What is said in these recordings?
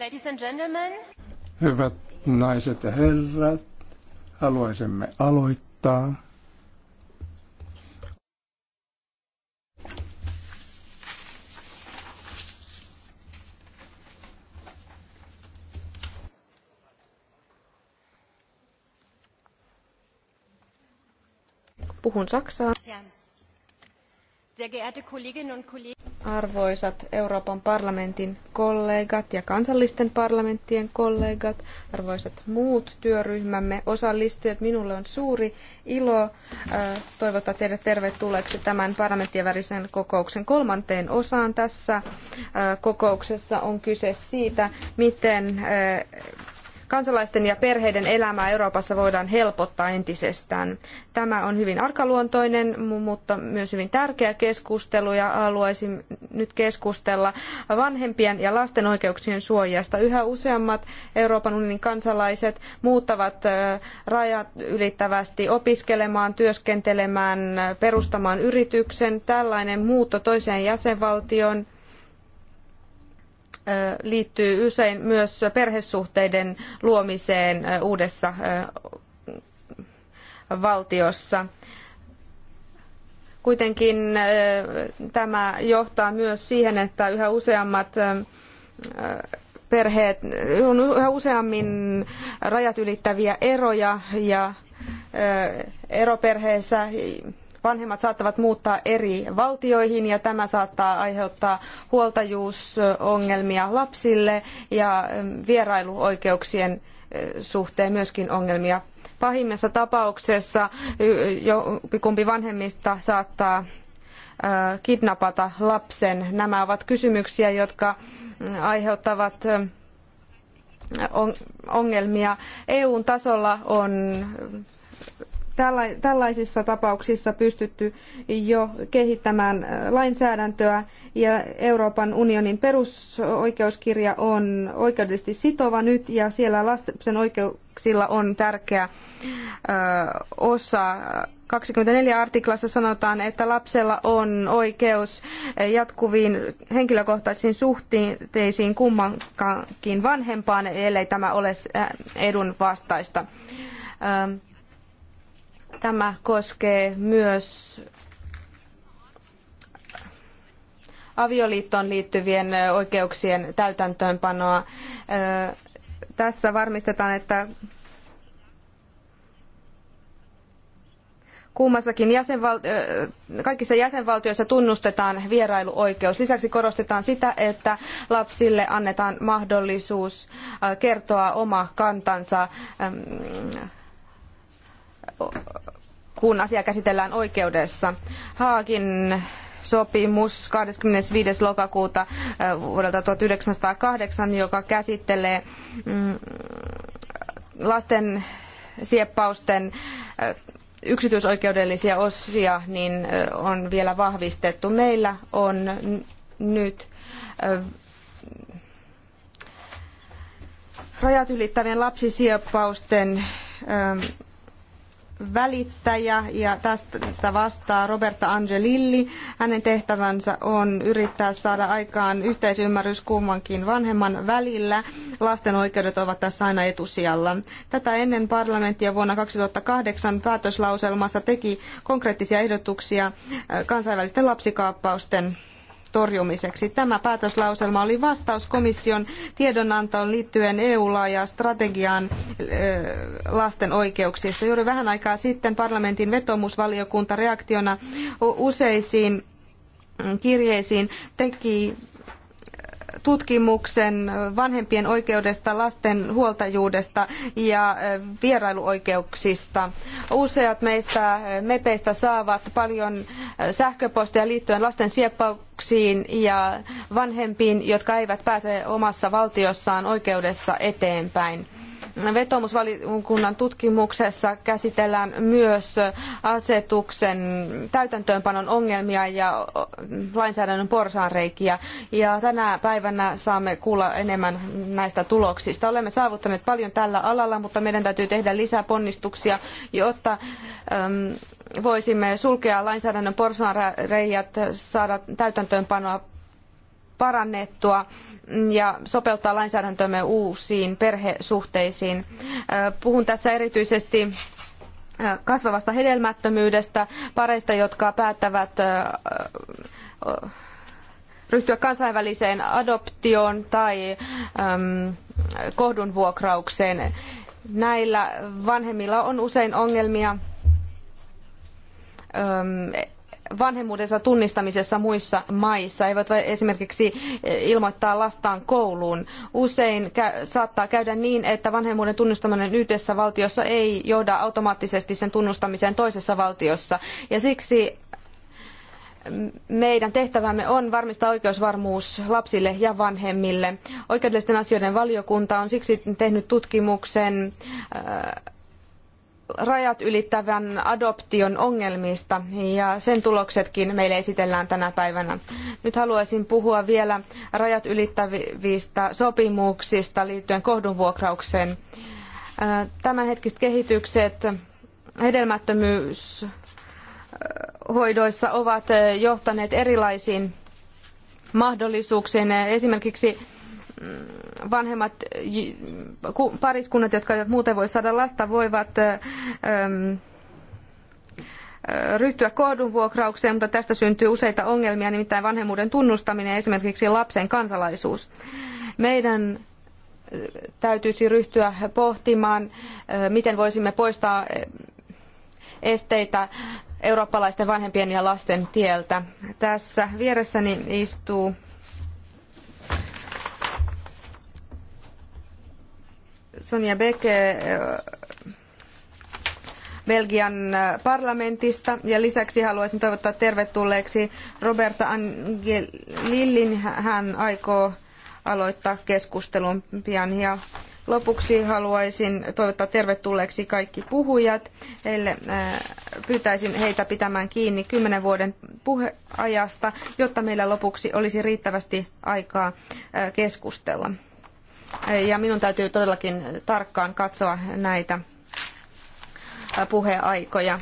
Ladies and gentlemen. Hyvät naiset ja herrat, haluaisimme aloittaa. Puhun Saksaa. Arvoisat Euroopan parlamentin kollegat ja kansallisten parlamenttien kollegat, arvoisat muut työryhmämme osallistujat, minulle on suuri ilo äh, toivottaa teidät tervetulleeksi tämän parlamenttien värisen kokouksen kolmanteen osaan. Tässä äh, kokouksessa on kyse siitä, miten äh, kansalaisten ja perheiden elämää Euroopassa voidaan helpottaa entisestään. Tämä on hyvin arkaluontoinen, mutta myös hyvin tärkeä keskustelu ja haluaisin nyt keskustella vanhempien ja lasten oikeuksien suojasta. Yhä useammat Euroopan unionin kansalaiset muuttavat rajat ylittävästi opiskelemaan, työskentelemään, perustamaan yrityksen. Tällainen muutto toiseen jäsenvaltioon liittyy usein myös perhesuhteiden luomiseen uudessa valtiossa. Kuitenkin tämä johtaa myös siihen, että yhä useammat perheet, on yhä useammin rajat ylittäviä eroja ja eroperheessä vanhemmat saattavat muuttaa eri valtioihin ja tämä saattaa aiheuttaa huoltajuusongelmia lapsille ja ähm, vierailuoikeuksien äh, suhteen myöskin ongelmia. Pahimmassa tapauksessa jompikumpi vanhemmista saattaa äh, kidnapata lapsen. Nämä ovat kysymyksiä, jotka mm, aiheuttavat äh, ongelmia. EUn tasolla on Tällaisissa tapauksissa pystytty jo kehittämään äh, lainsäädäntöä ja Euroopan unionin perusoikeuskirja on oikeudellisesti sitova nyt ja siellä lasten oikeuksilla on tärkeä äh, osa 24 artiklassa sanotaan, että lapsella on oikeus äh, jatkuviin henkilökohtaisiin suhteisiin kummankin vanhempaan, ellei tämä ole edun vastaista. Ähm, Tämä koskee myös avioliittoon liittyvien oikeuksien täytäntöönpanoa. Tässä varmistetaan, että kummassakin jäsenval- kaikissa jäsenvaltioissa tunnustetaan vierailuoikeus. Lisäksi korostetaan sitä, että lapsille annetaan mahdollisuus kertoa oma kantansa kun asia käsitellään oikeudessa. Haagin sopimus 25. lokakuuta vuodelta 1908, joka käsittelee mm, lasten sieppausten yksityisoikeudellisia osia, niin on vielä vahvistettu. Meillä on nyt rajat ylittävien lapsisieppausten välittäjä ja tästä vastaa Roberta Angelilli. Hänen tehtävänsä on yrittää saada aikaan yhteisymmärrys kummankin vanhemman välillä. Lasten oikeudet ovat tässä aina etusijalla. Tätä ennen parlamenttia vuonna 2008 päätöslauselmassa teki konkreettisia ehdotuksia äh, kansainvälisten lapsikaappausten torjumiseksi. Tämä päätöslauselma oli vastaus komission tiedonantoon liittyen EU-laajaan strategiaan lasten oikeuksista. Juuri vähän aikaa sitten parlamentin vetomusvaliokunta reaktiona useisiin kirjeisiin teki tutkimuksen vanhempien oikeudesta lasten huoltajuudesta ja vierailuoikeuksista. Useat meistä mepeistä saavat paljon sähköpostia liittyen lasten sieppauksiin ja vanhempiin, jotka eivät pääse omassa valtiossaan oikeudessa eteenpäin. Vetomusvalikunnan tutkimuksessa käsitellään myös asetuksen täytäntöönpanon ongelmia ja lainsäädännön porsaanreikiä. Ja tänä päivänä saamme kuulla enemmän näistä tuloksista. Olemme saavuttaneet paljon tällä alalla, mutta meidän täytyy tehdä lisää ponnistuksia, jotta voisimme sulkea lainsäädännön porsaanreijät, saada täytäntöönpanoa parannettua ja sopeuttaa lainsäädäntömme uusiin perhesuhteisiin. Puhun tässä erityisesti kasvavasta hedelmättömyydestä, pareista, jotka päättävät ryhtyä kansainväliseen adoptioon tai kohdunvuokraukseen. Näillä vanhemmilla on usein ongelmia vanhemmuudensa tunnistamisessa muissa maissa, eivät esimerkiksi eh, ilmoittaa lastaan kouluun. Usein saattaa käydä niin, että vanhemmuuden tunnustaminen yhdessä valtiossa ei johda automaattisesti sen tunnustamiseen toisessa valtiossa. Ja siksi meidän tehtävämme on varmistaa oikeusvarmuus lapsille ja vanhemmille. Oikeudellisten asioiden valiokunta on siksi tehnyt tutkimuksen äh, rajat ylittävän adoption ongelmista ja sen tuloksetkin meille esitellään tänä päivänä. Nyt haluaisin puhua vielä rajat ylittävistä sopimuksista liittyen kohdunvuokraukseen. Tämänhetkiset kehitykset hedelmättömyyshoidoissa ovat johtaneet erilaisiin mahdollisuuksiin. Esimerkiksi vanhemmat pariskunnat, jotka eivät muuten voi saada lasta, voivat ryhtyä vuokraukseen, mutta tästä syntyy useita ongelmia, nimittäin vanhemmuuden tunnustaminen ja esimerkiksi lapsen kansalaisuus. Meidän täytyisi ryhtyä pohtimaan, miten voisimme poistaa esteitä eurooppalaisten vanhempien ja lasten tieltä. Tässä vieressäni istuu Sonia Beke eh, eh, Belgian eh, parlamentista. Ja lisäksi haluaisin toivottaa tervetulleeksi Roberta Angelillin. Hän aikoo aloittaa keskustelun pian. Ja lopuksi haluaisin toivottaa tervetulleeksi kaikki puhujat. Heille, pyytäisin heitä pitämään kiinni kymmenen vuoden puheajasta, jotta meillä lopuksi olisi riittävästi aikaa keskustella. Ja minun täytyy todellakin tarkkaan katsoa näitä puheaikoja.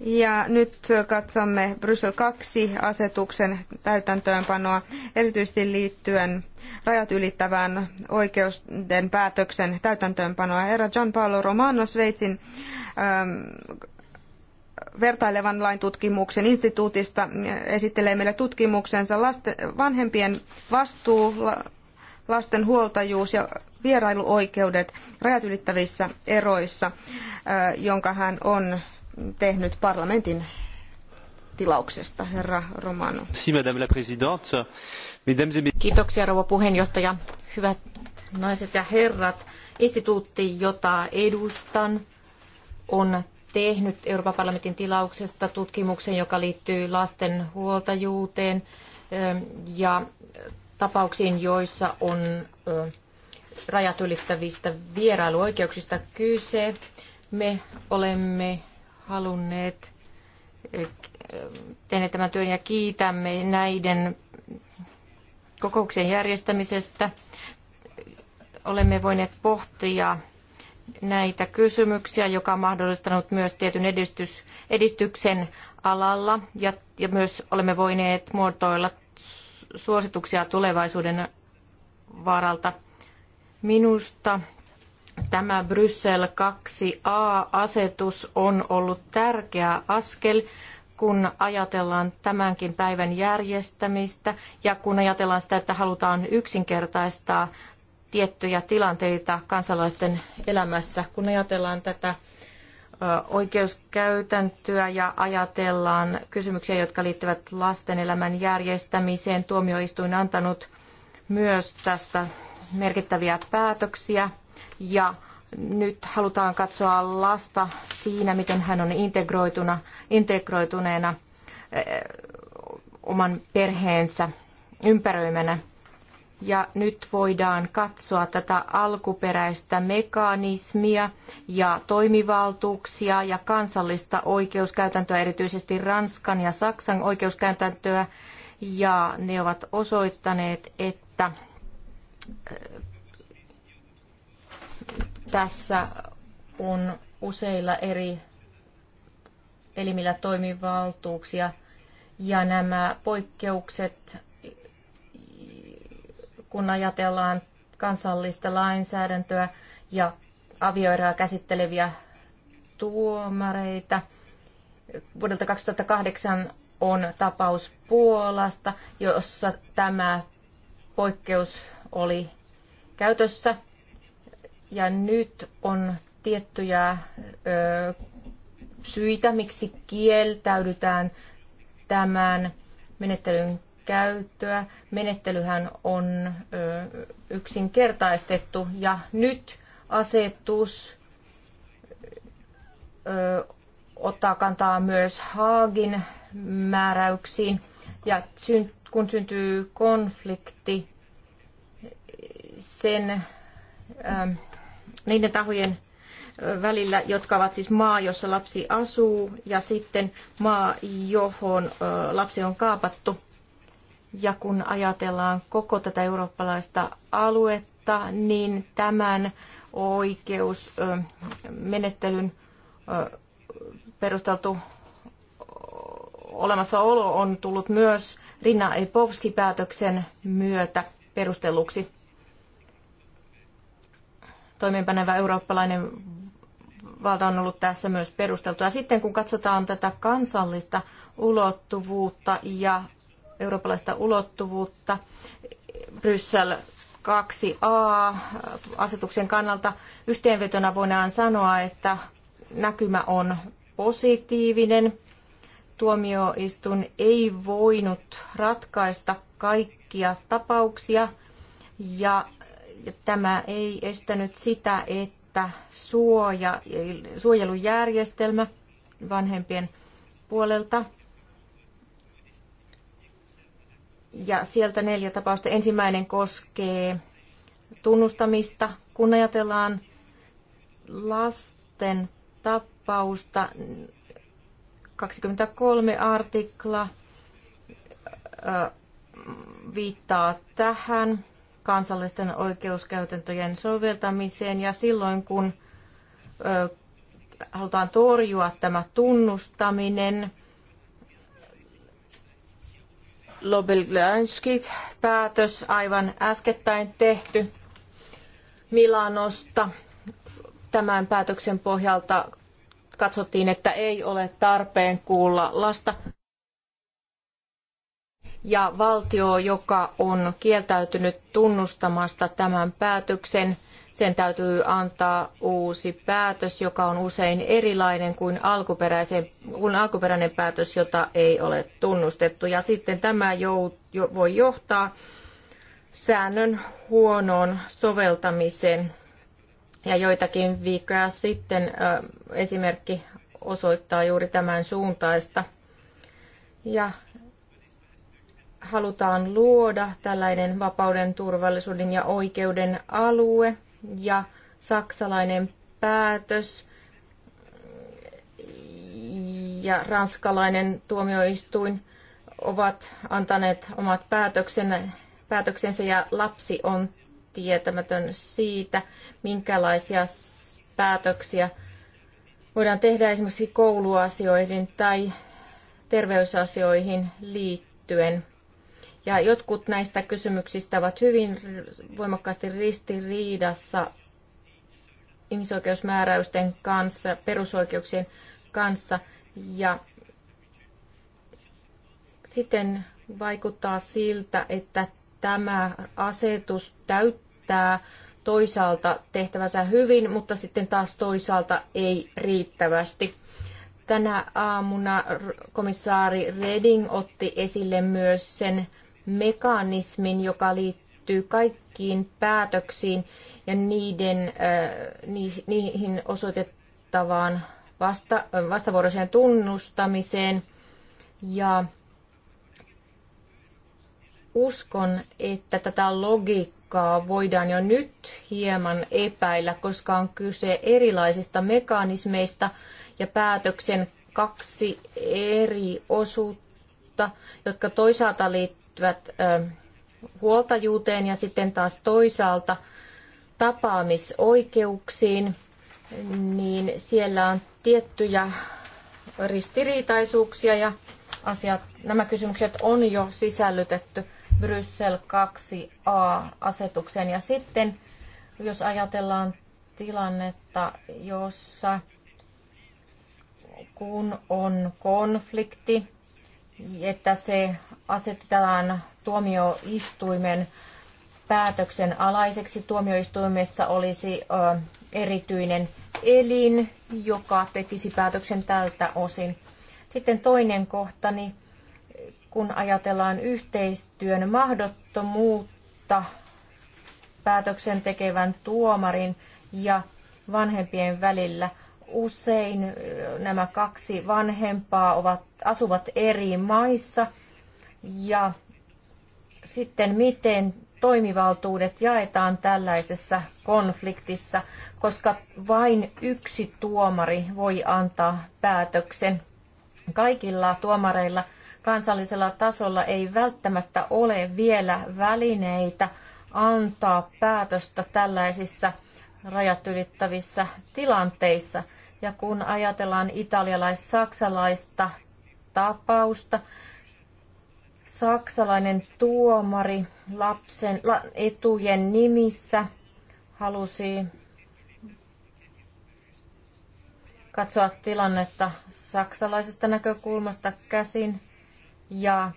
Ja nyt katsomme Bryssel 2-asetuksen täytäntöönpanoa, erityisesti liittyen rajat ylittävään oikeuden päätöksen täytäntöönpanoa. Herra Gianpaolo Romano Sveitsin ähm, vertailevan lain tutkimuksen instituutista esittelee meille tutkimuksensa lasten, vanhempien vastuu lasten huoltajuus ja vierailuoikeudet rajat ylittävissä eroissa, äh, jonka hän on tehnyt parlamentin tilauksesta. Herra Romano. Kiitoksia rouva puheenjohtaja. Hyvät naiset ja herrat, instituutti, jota edustan, on tehnyt Euroopan parlamentin tilauksesta tutkimuksen, joka liittyy lasten huoltajuuteen ähm, ja tapauksiin, joissa on rajat ylittävistä vierailuoikeuksista kyse. Me olemme halunneet tehdä tämän työn ja kiitämme näiden kokouksen järjestämisestä. Olemme voineet pohtia näitä kysymyksiä, joka on mahdollistanut myös tietyn edistys, edistyksen alalla ja, ja myös olemme voineet muotoilla suosituksia tulevaisuuden varalta. Minusta tämä Bryssel 2a-asetus on ollut tärkeä askel, kun ajatellaan tämänkin päivän järjestämistä ja kun ajatellaan sitä, että halutaan yksinkertaistaa tiettyjä tilanteita kansalaisten elämässä, kun ajatellaan tätä oikeuskäytäntöä ja ajatellaan kysymyksiä, jotka liittyvät lasten elämän järjestämiseen. Tuomioistuin antanut myös tästä merkittäviä päätöksiä ja nyt halutaan katsoa lasta siinä, miten hän on integroituna, integroituneena oman perheensä ympäröimänä ja nyt voidaan katsoa tätä alkuperäistä mekanismia ja toimivaltuuksia ja kansallista oikeuskäytäntöä, erityisesti Ranskan ja Saksan oikeuskäytäntöä, ja ne ovat osoittaneet, että äh, tässä on useilla eri elimillä toimivaltuuksia ja nämä poikkeukset kun ajatellaan kansallista lainsäädäntöä ja avioeroa käsitteleviä tuomareita. Vuodelta 2008 on tapaus Puolasta, jossa tämä poikkeus oli käytössä. Ja nyt on tiettyjä ö, syitä, miksi kieltäydytään tämän menettelyn käyttöä. Menettelyhän on yksinkertaistettu ja nyt asetus ottaa kantaa myös Haagin määräyksiin. Ja kun syntyy konflikti sen, ähm, niiden tahojen välillä, jotka ovat siis maa, jossa lapsi asuu, ja sitten maa, johon lapsi on kaapattu, ja kun ajatellaan koko tätä eurooppalaista aluetta, niin tämän oikeusmenettelyn perusteltu olemassaolo on tullut myös Rinna Epovski-päätöksen myötä perustelluksi. Toimeenpanevä eurooppalainen valta on ollut tässä myös perusteltua. Sitten kun katsotaan tätä kansallista ulottuvuutta ja eurooppalaista ulottuvuutta. Bryssel 2a asetuksen kannalta yhteenvetona voidaan sanoa, että näkymä on positiivinen. Tuomioistuin ei voinut ratkaista kaikkia tapauksia ja tämä ei estänyt sitä, että suoja, suojelujärjestelmä vanhempien puolelta Ja sieltä neljä tapausta. Ensimmäinen koskee tunnustamista. Kun ajatellaan lasten tapausta, 23 artikla viittaa tähän kansallisten oikeuskäytäntöjen soveltamiseen ja silloin kun halutaan torjua tämä tunnustaminen, Lobeljanskit päätös aivan äskettäin tehty Milanosta. Tämän päätöksen pohjalta katsottiin, että ei ole tarpeen kuulla lasta. Ja valtio, joka on kieltäytynyt tunnustamasta tämän päätöksen, sen täytyy antaa uusi päätös, joka on usein erilainen kuin, kuin alkuperäinen päätös, jota ei ole tunnustettu. Ja sitten tämä jou, jo, voi johtaa säännön huonoon soveltamiseen. Ja joitakin viikkoja sitten esimerkki osoittaa juuri tämän suuntaista. Ja halutaan luoda tällainen vapauden, turvallisuuden ja oikeuden alue, ja saksalainen päätös ja ranskalainen tuomioistuin ovat antaneet omat päätöksensä ja lapsi on tietämätön siitä, minkälaisia päätöksiä voidaan tehdä esimerkiksi kouluasioihin tai terveysasioihin liittyen. Ja jotkut näistä kysymyksistä ovat hyvin voimakkaasti ristiriidassa ihmisoikeusmääräysten kanssa, perusoikeuksien kanssa. Ja sitten vaikuttaa siltä, että tämä asetus täyttää toisaalta tehtävänsä hyvin, mutta sitten taas toisaalta ei riittävästi. Tänä aamuna komissaari Reding otti esille myös sen, mekanismin, joka liittyy kaikkiin päätöksiin ja niiden, niihin osoitettavaan vasta, vastavuoroiseen tunnustamiseen. Ja uskon, että tätä logiikkaa voidaan jo nyt hieman epäillä, koska on kyse erilaisista mekanismeista ja päätöksen kaksi eri osuutta, jotka toisaalta liittyvät liittyvät huoltajuuteen ja sitten taas toisaalta tapaamisoikeuksiin, niin siellä on tiettyjä ristiriitaisuuksia ja asiat, nämä kysymykset on jo sisällytetty Bryssel 2a-asetukseen. Ja sitten, jos ajatellaan tilannetta, jossa kun on konflikti että se asetetaan tuomioistuimen päätöksen alaiseksi. Tuomioistuimessa olisi erityinen elin, joka tekisi päätöksen tältä osin. Sitten toinen kohtani, niin kun ajatellaan yhteistyön mahdottomuutta päätöksen tekevän tuomarin ja vanhempien välillä – usein nämä kaksi vanhempaa ovat, asuvat eri maissa ja sitten miten toimivaltuudet jaetaan tällaisessa konfliktissa, koska vain yksi tuomari voi antaa päätöksen. Kaikilla tuomareilla kansallisella tasolla ei välttämättä ole vielä välineitä antaa päätöstä tällaisissa rajat ylittävissä tilanteissa. Ja kun ajatellaan italialais-saksalaista tapausta, saksalainen tuomari lapsen la, etujen nimissä halusi katsoa tilannetta saksalaisesta näkökulmasta käsin ja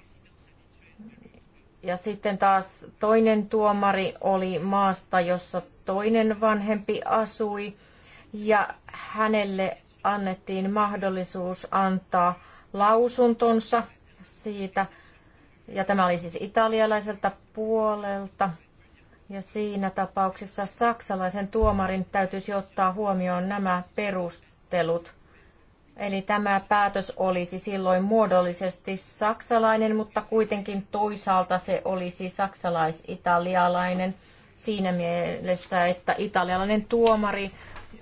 ja sitten taas toinen tuomari oli maasta, jossa toinen vanhempi asui ja hänelle annettiin mahdollisuus antaa lausuntonsa siitä. Ja tämä oli siis italialaiselta puolelta. Ja siinä tapauksessa saksalaisen tuomarin täytyisi ottaa huomioon nämä perustelut. Eli tämä päätös olisi silloin muodollisesti saksalainen, mutta kuitenkin toisaalta se olisi saksalais-italialainen siinä mielessä, että italialainen tuomari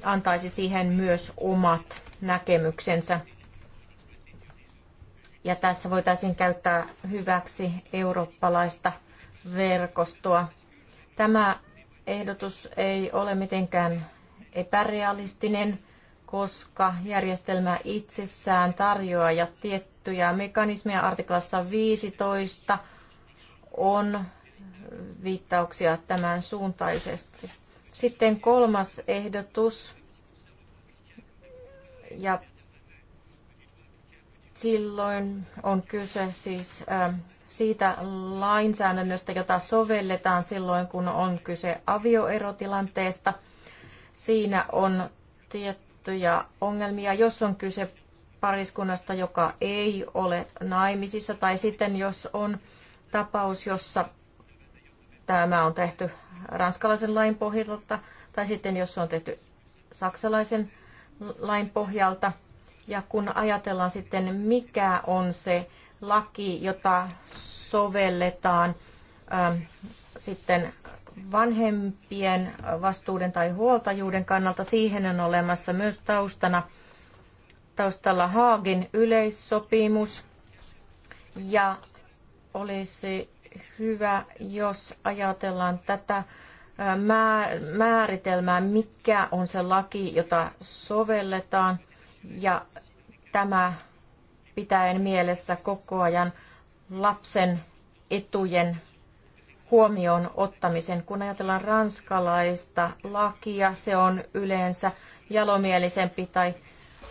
antaisi siihen myös omat näkemyksensä. Ja tässä voitaisiin käyttää hyväksi eurooppalaista verkostoa. Tämä ehdotus ei ole mitenkään epärealistinen, koska järjestelmä itsessään tarjoaa ja tiettyjä mekanismeja artiklassa 15 on viittauksia tämän suuntaisesti. Sitten kolmas ehdotus. Ja silloin on kyse siis ähm, siitä lainsäädännöstä, jota sovelletaan silloin, kun on kyse avioerotilanteesta. Siinä on tiettyjä ongelmia, jos on kyse pariskunnasta, joka ei ole naimisissa, tai sitten jos on tapaus, jossa tämä on tehty ranskalaisen lain pohjalta, tai sitten jos se on tehty saksalaisen lain pohjalta. Ja kun ajatellaan sitten, mikä on se laki, jota sovelletaan ähm, sitten vanhempien vastuuden tai huoltajuuden kannalta, siihen on olemassa myös taustana taustalla Haagin yleissopimus. Ja olisi hyvä, jos ajatellaan tätä määritelmää, mikä on se laki, jota sovelletaan, ja tämä pitäen mielessä koko ajan lapsen etujen huomioon ottamisen. Kun ajatellaan ranskalaista lakia, se on yleensä jalomielisempi tai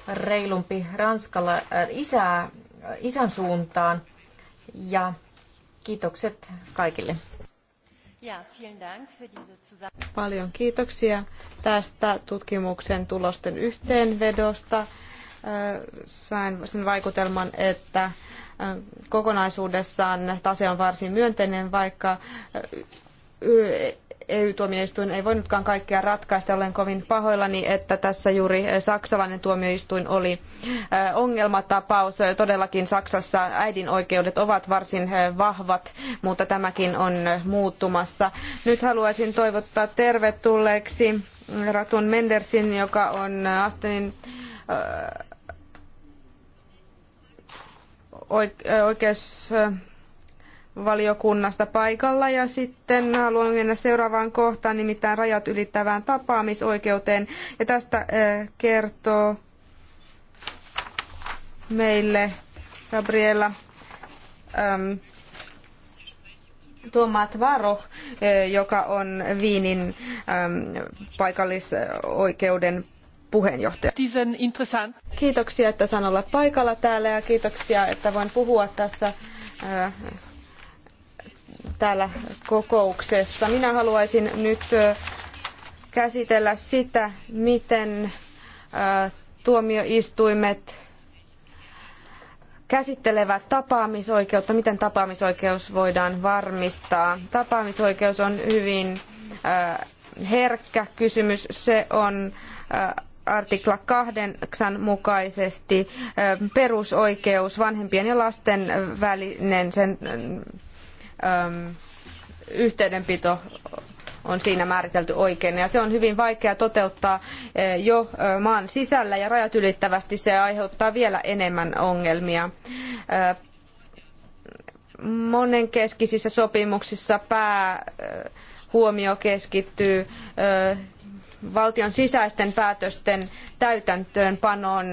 reilumpi ranskala, isää, isän suuntaan. Ja Kiitokset kaikille. Paljon kiitoksia tästä tutkimuksen tulosten yhteenvedosta. Sain sen vaikutelman, että kokonaisuudessaan tase on varsin myönteinen, vaikka EU-tuomioistuin ei voinutkaan kaikkea ratkaista. Olen kovin pahoillani, että tässä juuri saksalainen tuomioistuin oli ongelmatapaus. Todellakin Saksassa äidin oikeudet ovat varsin vahvat, mutta tämäkin on muuttumassa. Nyt haluaisin toivottaa tervetulleeksi Ratun Mendersin, joka on Astenin oikeus valiokunnasta paikalla ja sitten haluan mennä seuraavaan kohtaan, nimittäin rajat ylittävään tapaamisoikeuteen. Ja tästä eh, kertoo meille Gabriela ähm, Tuomat Varo, eh, joka on Viinin ähm, paikallisoikeuden puheenjohtaja. Kiitoksia, että saan olla paikalla täällä ja kiitoksia, että voin puhua tässä äh, täällä kokouksessa. Minä haluaisin nyt käsitellä sitä, miten tuomioistuimet käsittelevät tapaamisoikeutta, miten tapaamisoikeus voidaan varmistaa. Tapaamisoikeus on hyvin herkkä kysymys. Se on artikla 8 mukaisesti perusoikeus, vanhempien ja lasten välinen sen yhteydenpito on siinä määritelty oikein. Ja se on hyvin vaikea toteuttaa eh, jo maan sisällä ja rajat ylittävästi se aiheuttaa vielä enemmän ongelmia. Monenkeskisissä sopimuksissa päähuomio keskittyy valtion sisäisten päätösten täytäntöönpanoon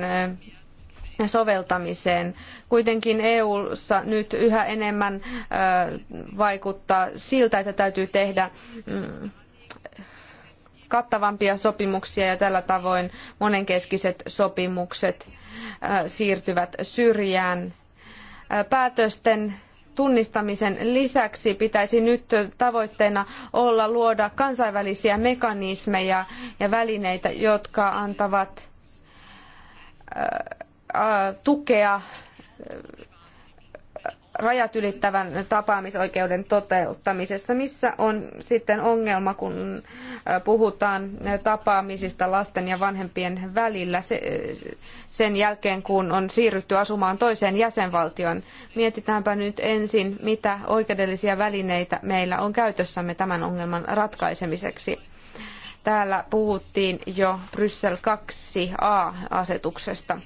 soveltamiseen. Kuitenkin EU:ssa nyt yhä enemmän vaikuttaa siltä, että täytyy tehdä mm, kattavampia sopimuksia ja tällä tavoin monenkeskiset sopimukset siirtyvät syrjään. Päätösten tunnistamisen lisäksi pitäisi nyt tavoitteena olla luoda kansainvälisiä mekanismeja ja välineitä, jotka antavat tukea rajat ylittävän tapaamisoikeuden toteuttamisessa. Missä on sitten ongelma, kun puhutaan tapaamisista lasten ja vanhempien välillä sen jälkeen, kun on siirrytty asumaan toiseen jäsenvaltioon? Mietitäänpä nyt ensin, mitä oikeudellisia välineitä meillä on käytössämme tämän ongelman ratkaisemiseksi. Täällä puhuttiin jo Bryssel 2a-asetuksesta.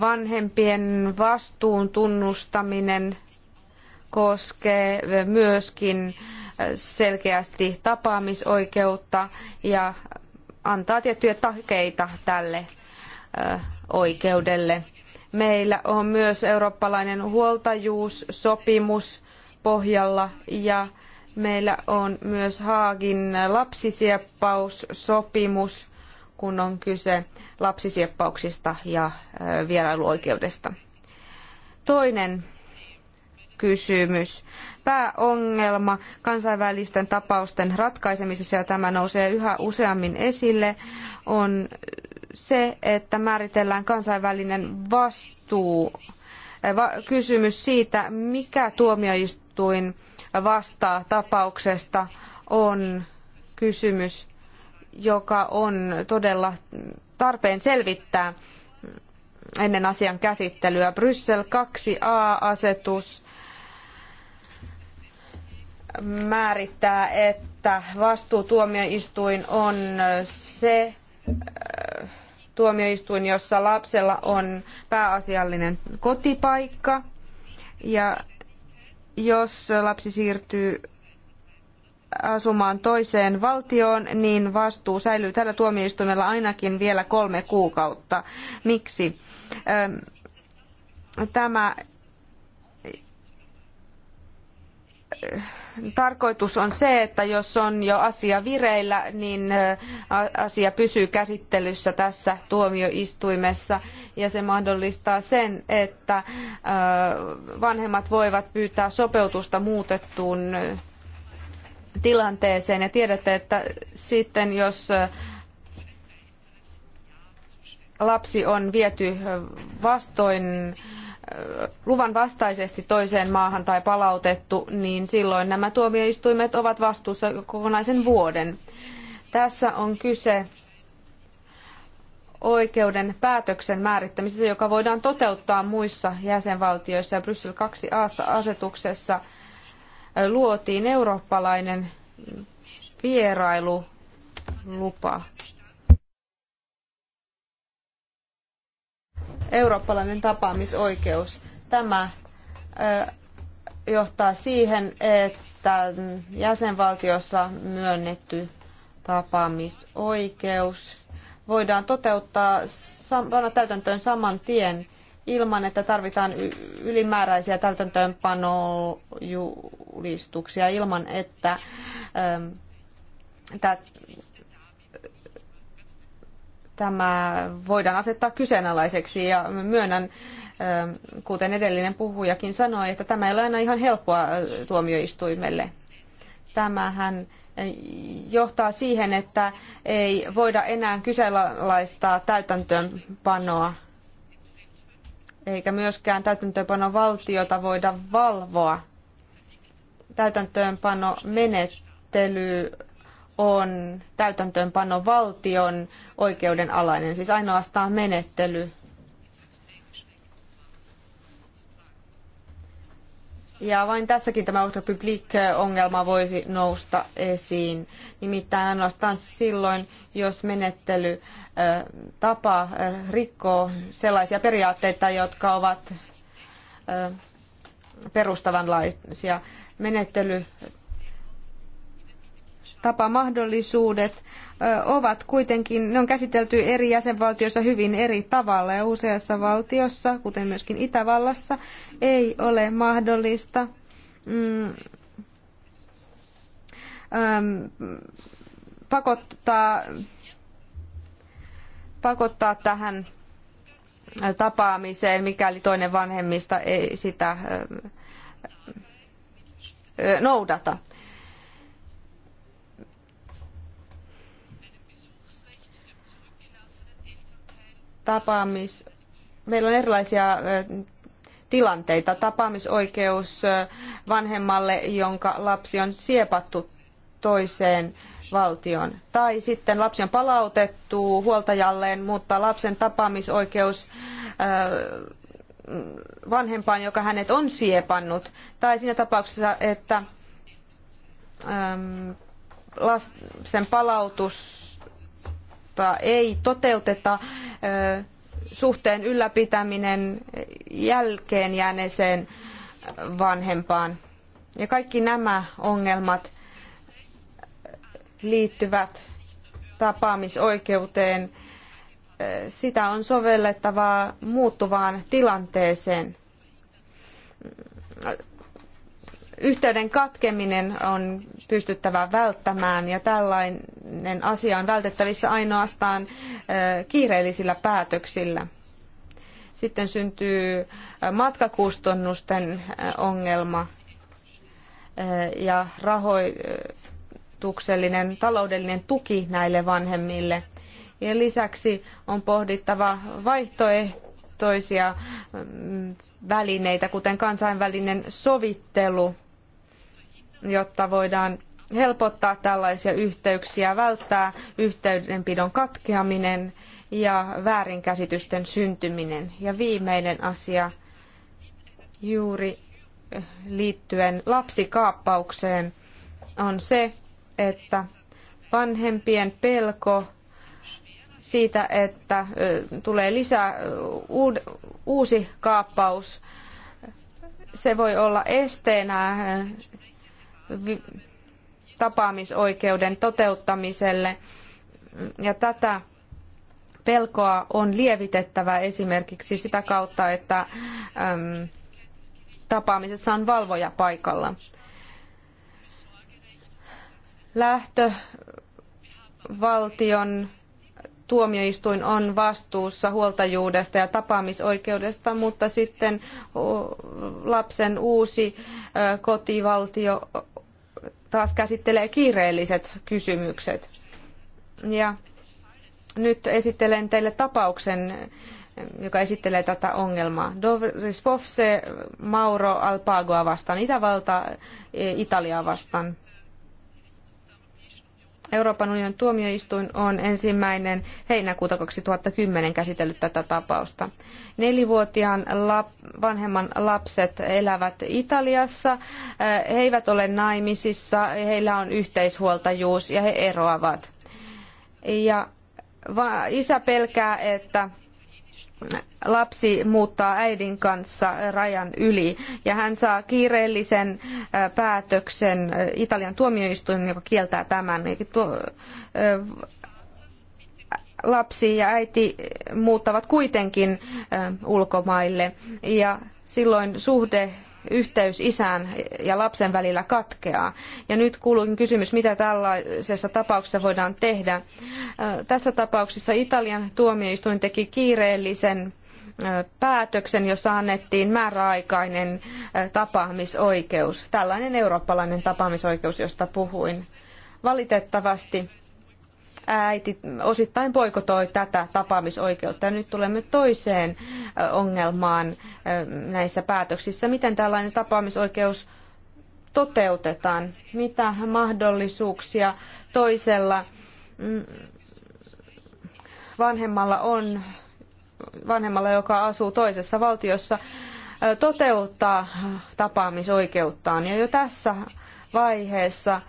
vanhempien vastuun tunnustaminen koskee myöskin selkeästi tapaamisoikeutta ja antaa tiettyjä takeita tälle oikeudelle. Meillä on myös eurooppalainen huoltajuussopimus pohjalla ja meillä on myös Haagin lapsisieppaussopimus, kun on kyse lapsisieppauksista ja vierailuoikeudesta. Toinen kysymys. Pääongelma kansainvälisten tapausten ratkaisemisessa, ja tämä nousee yhä useammin esille, on se, että määritellään kansainvälinen vastuu. Kysymys siitä, mikä tuomioistuin vastaa tapauksesta, on kysymys, joka on todella tarpeen selvittää ennen asian käsittelyä. Bryssel 2a-asetus määrittää, että vastuutuomioistuin on se äh, tuomioistuin, jossa lapsella on pääasiallinen kotipaikka. Ja jos lapsi siirtyy asumaan toiseen valtioon, niin vastuu säilyy tällä tuomioistuimella ainakin vielä kolme kuukautta. Miksi? Tämä äh, tarkoitus on se, että jos on jo asia vireillä, niin äh, asia pysyy käsittelyssä tässä tuomioistuimessa ja se mahdollistaa sen, että äh, vanhemmat voivat pyytää sopeutusta muutettuun tilanteeseen ja tiedätte, että sitten jos lapsi on viety vastoin luvan vastaisesti toiseen maahan tai palautettu, niin silloin nämä tuomioistuimet ovat vastuussa kokonaisen vuoden. Tässä on kyse oikeuden päätöksen määrittämisessä, joka voidaan toteuttaa muissa jäsenvaltioissa ja Bryssel 2a-asetuksessa luotiin eurooppalainen vierailulupa. Eurooppalainen tapaamisoikeus. Tämä johtaa siihen, että jäsenvaltiossa myönnetty tapaamisoikeus voidaan toteuttaa, panna täytäntöön saman tien – ilman, että tarvitaan ylimääräisiä täytäntöönpanojulistuksia, ilman että ähm, tämä voidaan asettaa kyseenalaiseksi ja myönnän, ähm, kuten edellinen puhujakin sanoi, että tämä ei ole aina ihan helppoa äh, tuomioistuimelle. Tämähän äh, johtaa siihen, että ei voida enää kyseenalaistaa täytäntöönpanoa eikä myöskään täytäntöönpano valtiota voida valvoa. Täytäntöönpano menettely on täytäntöönpano valtion oikeuden alainen, siis ainoastaan menettely Ja vain tässäkin tämä Ordre Public-ongelma voisi nousta esiin. Nimittäin ainoastaan silloin, jos menettely tapa rikkoo sellaisia periaatteita, jotka ovat perustavanlaisia. Menettely tapamahdollisuudet ovat kuitenkin, ne on käsitelty eri jäsenvaltioissa hyvin eri tavalla ja useassa valtiossa, kuten myöskin Itävallassa, ei ole mahdollista mm, äm, pakottaa, pakottaa tähän tapaamiseen, mikäli toinen vanhemmista ei sitä noudata. tapaamis... Meillä on erilaisia tilanteita. Tapaamisoikeus vanhemmalle, jonka lapsi on siepattu toiseen valtioon. Tai sitten lapsi on palautettu huoltajalleen, mutta lapsen tapaamisoikeus vanhempaan, joka hänet on siepannut. Tai siinä tapauksessa, että lapsen palautus jota ei toteuteta, suhteen ylläpitäminen jälkeen jääneeseen vanhempaan. Ja kaikki nämä ongelmat liittyvät tapaamisoikeuteen. Sitä on sovellettava muuttuvaan tilanteeseen yhteyden katkeminen on pystyttävä välttämään ja tällainen asia on vältettävissä ainoastaan kiireellisillä päätöksillä. Sitten syntyy matkakustannusten ongelma ja rahoituksellinen, taloudellinen tuki näille vanhemmille. Ja lisäksi on pohdittava vaihtoehtoisia mm, välineitä, kuten kansainvälinen sovittelu – jotta voidaan helpottaa tällaisia yhteyksiä, välttää yhteydenpidon katkeaminen ja väärinkäsitysten syntyminen. Ja viimeinen asia juuri liittyen lapsikaappaukseen on se, että vanhempien pelko siitä, että tulee lisää uusi kaappaus, se voi olla esteenä tapaamisoikeuden toteuttamiselle. Ja tätä pelkoa on lievitettävä esimerkiksi sitä kautta, että äm, tapaamisessa on valvoja paikalla. Lähtövaltion tuomioistuin on vastuussa huoltajuudesta ja tapaamisoikeudesta, mutta sitten lapsen uusi kotivaltio taas käsittelee kiireelliset kysymykset. Ja nyt esittelen teille tapauksen, joka esittelee tätä ongelmaa. Doris Pofse, Mauro Alpagoa vastaan, Itävalta, Italiaa vastaan. Euroopan unionin tuomioistuin on ensimmäinen heinäkuuta 2010 käsitellyt tätä tapausta. Nelivuotiaan lap, vanhemman lapset elävät Italiassa. He eivät ole naimisissa, heillä on yhteishuoltajuus ja he eroavat. Ja isä pelkää, että lapsi muuttaa äidin kanssa rajan yli ja hän saa kiireellisen päätöksen Italian tuomioistuin, joka kieltää tämän. Lapsi ja äiti muuttavat kuitenkin ulkomaille ja silloin suhde yhteys isään ja lapsen välillä katkeaa. Ja nyt kuuluukin kysymys, mitä tällaisessa tapauksessa voidaan tehdä. Tässä tapauksessa Italian tuomioistuin teki kiireellisen päätöksen, jossa annettiin määräaikainen tapaamisoikeus. Tällainen eurooppalainen tapaamisoikeus, josta puhuin. Valitettavasti äiti osittain poikotoi tätä tapaamisoikeutta. Ja nyt tulemme toiseen ongelmaan näissä päätöksissä. Miten tällainen tapaamisoikeus toteutetaan? Mitä mahdollisuuksia toisella mm, vanhemmalla on, vanhemmalla, joka asuu toisessa valtiossa, toteuttaa tapaamisoikeuttaan. Ja jo tässä vaiheessa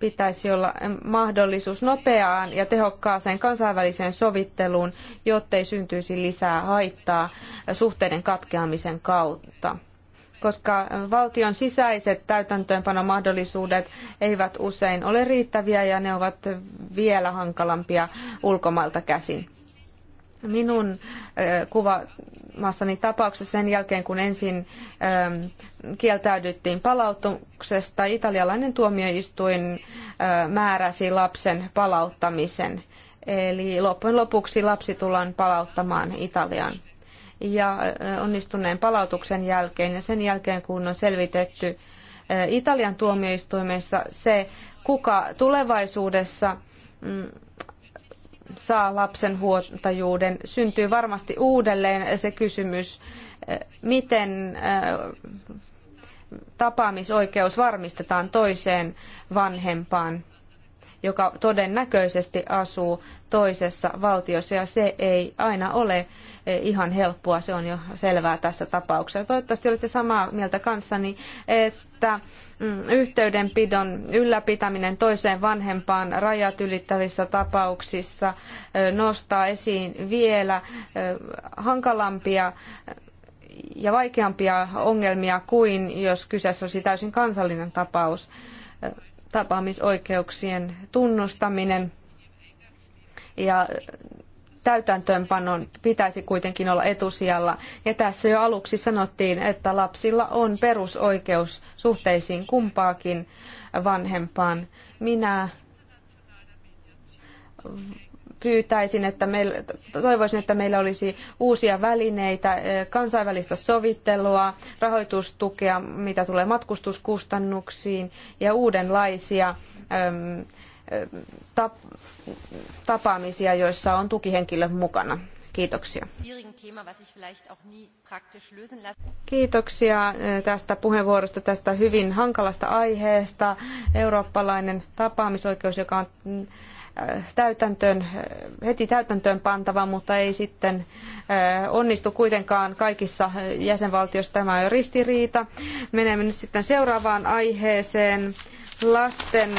pitäisi olla mahdollisuus nopeaan ja tehokkaaseen kansainväliseen sovitteluun, jottei syntyisi lisää haittaa suhteiden katkeamisen kautta koska valtion sisäiset täytäntöönpanomahdollisuudet eivät usein ole riittäviä ja ne ovat vielä hankalampia ulkomailta käsin minun kuvamassani tapauksessa sen jälkeen, kun ensin kieltäydyttiin palautuksesta, italialainen tuomioistuin määräsi lapsen palauttamisen. Eli loppujen lopuksi lapsi tullaan palauttamaan Italiaan. Ja onnistuneen palautuksen jälkeen ja sen jälkeen, kun on selvitetty Italian tuomioistuimessa se, kuka tulevaisuudessa mm, saa lapsen huoltajuuden, syntyy varmasti uudelleen se kysymys, miten äh, tapaamisoikeus varmistetaan toiseen vanhempaan joka todennäköisesti asuu toisessa valtiossa ja se ei aina ole e, ihan helppoa, se on jo selvää tässä tapauksessa. Toivottavasti olette samaa mieltä kanssani, että mm, yhteydenpidon ylläpitäminen toiseen vanhempaan rajat ylittävissä tapauksissa e, nostaa esiin vielä e, hankalampia ja vaikeampia ongelmia kuin jos kyseessä olisi täysin kansallinen tapaus tapaamisoikeuksien tunnustaminen ja täytäntöönpanon pitäisi kuitenkin olla etusijalla. Ja tässä jo aluksi sanottiin, että lapsilla on perusoikeus suhteisiin kumpaakin vanhempaan. Minä pyytäisin, että meillä, toivoisin, että meillä olisi uusia välineitä, kansainvälistä sovittelua, rahoitustukea, mitä tulee matkustuskustannuksiin ja uudenlaisia tapaamisia, joissa on tukihenkilö mukana. Kiitoksia. Kiitoksia tästä puheenvuorosta, tästä hyvin hankalasta aiheesta. Eurooppalainen tapaamisoikeus, joka on Äh, täytäntöön, äh, heti täytäntöön pantava, mutta ei sitten äh, onnistu kuitenkaan kaikissa jäsenvaltioissa. Tämä on jo ristiriita. Menemme nyt sitten seuraavaan aiheeseen. Lasten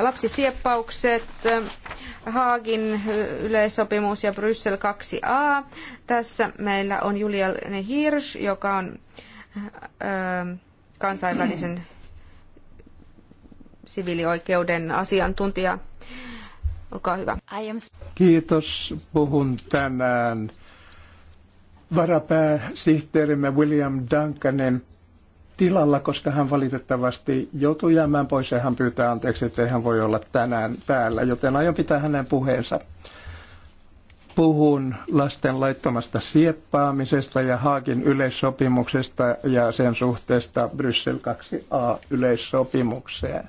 lapsisieppaukset, Haagin yleissopimus ja Bryssel 2a. Tässä meillä on Julianne Hirsch, joka on kansainvälisen siviilioikeuden asiantuntija. Olkaa hyvä. Kiitos. Puhun tänään varapääsihteerimme William Duncanin tilalla, koska hän valitettavasti joutui jäämään pois ja hän pyytää anteeksi, että hän voi olla tänään täällä, joten aion pitää hänen puheensa. Puhun lasten laittomasta sieppaamisesta ja Haakin yleissopimuksesta ja sen suhteesta Bryssel 2a yleissopimukseen.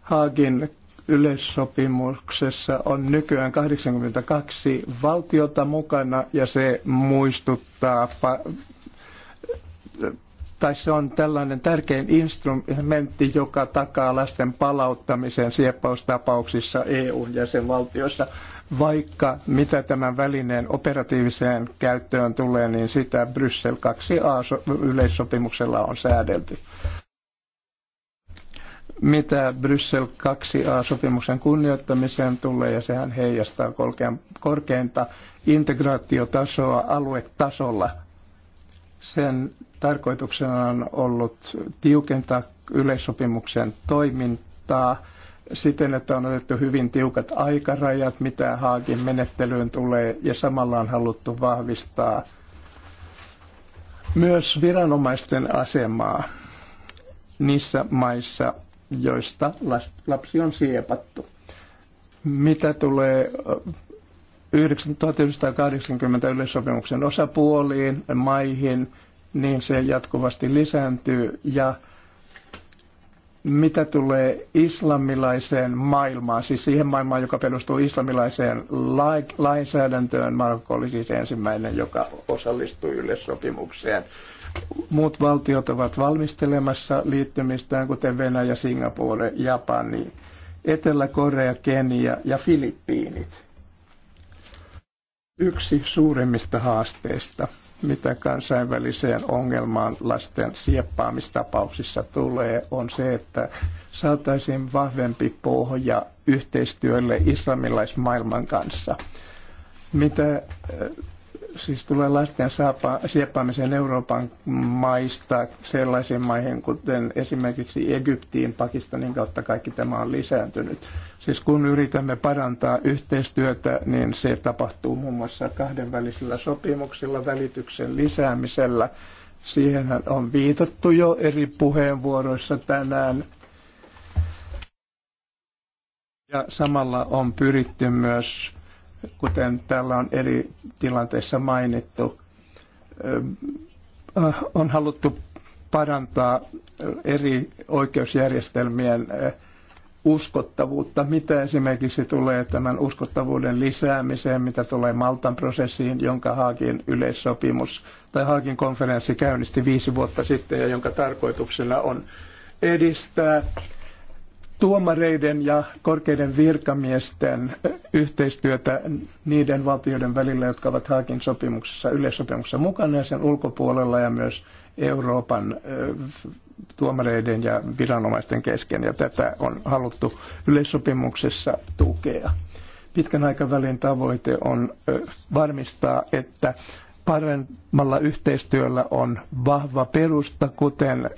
Haagin yleissopimuksessa on nykyään 82 valtiota mukana ja se muistuttaa, tai se on tällainen tärkein instrumentti, joka takaa lasten palauttamisen sieppaustapauksissa EU-jäsenvaltioissa. Vaikka mitä tämän välineen operatiiviseen käyttöön tulee, niin sitä Bryssel 2a-yleissopimuksella on säädelty mitä Bryssel 2a-sopimuksen kunnioittamiseen tulee, ja sehän heijastaa korkeinta integraatiotasoa aluetasolla. Sen tarkoituksena on ollut tiukentaa yleissopimuksen toimintaa siten, että on otettu hyvin tiukat aikarajat, mitä Haagin menettelyyn tulee, ja samalla on haluttu vahvistaa myös viranomaisten asemaa niissä maissa, joista lapsi on siepattu. Mitä tulee 1980 yleissopimuksen osapuoliin, maihin, niin se jatkuvasti lisääntyy. Ja mitä tulee islamilaiseen maailmaan, siis siihen maailmaan, joka perustuu islamilaiseen lainsäädäntöön, Marokko oli siis ensimmäinen, joka osallistui yleissopimukseen Muut valtiot ovat valmistelemassa liittymistään, kuten Venäjä, Singapore, Japani, Etelä-Korea, Kenia ja Filippiinit. Yksi suurimmista haasteista, mitä kansainväliseen ongelmaan lasten sieppaamistapauksissa tulee, on se, että saataisiin vahvempi pohja yhteistyölle islamilaismaailman kanssa. Mitä siis tulee lasten saapa, sieppaamiseen Euroopan maista sellaisiin maihin, kuten esimerkiksi Egyptiin, Pakistanin kautta kaikki tämä on lisääntynyt. Siis kun yritämme parantaa yhteistyötä, niin se tapahtuu muun muassa kahdenvälisillä sopimuksilla, välityksen lisäämisellä. Siihenhän on viitattu jo eri puheenvuoroissa tänään. Ja samalla on pyritty myös kuten täällä on eri tilanteissa mainittu, äh, on haluttu parantaa eri oikeusjärjestelmien uskottavuutta, mitä esimerkiksi tulee tämän uskottavuuden lisäämiseen, mitä tulee Maltan prosessiin, jonka Haakin yleissopimus tai Haakin konferenssi käynnisti viisi vuotta sitten ja jonka tarkoituksena on edistää tuomareiden ja korkeiden virkamiesten yhteistyötä niiden valtioiden välillä, jotka ovat Haakin sopimuksessa, yleissopimuksessa mukana ja sen ulkopuolella ja myös Euroopan tuomareiden ja viranomaisten kesken. Ja tätä on haluttu yleissopimuksessa tukea. Pitkän aikavälin tavoite on varmistaa, että paremmalla yhteistyöllä on vahva perusta, kuten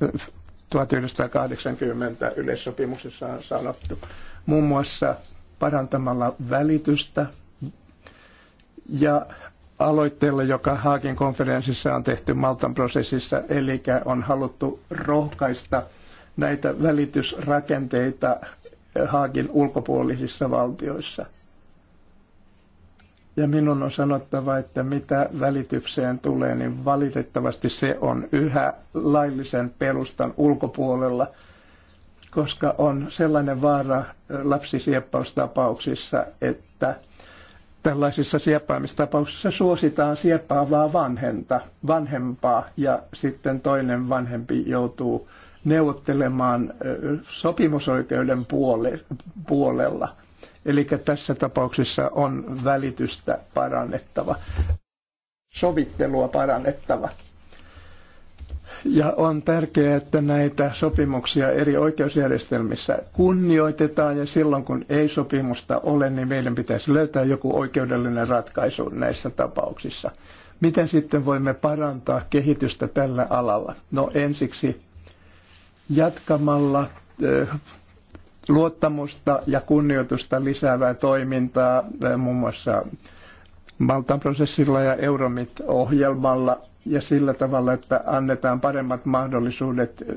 1980 yleissopimuksessa on sanottu. Muun muassa parantamalla välitystä ja aloitteella, joka Haakin konferenssissa on tehty Maltan prosessissa, eli on haluttu rohkaista näitä välitysrakenteita Haakin ulkopuolisissa valtioissa – ja minun on sanottava, että mitä välitykseen tulee, niin valitettavasti se on yhä laillisen perustan ulkopuolella, koska on sellainen vaara äh, lapsisieppaustapauksissa, että tällaisissa sieppaamistapauksissa suositaan sieppaavaa vanhenta, vanhempaa ja sitten toinen vanhempi joutuu neuvottelemaan äh, sopimusoikeuden puole, puolella. Eli tässä tapauksessa on välitystä parannettava, sovittelua parannettava. Ja on tärkeää, että näitä sopimuksia eri oikeusjärjestelmissä kunnioitetaan ja silloin kun ei sopimusta ole, niin meidän pitäisi löytää joku oikeudellinen ratkaisu näissä tapauksissa. Miten sitten voimme parantaa kehitystä tällä alalla? No ensiksi jatkamalla luottamusta ja kunnioitusta lisäävää toimintaa eh, muun muassa Maltan prosessilla ja Euromit-ohjelmalla ja sillä tavalla, että annetaan paremmat mahdollisuudet eh,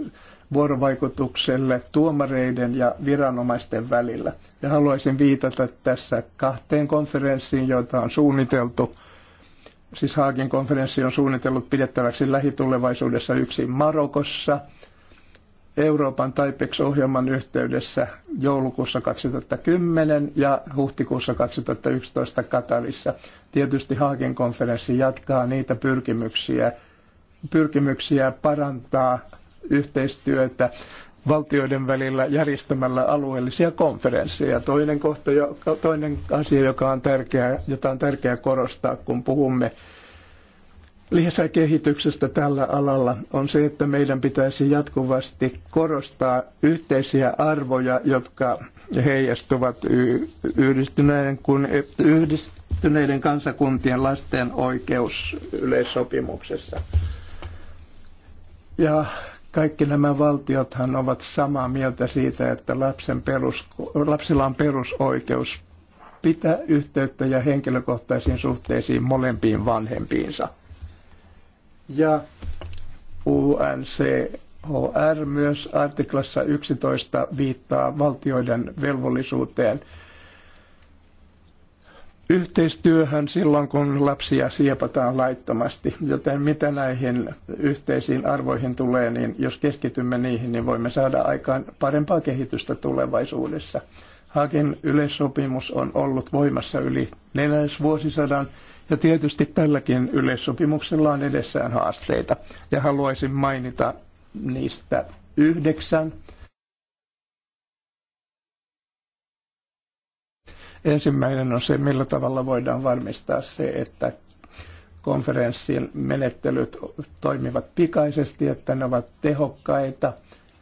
vuorovaikutukselle tuomareiden ja viranomaisten välillä. Ja haluaisin viitata tässä kahteen konferenssiin, joita on suunniteltu. Siis Haagin konferenssi on suunnitellut pidettäväksi lähitulevaisuudessa yksi Marokossa – Euroopan TAIPEX-ohjelman yhteydessä joulukuussa 2010 ja huhtikuussa 2011 Katarissa. Tietysti Haagen konferenssi jatkaa niitä pyrkimyksiä, pyrkimyksiä parantaa yhteistyötä valtioiden välillä järjestämällä alueellisia konferensseja. Toinen, kohta, toinen asia, joka on tärkeää, jota on tärkeää korostaa, kun puhumme lisäkehityksestä tällä alalla on se, että meidän pitäisi jatkuvasti korostaa yhteisiä arvoja, jotka heijastuvat yhdistyneiden, kun, e, yhdistyneiden kansakuntien lasten oikeus yleissopimuksessa. Ja kaikki nämä valtiothan ovat samaa mieltä siitä, että lapsen perus, lapsilla on perusoikeus pitää yhteyttä ja henkilökohtaisiin suhteisiin molempiin vanhempiinsa – ja UNCHR myös artiklassa 11 viittaa valtioiden velvollisuuteen yhteistyöhön silloin, kun lapsia siepataan laittomasti. Joten mitä näihin yhteisiin arvoihin tulee, niin jos keskitymme niihin, niin voimme saada aikaan parempaa kehitystä tulevaisuudessa. Hagen yleissopimus on ollut voimassa yli neljäs vuosisadan ja tietysti tälläkin yleissopimuksella on edessään haasteita. Ja haluaisin mainita niistä yhdeksän. Ensimmäinen on se, millä tavalla voidaan varmistaa se, että konferenssin menettelyt toimivat pikaisesti, että ne ovat tehokkaita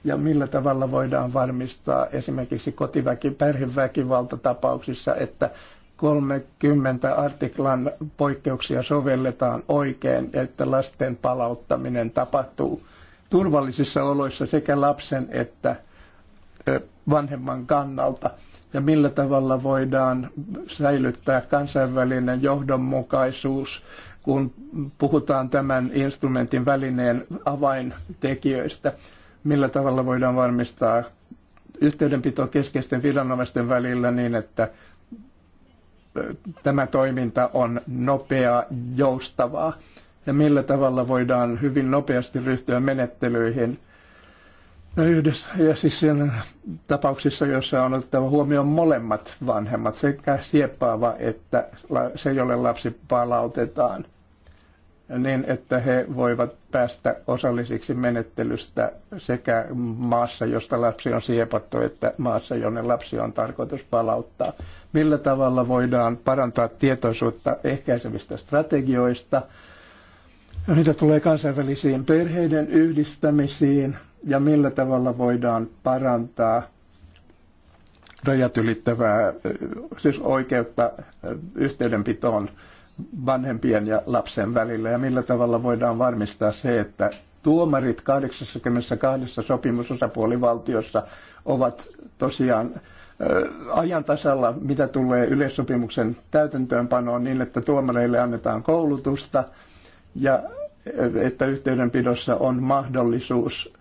ja millä tavalla voidaan varmistaa esimerkiksi kotiväki, perheväkivaltatapauksissa, että 30 artiklan poikkeuksia sovelletaan oikein, että lasten palauttaminen tapahtuu turvallisissa oloissa sekä lapsen että vanhemman kannalta ja millä tavalla voidaan säilyttää kansainvälinen johdonmukaisuus, kun puhutaan tämän instrumentin välineen avaintekijöistä, millä tavalla voidaan varmistaa yhteydenpito keskeisten viranomaisten välillä niin, että tämä toiminta on nopeaa, joustavaa ja millä tavalla voidaan hyvin nopeasti ryhtyä menettelyihin. Yhdessä, ja siis siinä tapauksissa, joissa on otettava huomioon molemmat vanhemmat, sekä sieppaava että se, jolle lapsi palautetaan, niin että he voivat päästä osallisiksi menettelystä sekä maassa, josta lapsi on siepattu, että maassa, jonne lapsi on tarkoitus palauttaa millä tavalla voidaan parantaa tietoisuutta ehkäisevistä strategioista. Niitä tulee kansainvälisiin perheiden yhdistämisiin ja millä tavalla voidaan parantaa rajat ylittävää, siis oikeutta yhteydenpitoon vanhempien ja lapsen välillä ja millä tavalla voidaan varmistaa se, että tuomarit 82 sopimusosapuolivaltiossa ovat tosiaan ajan tasalla, mitä tulee yleissopimuksen täytäntöönpanoon niin, että tuomareille annetaan koulutusta ja että yhteydenpidossa on mahdollisuus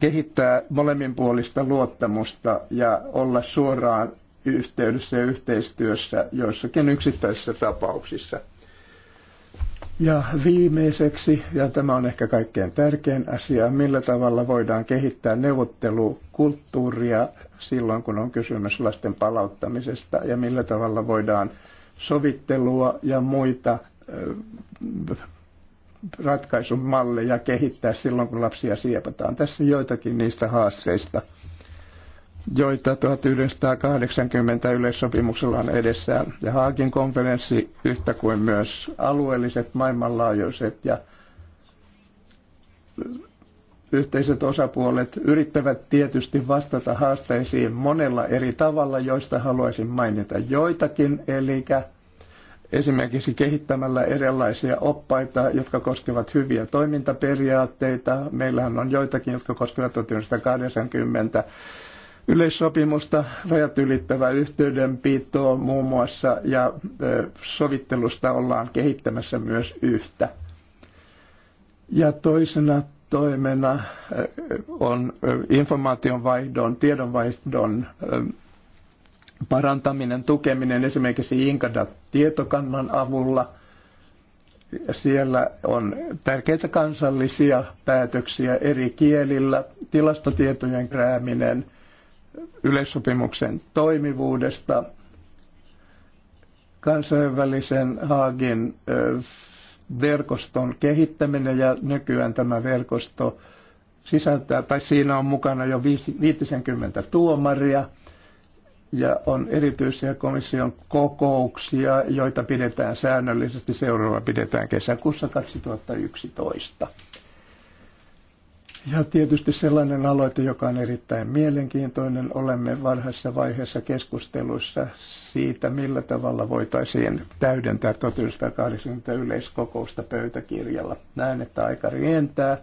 kehittää molemminpuolista luottamusta ja olla suoraan yhteydessä ja yhteistyössä joissakin yksittäisissä tapauksissa – ja viimeiseksi, ja tämä on ehkä kaikkein tärkein asia, millä tavalla voidaan kehittää neuvottelukulttuuria silloin, kun on kysymys lasten palauttamisesta, ja millä tavalla voidaan sovittelua ja muita ratkaisumalleja kehittää silloin, kun lapsia siepataan. Tässä joitakin niistä haasteista, joita 1980 yleissopimuksella on edessään. Ja Haakin konferenssi yhtä kuin myös alueelliset, maailmanlaajuiset ja yhteiset osapuolet yrittävät tietysti vastata haasteisiin monella eri tavalla, joista haluaisin mainita joitakin, eli esimerkiksi kehittämällä erilaisia oppaita, jotka koskevat hyviä toimintaperiaatteita. Meillähän on joitakin, jotka koskevat 1980 yleissopimusta, rajat ylittävää yhteydenpitoa muun muassa ja sovittelusta ollaan kehittämässä myös yhtä. Ja toisena toimena on informaation vaihdon, tiedonvaihdon parantaminen, tukeminen esimerkiksi Inkada-tietokannan avulla. Siellä on tärkeitä kansallisia päätöksiä eri kielillä, tilastotietojen krääminen – yleissopimuksen toimivuudesta, kansainvälisen Haagin verkoston kehittäminen ja nykyään tämä verkosto sisältää, tai siinä on mukana jo 50 tuomaria ja on erityisiä komission kokouksia, joita pidetään säännöllisesti. Seuraava pidetään kesäkuussa 2011. Ja tietysti sellainen aloite, joka on erittäin mielenkiintoinen. Olemme varhaisessa vaiheessa keskusteluissa siitä, millä tavalla voitaisiin täydentää 1980 yleiskokousta pöytäkirjalla. Näen, että aika rientää.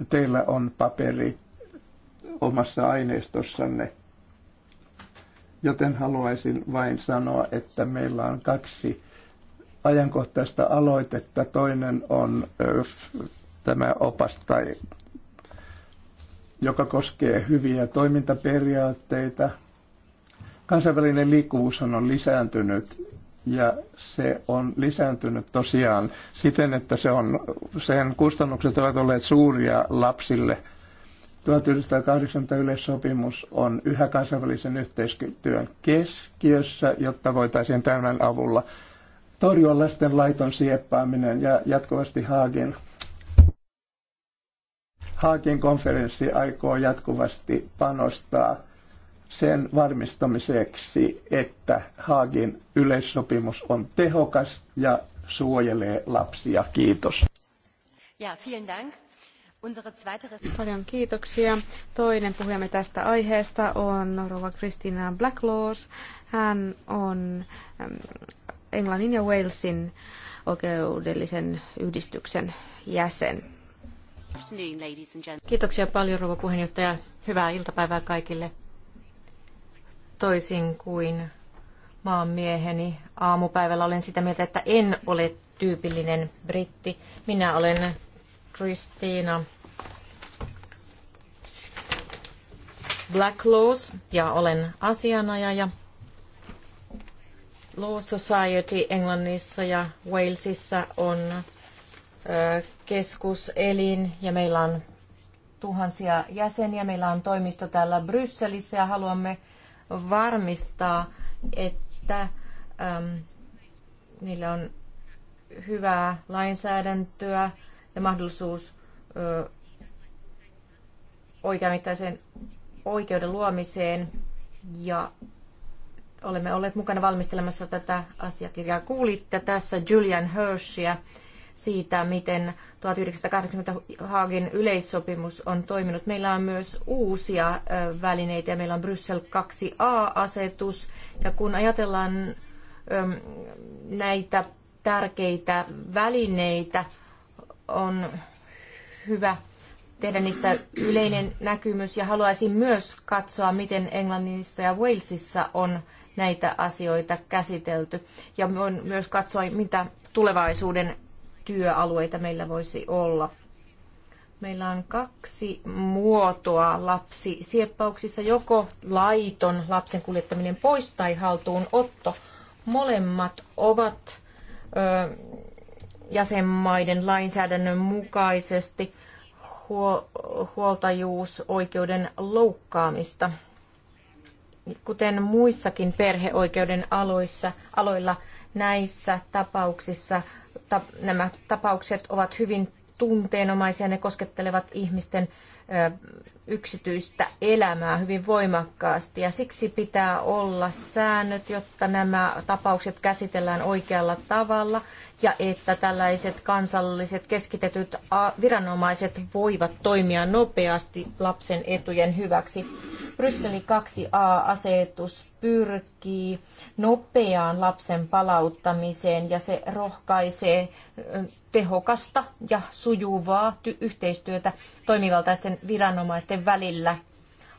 Ja teillä on paperi omassa aineistossanne. Joten haluaisin vain sanoa, että meillä on kaksi ajankohtaista aloitetta. Toinen on tämä opas tai joka koskee hyviä toimintaperiaatteita. Kansainvälinen liikkuvuus on lisääntynyt ja se on lisääntynyt tosiaan siten, että se on, sen kustannukset ovat olleet suuria lapsille. 1980 yleissopimus on yhä kansainvälisen yhteistyön keskiössä, jotta voitaisiin tämän avulla torjua lasten laiton sieppaaminen ja jatkuvasti Haagin Haakin konferenssi aikoo jatkuvasti panostaa sen varmistamiseksi, että Haagin yleissopimus on tehokas ja suojelee lapsia. Kiitos. Ja, vielen dank. Paljon kiitoksia. Toinen puhujamme tästä aiheesta on Rova Kristina Blacklaws. Hän on Englannin ja Walesin oikeudellisen yhdistyksen jäsen. Kiitoksia paljon, rouva puheenjohtaja. Hyvää iltapäivää kaikille. Toisin kuin maanmieheni aamupäivällä olen sitä mieltä, että en ole tyypillinen britti. Minä olen Kristiina Blacklaws ja olen asianajaja Law Society Englannissa ja Walesissa on keskuselin ja meillä on tuhansia jäseniä. Meillä on toimisto täällä Brysselissä ja haluamme varmistaa, että äm, niillä on hyvää lainsäädäntöä ja mahdollisuus ö, oikeamittaiseen oikeuden luomiseen ja olemme olleet mukana valmistelemassa tätä asiakirjaa. Kuulitte tässä Julian Hirschia, siitä, miten 1980 Haagin yleissopimus on toiminut. Meillä on myös uusia välineitä ja meillä on Bryssel 2a-asetus. Ja kun ajatellaan näitä tärkeitä välineitä, on hyvä tehdä niistä yleinen näkymys ja haluaisin myös katsoa, miten Englannissa ja Walesissa on näitä asioita käsitelty ja myös katsoa, mitä tulevaisuuden työalueita meillä voisi olla. Meillä on kaksi muotoa lapsi joko laiton lapsen kuljettaminen pois tai haltuun otto. Molemmat ovat ö, jäsenmaiden lainsäädännön mukaisesti huoltajuusoikeuden loukkaamista. Kuten muissakin perheoikeuden aloissa, aloilla näissä tapauksissa nämä tapaukset ovat hyvin tunteenomaisia, ne koskettelevat ihmisten yksityistä elämää hyvin voimakkaasti ja siksi pitää olla säännöt, jotta nämä tapaukset käsitellään oikealla tavalla ja että tällaiset kansalliset keskitetyt viranomaiset voivat toimia nopeasti lapsen etujen hyväksi. Brysseli 2a-asetus pyrkii nopeaan lapsen palauttamiseen ja se rohkaisee tehokasta ja sujuvaa yhteistyötä toimivaltaisten viranomaisten välillä.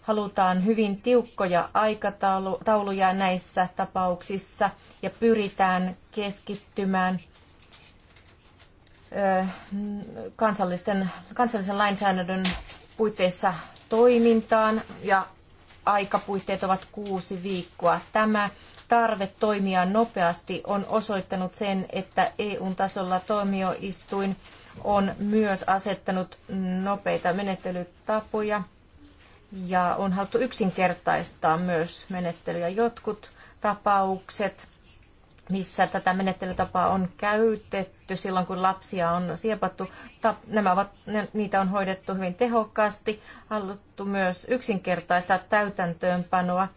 Halutaan hyvin tiukkoja aikatauluja näissä tapauksissa ja pyritään keskittymään kansallisten, kansallisen lainsäädännön puitteissa toimintaan ja aikapuitteet ovat kuusi viikkoa. Tämä tarve toimia nopeasti on osoittanut sen, että EUn tasolla toimioistuin on myös asettanut nopeita menettelytapoja ja on haluttu yksinkertaistaa myös menettelyjä. Jotkut tapaukset missä tätä menettelytapaa on käytetty silloin, kun lapsia on siepattu. Nämä ovat, niitä on hoidettu hyvin tehokkaasti. Haluttu myös yksinkertaista täytäntöönpanoa.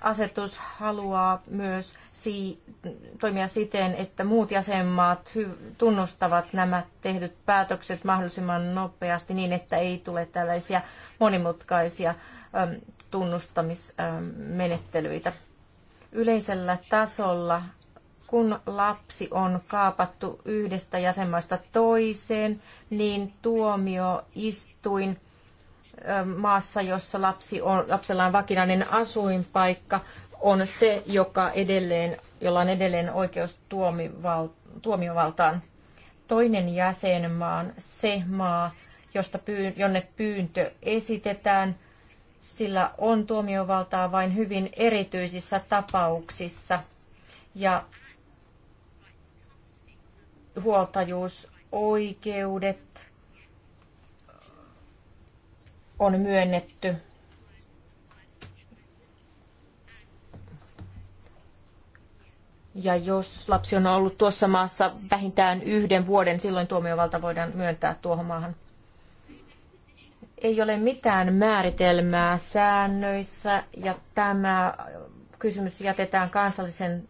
Asetus haluaa myös si- toimia siten, että muut jäsenmaat tunnustavat nämä tehdyt päätökset mahdollisimman nopeasti niin, että ei tule tällaisia monimutkaisia tunnustamismenettelyitä. Yleisellä tasolla kun lapsi on kaapattu yhdestä jäsenmaasta toiseen, niin tuomioistuin maassa, jossa lapsi on, lapsella on vakinainen asuinpaikka, on se, joka edelleen, jolla on edelleen oikeus tuomival, tuomiovaltaan. Toinen jäsenmaa on se maa, josta pyy, jonne pyyntö esitetään, sillä on tuomiovaltaa vain hyvin erityisissä tapauksissa. Ja huoltajuusoikeudet on myönnetty. Ja jos lapsi on ollut tuossa maassa vähintään yhden vuoden, silloin tuomiovalta voidaan myöntää tuohon maahan. Ei ole mitään määritelmää säännöissä ja tämä kysymys jätetään kansallisen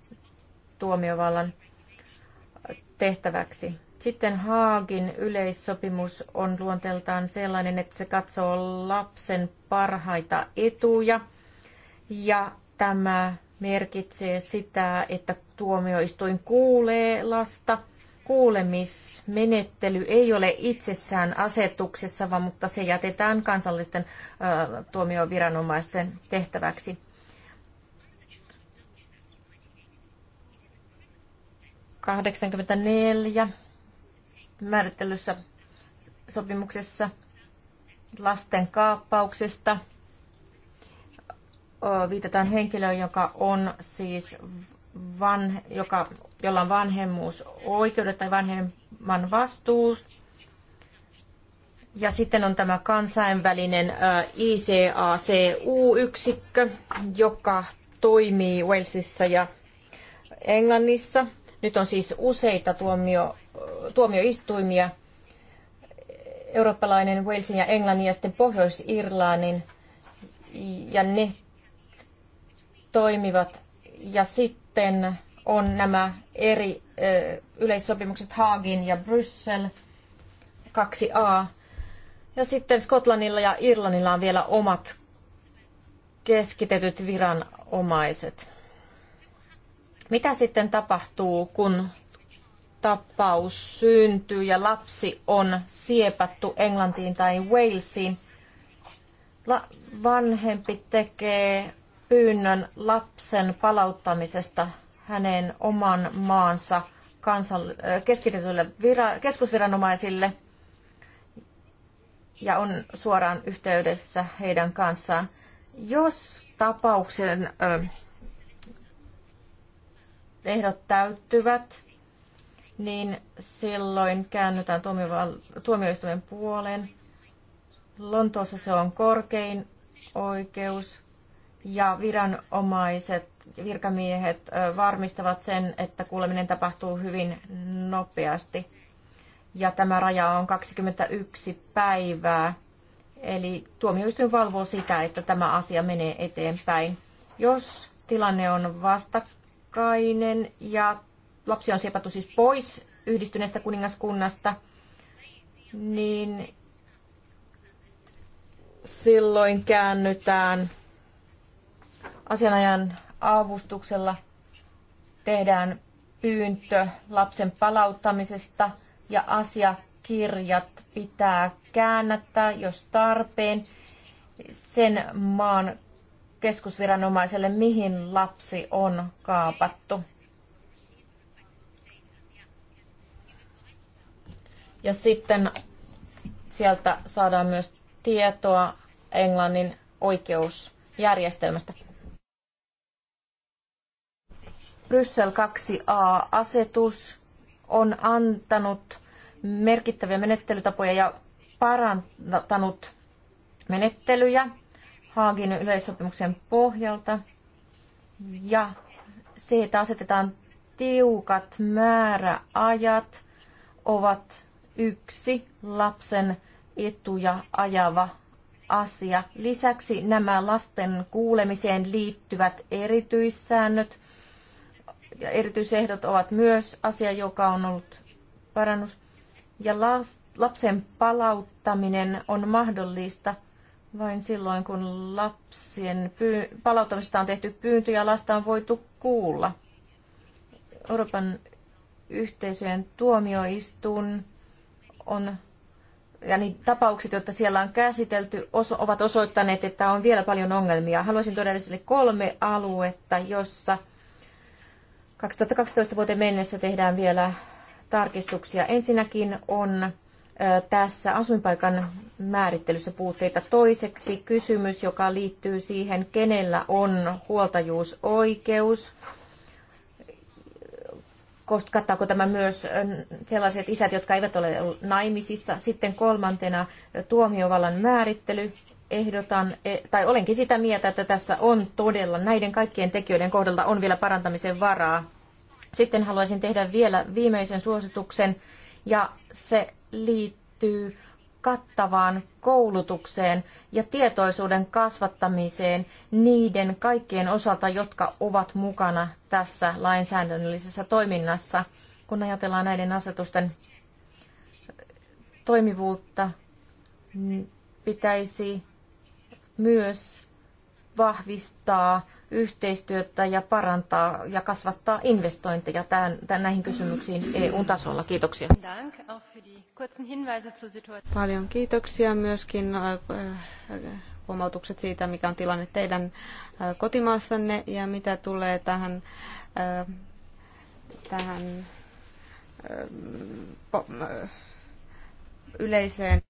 tuomiovallan tehtäväksi. Sitten Haagin yleissopimus on luonteeltaan sellainen, että se katsoo lapsen parhaita etuja ja tämä merkitsee sitä, että tuomioistuin kuulee lasta. Kuulemismenettely ei ole itsessään asetuksessa, vaan mutta se jätetään kansallisten tuomioviranomaisten tehtäväksi. 84 määrittelyssä sopimuksessa lasten kaappauksesta viitataan henkilöön, joka on siis van, joka, jolla on vanhemmuusoikeudet tai vanhemman vastuus. Ja sitten on tämä kansainvälinen ICACU-yksikkö, joka toimii Walesissa ja Englannissa – nyt on siis useita tuomio, tuomioistuimia, eurooppalainen Walesin ja Englannin ja sitten Pohjois-Irlannin, ja ne toimivat. Ja sitten on nämä eri ö, yleissopimukset Haagin ja Bryssel 2a. Ja sitten Skotlannilla ja Irlannilla on vielä omat keskitetyt viranomaiset. Mitä sitten tapahtuu, kun tapaus syntyy ja lapsi on siepattu Englantiin tai Walesiin? La- vanhempi tekee pyynnön lapsen palauttamisesta hänen oman maansa kansall- keskitetyille vira- keskusviranomaisille ja on suoraan yhteydessä heidän kanssaan. Jos tapauksen ehdot täyttyvät, niin silloin käännytään tuomioistuimen puoleen. Lontoossa se on korkein oikeus ja viranomaiset, virkamiehet varmistavat sen, että kuuleminen tapahtuu hyvin nopeasti. Ja tämä raja on 21 päivää. Eli tuomioistuin valvoo sitä, että tämä asia menee eteenpäin. Jos tilanne on vastakkain, vastakkainen ja lapsi on siepattu siis pois yhdistyneestä kuningaskunnasta, niin silloin käännytään asianajan avustuksella, tehdään pyyntö lapsen palauttamisesta ja asiakirjat pitää käännättää, jos tarpeen, sen maan keskusviranomaiselle, mihin lapsi on kaapattu. Ja sitten sieltä saadaan myös tietoa Englannin oikeusjärjestelmästä. Bryssel 2a-asetus on antanut merkittäviä menettelytapoja ja parantanut menettelyjä Haagin yleissopimuksen pohjalta ja se, että asetetaan tiukat määräajat, ovat yksi lapsen etuja ajava asia. Lisäksi nämä lasten kuulemiseen liittyvät erityissäännöt ja erityisehdot ovat myös asia, joka on ollut parannus. Ja lapsen palauttaminen on mahdollista vain silloin, kun lapsien pyy- palauttamisesta on tehty pyyntö ja lasta on voitu kuulla. Euroopan yhteisöjen tuomioistuin on, ja niin tapaukset, joita siellä on käsitelty, oso, ovat osoittaneet, että on vielä paljon ongelmia. Haluaisin todella sille kolme aluetta, jossa 2012 vuoteen mennessä tehdään vielä tarkistuksia. Ensinnäkin on tässä asuinpaikan määrittelyssä puutteita. Toiseksi kysymys, joka liittyy siihen, kenellä on huoltajuusoikeus. Kattaako tämä myös sellaiset isät, jotka eivät ole naimisissa? Sitten kolmantena tuomiovallan määrittely. Ehdotan, e, tai olenkin sitä mieltä, että tässä on todella, näiden kaikkien tekijöiden kohdalta on vielä parantamisen varaa. Sitten haluaisin tehdä vielä viimeisen suosituksen, ja se liittyy kattavaan koulutukseen ja tietoisuuden kasvattamiseen niiden kaikkien osalta, jotka ovat mukana tässä lainsäädännöllisessä toiminnassa. Kun ajatellaan näiden asetusten toimivuutta, pitäisi myös vahvistaa yhteistyötä ja parantaa ja kasvattaa investointeja tämän, tämän näihin kysymyksiin EU-tasolla. Kiitoksia. Paljon kiitoksia myöskin äh, äh, huomautukset siitä, mikä on tilanne teidän äh, kotimaassanne ja mitä tulee tähän, tähän yleiseen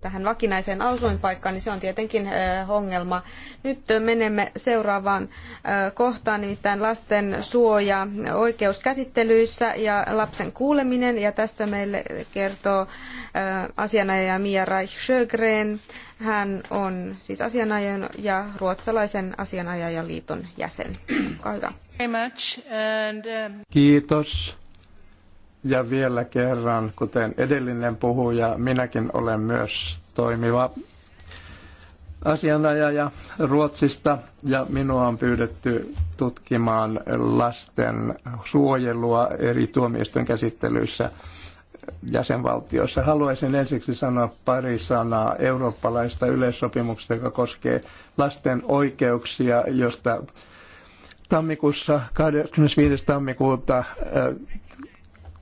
tähän vakinaiseen asuinpaikkaan, niin se on tietenkin ongelma. Nyt menemme seuraavaan kohtaan, nimittäin lasten suoja oikeuskäsittelyissä ja lapsen kuuleminen. Ja tässä meille kertoo asianajaja Mia Reich Sjögren. Hän on siis asianajajan ja ruotsalaisen asianajajaliiton jäsen. Olkaa hyvä. Um, Kiitos. Ja vielä kerran, kuten edellinen puhuja, minäkin olen myös toimiva asianajaja Ruotsista ja minua on pyydetty tutkimaan lasten suojelua eri tuomioistuin käsittelyissä jäsenvaltioissa. Haluaisin ensiksi sanoa pari sanaa eurooppalaista yleissopimuksesta, joka koskee lasten oikeuksia, josta tammikuussa 25. tammikuuta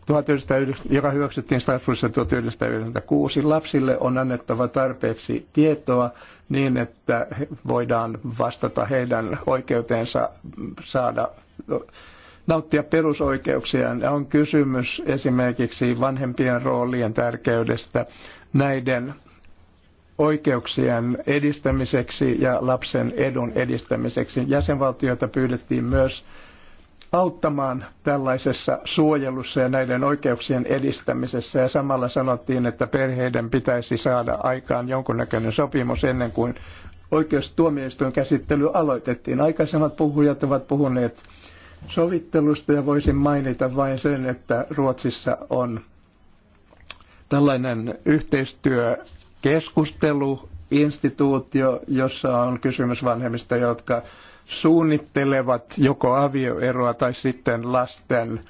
1990, joka hyväksyttiin Strasbourgissa 1996. Lapsille on annettava tarpeeksi tietoa niin, että voidaan vastata heidän oikeuteensa saada nauttia perusoikeuksiaan. On kysymys esimerkiksi vanhempien roolien tärkeydestä näiden oikeuksien edistämiseksi ja lapsen edun edistämiseksi. Jäsenvaltioita pyydettiin myös auttamaan tällaisessa suojelussa ja näiden oikeuksien edistämisessä. Ja samalla sanottiin, että perheiden pitäisi saada aikaan jonkunnäköinen sopimus ennen kuin oikeustuomioistuin käsittely aloitettiin. Aikaisemmat puhujat ovat puhuneet sovittelusta ja voisin mainita vain sen, että Ruotsissa on tällainen yhteistyökeskustelu, instituutio, jossa on kysymys vanhemmista, jotka suunnittelevat joko avioeroa tai sitten lasten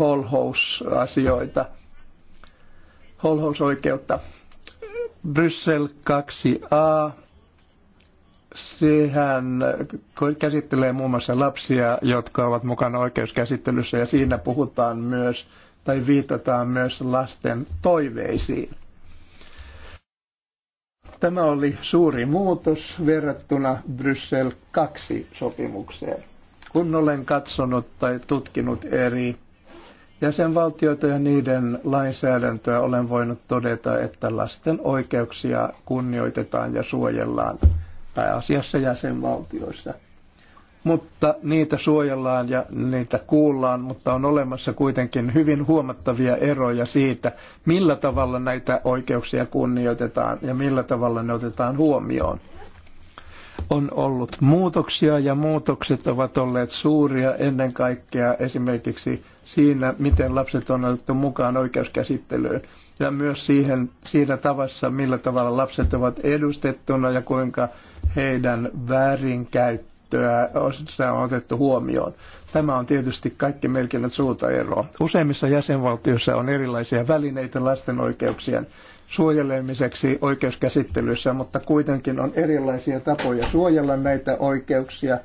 holhousasioita, holhousoikeutta. Bryssel 2a, sehän käsittelee muun muassa lapsia, jotka ovat mukana oikeuskäsittelyssä ja siinä puhutaan myös tai viitataan myös lasten toiveisiin. Tämä oli suuri muutos verrattuna Bryssel 2-sopimukseen. Kun olen katsonut tai tutkinut eri jäsenvaltioita ja niiden lainsäädäntöä, olen voinut todeta, että lasten oikeuksia kunnioitetaan ja suojellaan pääasiassa jäsenvaltioissa mutta niitä suojellaan ja niitä kuullaan, mutta on olemassa kuitenkin hyvin huomattavia eroja siitä, millä tavalla näitä oikeuksia kunnioitetaan ja millä tavalla ne otetaan huomioon. On ollut muutoksia ja muutokset ovat olleet suuria ennen kaikkea esimerkiksi siinä, miten lapset on otettu mukaan oikeuskäsittelyyn ja myös siihen, siinä tavassa, millä tavalla lapset ovat edustettuna ja kuinka heidän väärinkäyttö väestöä on otettu huomioon. Tämä on tietysti kaikki melkein suuta eroa. Useimmissa jäsenvaltioissa on erilaisia välineitä lasten oikeuksien suojelemiseksi oikeuskäsittelyssä, mutta kuitenkin on erilaisia tapoja suojella näitä oikeuksia.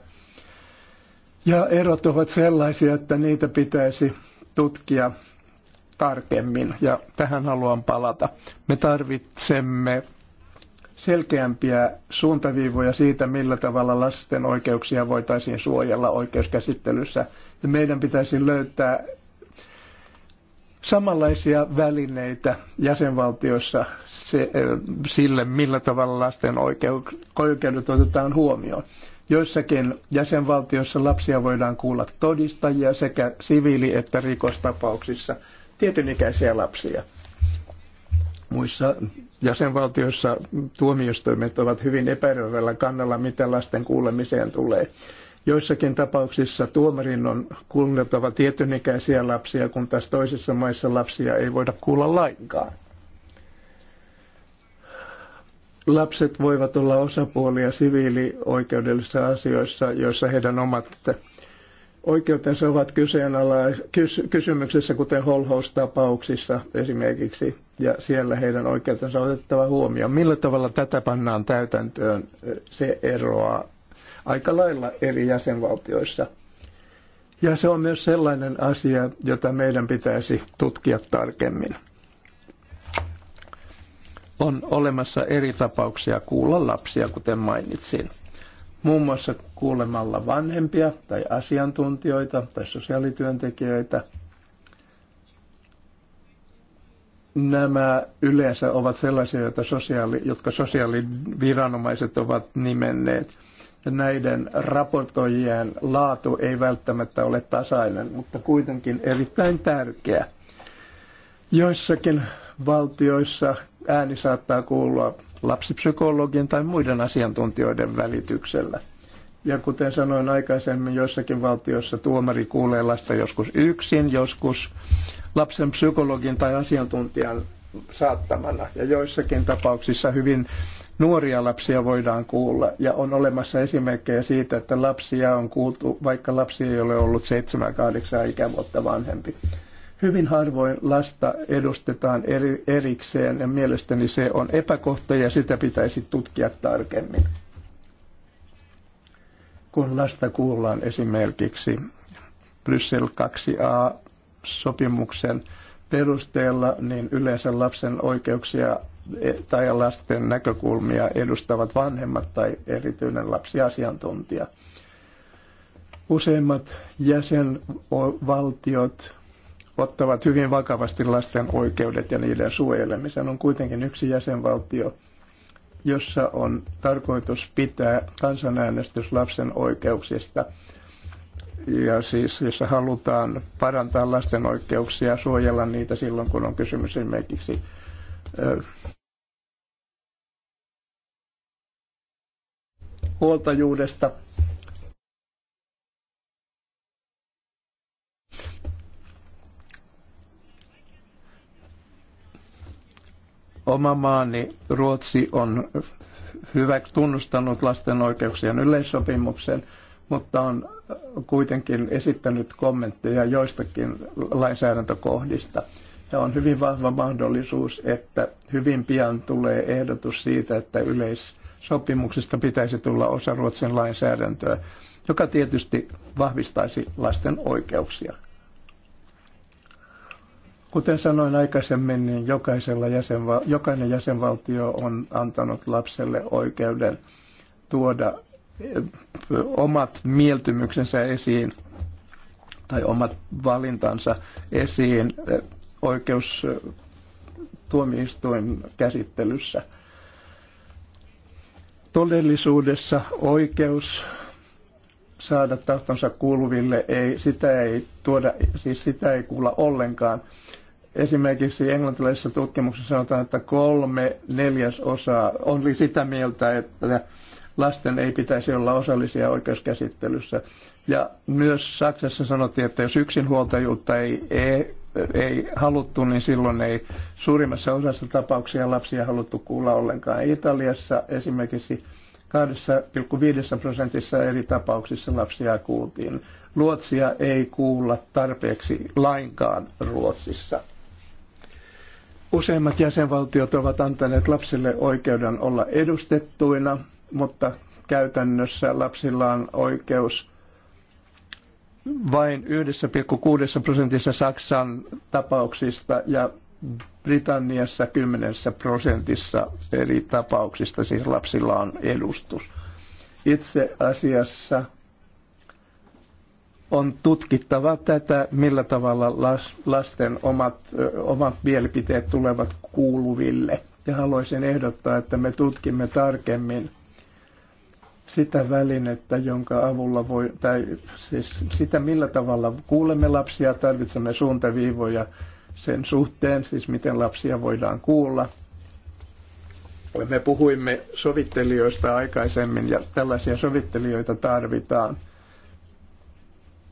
Ja erot ovat sellaisia, että niitä pitäisi tutkia tarkemmin ja tähän haluan palata. Me tarvitsemme selkeämpiä suuntaviivoja siitä, millä tavalla lasten oikeuksia voitaisiin suojella oikeuskäsittelyssä. Ja meidän pitäisi löytää samanlaisia välineitä jäsenvaltioissa se, eh, sille, millä tavalla lasten oikeudet otetaan huomioon. Joissakin jäsenvaltioissa lapsia voidaan kuulla todistajia sekä siviili- että rikostapauksissa tietynikäisiä lapsia. Muissa jäsenvaltioissa tuomioistuimet ovat hyvin epäröivällä kannalla, mitä lasten kuulemiseen tulee. Joissakin tapauksissa tuomarin on kuunneltava tietyn ikäisiä lapsia, kun taas toisissa maissa lapsia ei voida kuulla lainkaan. Lapset voivat olla osapuolia siviilioikeudellisissa asioissa, joissa heidän omat oikeutensa ovat kysymyksessä, kuten holhoustapauksissa esimerkiksi, ja siellä heidän oikeutensa on otettava huomioon. Millä tavalla tätä pannaan täytäntöön, se eroaa aika lailla eri jäsenvaltioissa. Ja se on myös sellainen asia, jota meidän pitäisi tutkia tarkemmin. On olemassa eri tapauksia kuulla lapsia, kuten mainitsin muun muassa kuulemalla vanhempia tai asiantuntijoita tai sosiaalityöntekijöitä. Nämä yleensä ovat sellaisia, joita sosiaali, jotka sosiaaliviranomaiset ovat nimenneet. Ja näiden raportoijien laatu ei välttämättä ole tasainen, mutta kuitenkin erittäin tärkeä. Joissakin valtioissa ääni saattaa kuulua lapsipsykologin tai muiden asiantuntijoiden välityksellä. Ja kuten sanoin aikaisemmin, joissakin valtioissa tuomari kuulee lasta joskus yksin, joskus lapsen psykologin tai asiantuntijan saattamana. Ja joissakin tapauksissa hyvin nuoria lapsia voidaan kuulla. Ja on olemassa esimerkkejä siitä, että lapsia on kuultu, vaikka lapsi ei ole ollut 7-8 ikävuotta vanhempi. Hyvin harvoin lasta edustetaan eri, erikseen ja mielestäni se on epäkohta ja sitä pitäisi tutkia tarkemmin. Kun lasta kuullaan esimerkiksi Bryssel 2a sopimuksen perusteella, niin yleensä lapsen oikeuksia e, tai lasten näkökulmia edustavat vanhemmat tai erityinen lapsiasiantuntija. Useimmat jäsenvaltiot ottavat hyvin vakavasti lasten oikeudet ja niiden suojelemisen. On kuitenkin yksi jäsenvaltio, jossa on tarkoitus pitää kansanäänestys lapsen oikeuksista. Ja siis, jossa halutaan parantaa lasten oikeuksia, suojella niitä silloin, kun on kysymys esimerkiksi huoltajuudesta Oma maani Ruotsi on hyvä tunnustanut lasten oikeuksien yleissopimuksen, mutta on kuitenkin esittänyt kommentteja joistakin lainsäädäntökohdista. Ja on hyvin vahva mahdollisuus, että hyvin pian tulee ehdotus siitä, että yleissopimuksesta pitäisi tulla osa Ruotsin lainsäädäntöä, joka tietysti vahvistaisi lasten oikeuksia. Kuten sanoin aikaisemmin, niin jokaisella jäsenva- jokainen jäsenvaltio on antanut lapselle oikeuden tuoda eh, omat mieltymyksensä esiin tai omat valintansa esiin eh, oikeus eh, tuomioistuin käsittelyssä. Todellisuudessa oikeus saada tahtonsa kuuluville, ei, sitä ei tuoda, siis sitä ei kuulla ollenkaan. Esimerkiksi englantilaisessa tutkimuksessa sanotaan, että kolme neljäsosaa on sitä mieltä, että lasten ei pitäisi olla osallisia oikeuskäsittelyssä. Ja myös Saksassa sanottiin, että jos yksinhuoltajuutta ei, ei, ei haluttu, niin silloin ei suurimmassa osassa tapauksia lapsia haluttu kuulla ollenkaan. Italiassa esimerkiksi 2,5 prosentissa eri tapauksissa lapsia kuultiin. Luotsia ei kuulla tarpeeksi lainkaan Ruotsissa. Useimmat jäsenvaltiot ovat antaneet lapsille oikeuden olla edustettuina, mutta käytännössä lapsilla on oikeus vain 1,6 prosentissa Saksan tapauksista ja Britanniassa 10 prosentissa eri tapauksista, siis lapsilla on edustus. Itse asiassa on tutkittava tätä, millä tavalla lasten omat, omat mielipiteet tulevat kuuluville. Ja haluaisin ehdottaa, että me tutkimme tarkemmin sitä välinettä, jonka avulla voi, tai siis sitä millä tavalla kuulemme lapsia, tarvitsemme suuntaviivoja sen suhteen, siis miten lapsia voidaan kuulla. Me puhuimme sovittelijoista aikaisemmin ja tällaisia sovittelijoita tarvitaan –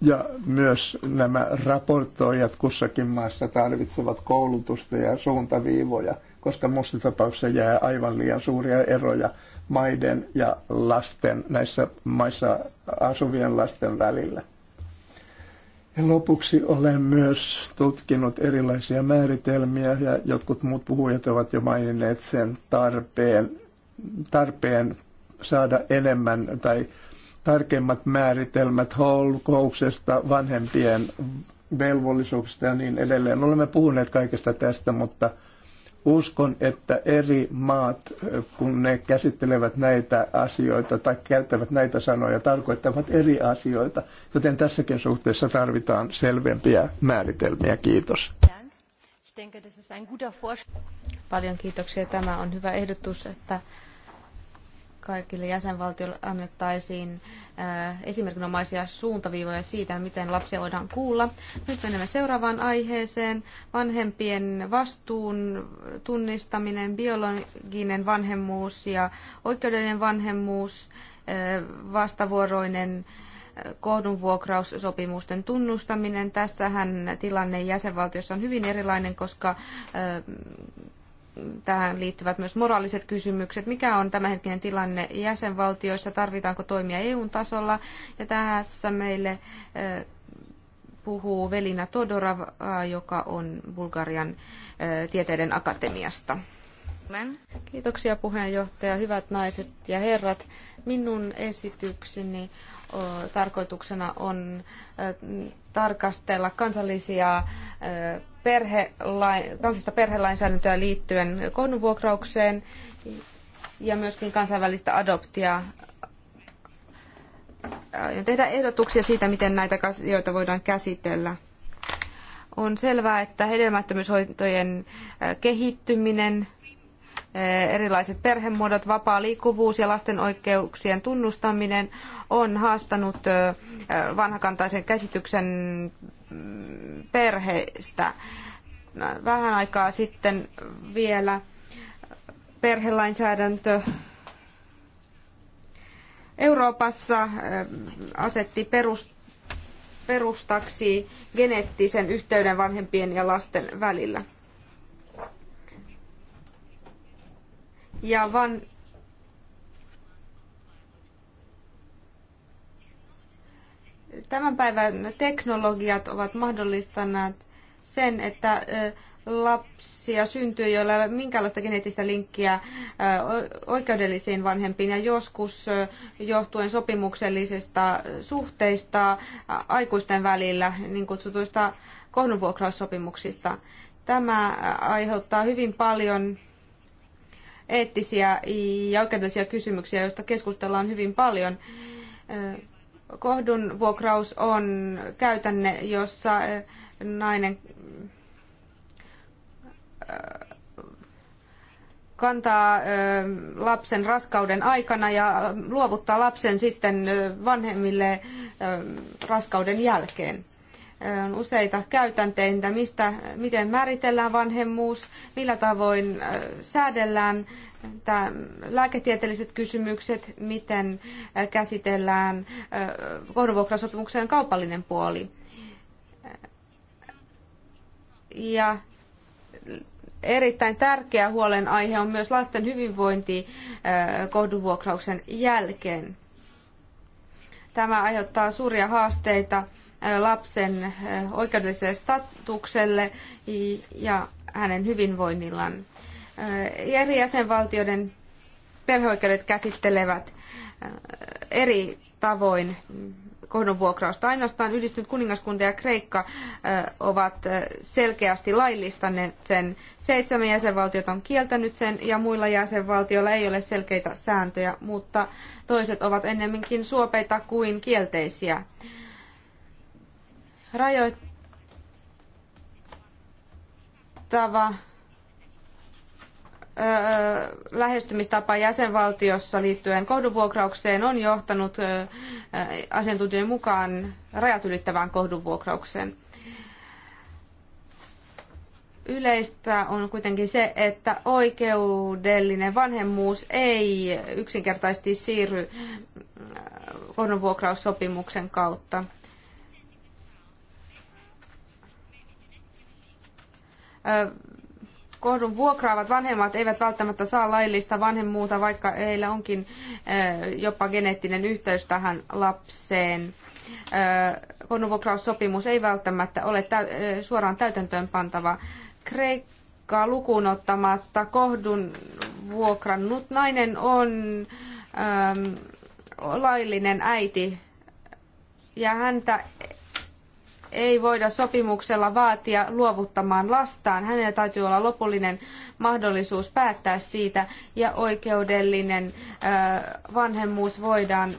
ja myös nämä raportoijat kussakin maassa tarvitsevat koulutusta ja suuntaviivoja, koska muussa tapauksessa jää aivan liian suuria eroja maiden ja lasten, näissä maissa asuvien lasten välillä. Ja lopuksi olen myös tutkinut erilaisia määritelmiä ja jotkut muut puhujat ovat jo maininneet sen tarpeen, tarpeen saada enemmän tai tarkemmat määritelmät holkouksesta, vanhempien velvollisuuksista ja niin edelleen. Olemme puhuneet kaikesta tästä, mutta uskon, että eri maat, kun ne käsittelevät näitä asioita tai käyttävät näitä sanoja, tarkoittavat eri asioita, joten tässäkin suhteessa tarvitaan selvempiä määritelmiä. Kiitos. Paljon kiitoksia. Tämä on hyvä ehdotus, että kaikille jäsenvaltioille annettaisiin äh, esimerkinomaisia suuntaviivoja siitä, miten lapsia voidaan kuulla. Nyt menemme seuraavaan aiheeseen. Vanhempien vastuun tunnistaminen, biologinen vanhemmuus ja oikeudellinen vanhemmuus, äh, vastavuoroinen äh, kohdunvuokraussopimusten tunnustaminen. Tässähän tilanne jäsenvaltiossa on hyvin erilainen, koska tähän liittyvät myös moraaliset kysymykset. Mikä on tämänhetkinen tilanne jäsenvaltioissa? Tarvitaanko toimia EU-tasolla? Ja tässä meille puhuu Velina Todorov, joka on Bulgarian tieteiden akatemiasta. Kiitoksia puheenjohtaja, hyvät naiset ja herrat. Minun esitykseni tarkoituksena on tarkastella kansallisia perhelain, kansallista perhelainsäädäntöä liittyen kohdunvuokraukseen ja myöskin kansainvälistä adoptia. Aion tehdä ehdotuksia siitä, miten näitä asioita voidaan käsitellä. On selvää, että hedelmättömyyshoitojen kehittyminen, erilaiset perhemuodot, vapaa liikkuvuus ja lasten oikeuksien tunnustaminen on haastanut vanhakantaisen käsityksen Mm, perheestä. Vähän aikaa sitten vielä perhelainsäädäntö Euroopassa mm, asetti perust, perustaksi geneettisen yhteyden vanhempien ja lasten välillä. Ja van, tämän päivän teknologiat ovat mahdollistaneet sen, että lapsia syntyy, joilla ei ole minkäänlaista geneettistä linkkiä oikeudellisiin vanhempiin ja joskus johtuen sopimuksellisista suhteista aikuisten välillä, niin kutsutuista kohdunvuokraussopimuksista. Tämä aiheuttaa hyvin paljon eettisiä ja oikeudellisia kysymyksiä, joista keskustellaan hyvin paljon kohdunvuokraus on käytänne, jossa eh, nainen eh, kantaa eh, lapsen raskauden aikana ja luovuttaa lapsen sitten vanhemmille raskauden jälkeen. On useita käytänteitä, mistä, miten määritellään vanhemmuus, millä tavoin säädellään tämä, lääketieteelliset kysymykset, miten käsitellään korvuokrasopimuksen kaupallinen puoli. Ja erittäin tärkeä huolenaihe on myös lasten hyvinvointi kohdunvuokrauksen jälkeen. Tämä aiheuttaa suuria haasteita lapsen oikeudelliselle statukselle ja hänen hyvinvoinnillaan. Äh, eri jäsenvaltioiden perheoikeudet käsittelevät äh, eri tavoin kohdonvuokrausta. Ainoastaan yhdistynyt kuningaskunta ja Kreikka äh, ovat selkeästi laillistaneet sen. Seitsemän jäsenvaltiota on kieltänyt sen ja muilla jäsenvaltioilla ei ole selkeitä sääntöjä, mutta toiset ovat ennemminkin suopeita kuin kielteisiä. Rajoittava lähestymistapa jäsenvaltiossa liittyen kohdunvuokraukseen on johtanut asiantuntijoiden mukaan rajat ylittävään kohdunvuokraukseen. Yleistä on kuitenkin se, että oikeudellinen vanhemmuus ei yksinkertaisesti siirry kohdunvuokraussopimuksen kautta. Ö, kohdun vuokraavat vanhemmat eivät välttämättä saa laillista vanhemmuutta, vaikka heillä onkin eh, jopa geneettinen yhteys tähän lapseen. Eh, kohdunvuokraussopimus ei välttämättä ole eh, suoraan täytäntöön Kreikkaa lukuun ottamatta kohdun vuokrannut nainen on ehm, laillinen äiti ja häntä ei voida sopimuksella vaatia luovuttamaan lastaan. Hänellä täytyy olla lopullinen mahdollisuus päättää siitä ja oikeudellinen vanhemmuus voidaan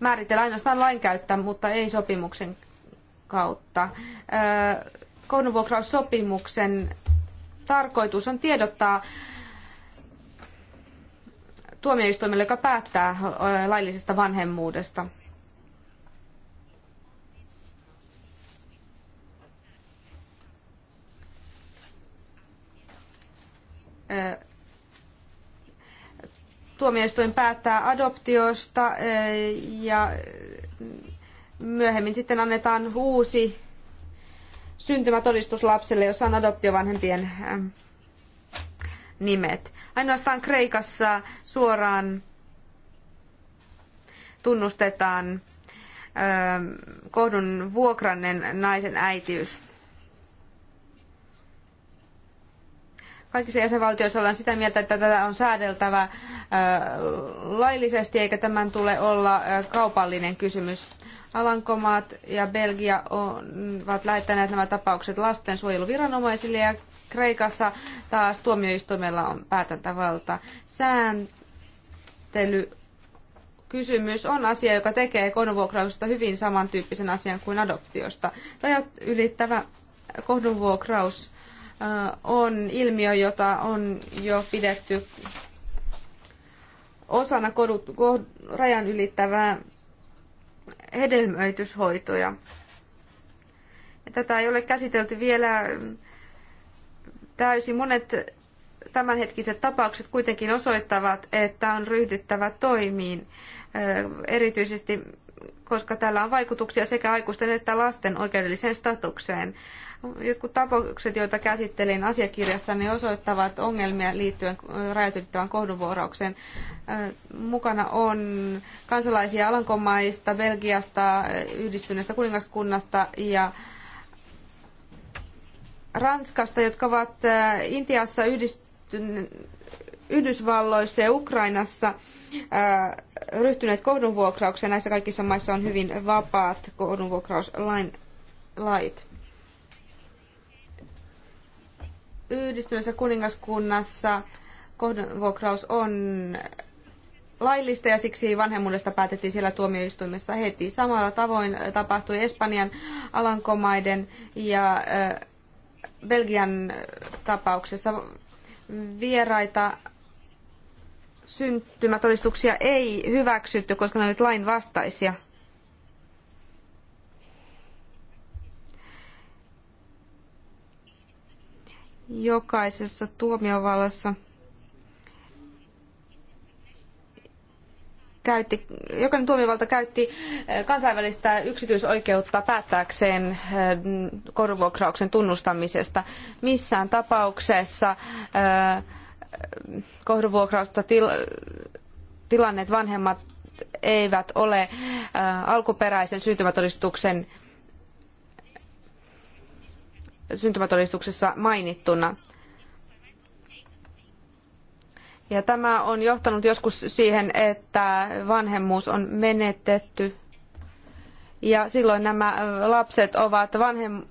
määritellä ainoastaan lainkäyttä, mutta ei sopimuksen kautta. Koulunvuokraussopimuksen tarkoitus on tiedottaa tuomioistuimelle, joka päättää laillisesta vanhemmuudesta. tuomioistuin päättää adoptiosta ja myöhemmin sitten annetaan uusi syntymätodistus lapselle, jossa on adoptiovanhempien nimet. Ainoastaan Kreikassa suoraan tunnustetaan kohdun vuokrannen naisen äitiys. Kaikissa jäsenvaltioissa ollaan sitä mieltä, että tätä on säädeltävä laillisesti, eikä tämän tule olla kaupallinen kysymys. Alankomaat ja Belgia ovat lähettäneet nämä tapaukset lastensuojeluviranomaisille ja Kreikassa taas tuomioistuimella on päätäntävalta. Sääntely kysymys on asia, joka tekee kohdunvuokrauksesta hyvin samantyyppisen asian kuin adoptiosta. Rajat ylittävä kohdunvuokraus on ilmiö, jota on jo pidetty osana kodut, rajan ylittävää hedelmöityshoitoja. Tätä ei ole käsitelty vielä täysin. Monet tämänhetkiset tapaukset kuitenkin osoittavat, että on ryhdyttävä toimiin, erityisesti koska tällä on vaikutuksia sekä aikuisten että lasten oikeudelliseen statukseen jotkut tapaukset, joita käsittelin asiakirjassa, ne osoittavat ongelmia liittyen rajoitettavan kohdunvuoraukseen. Mukana on kansalaisia Alankomaista, Belgiasta, yhdistyneestä kuningaskunnasta ja Ranskasta, jotka ovat Intiassa, Yhdysvalloissa ja Ukrainassa ryhtyneet kohdunvuokraukseen. Näissä kaikissa maissa on hyvin vapaat kohdunvuokrauslait. Yhdistyneessä kuningaskunnassa kohdonvuokraus on laillista ja siksi vanhemmuudesta päätettiin siellä tuomioistuimessa heti. Samalla tavoin tapahtui Espanjan, Alankomaiden ja Belgian tapauksessa. Vieraita syntymätodistuksia ei hyväksytty, koska ne olivat lainvastaisia. jokaisessa tuomiovallassa käytti, jokainen tuomiovalta käytti eh, kansainvälistä yksityisoikeutta päättääkseen eh, korvuokrauksen tunnustamisesta. Missään tapauksessa eh, kohduvuokrausta til, tilanneet vanhemmat eivät ole alkuperäisen syntymätodistuksen syntymätodistuksessa mainittuna. Ja tämä on johtanut joskus siihen, että vanhemmuus on menetetty ja silloin nämä lapset ovat vanhem,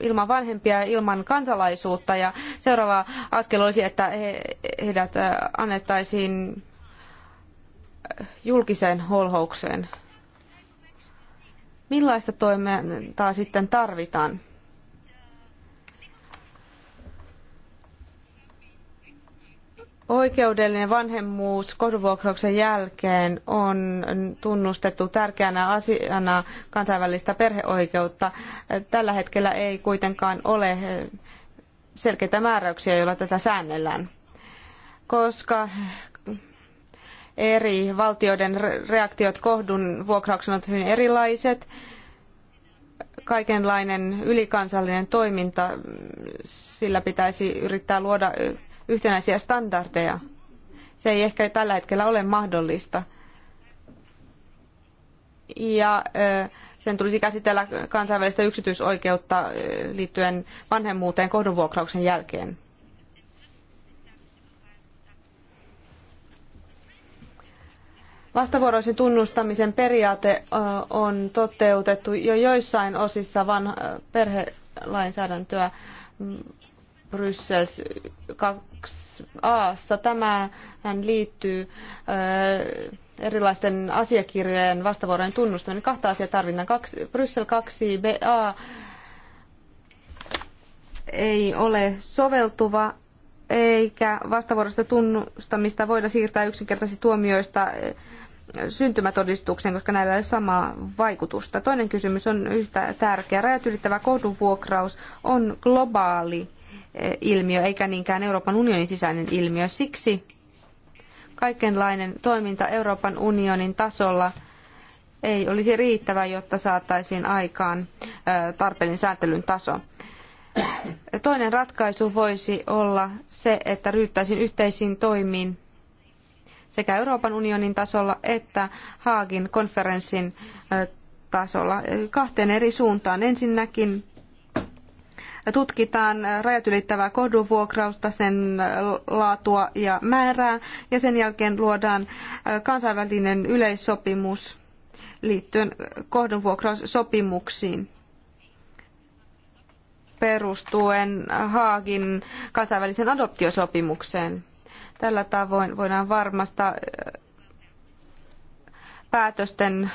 ilman vanhempia ja ilman kansalaisuutta ja seuraava askel olisi, että he, heidät äh, annettaisiin äh, julkiseen holhoukseen. Millaista toimintaa sitten tarvitaan? Oikeudellinen vanhemmuus kohdunvuokrauksen jälkeen on tunnustettu tärkeänä asiana kansainvälistä perheoikeutta. Tällä hetkellä ei kuitenkaan ole selkeitä määräyksiä, joilla tätä säännellään. Koska eri valtioiden reaktiot kohdun vuokrauksen ovat hyvin erilaiset, kaikenlainen ylikansallinen toiminta, sillä pitäisi yrittää luoda yhtenäisiä standardeja. Se ei ehkä tällä hetkellä ole mahdollista. Ja sen tulisi käsitellä kansainvälistä yksityisoikeutta liittyen vanhemmuuteen kohdunvuokrauksen jälkeen. Vastavuoroisen tunnustamisen periaate on toteutettu jo joissain osissa vanha perhelainsäädäntöä, Bryssels 2a. tämä hän liittyy äh, erilaisten asiakirjojen vastavuorojen tunnustaminen. Kahta asiaa tarvitaan. Kaksi, Bryssel 2 a ei ole soveltuva eikä vastavuorosta tunnustamista voida siirtää yksinkertaisesti tuomioista äh, syntymätodistukseen, koska näillä ei ole samaa vaikutusta. Toinen kysymys on yhtä tärkeä. Rajat ylittävä kohdunvuokraus on globaali ilmiö eikä niinkään Euroopan unionin sisäinen ilmiö. Siksi kaikenlainen toiminta Euroopan unionin tasolla ei olisi riittävää, jotta saataisiin aikaan tarpeellinen sääntelyn taso. Toinen ratkaisu voisi olla se, että ryhtäisiin yhteisiin toimiin sekä Euroopan unionin tasolla että Haagin konferenssin tasolla kahteen eri suuntaan. Ensinnäkin tutkitaan rajat ylittävää kohdunvuokrausta, sen laatua ja määrää, ja sen jälkeen luodaan kansainvälinen yleissopimus liittyen kohdunvuokraussopimuksiin perustuen Haagin kansainväliseen adoptiosopimukseen. Tällä tavoin voidaan varmistaa päätösten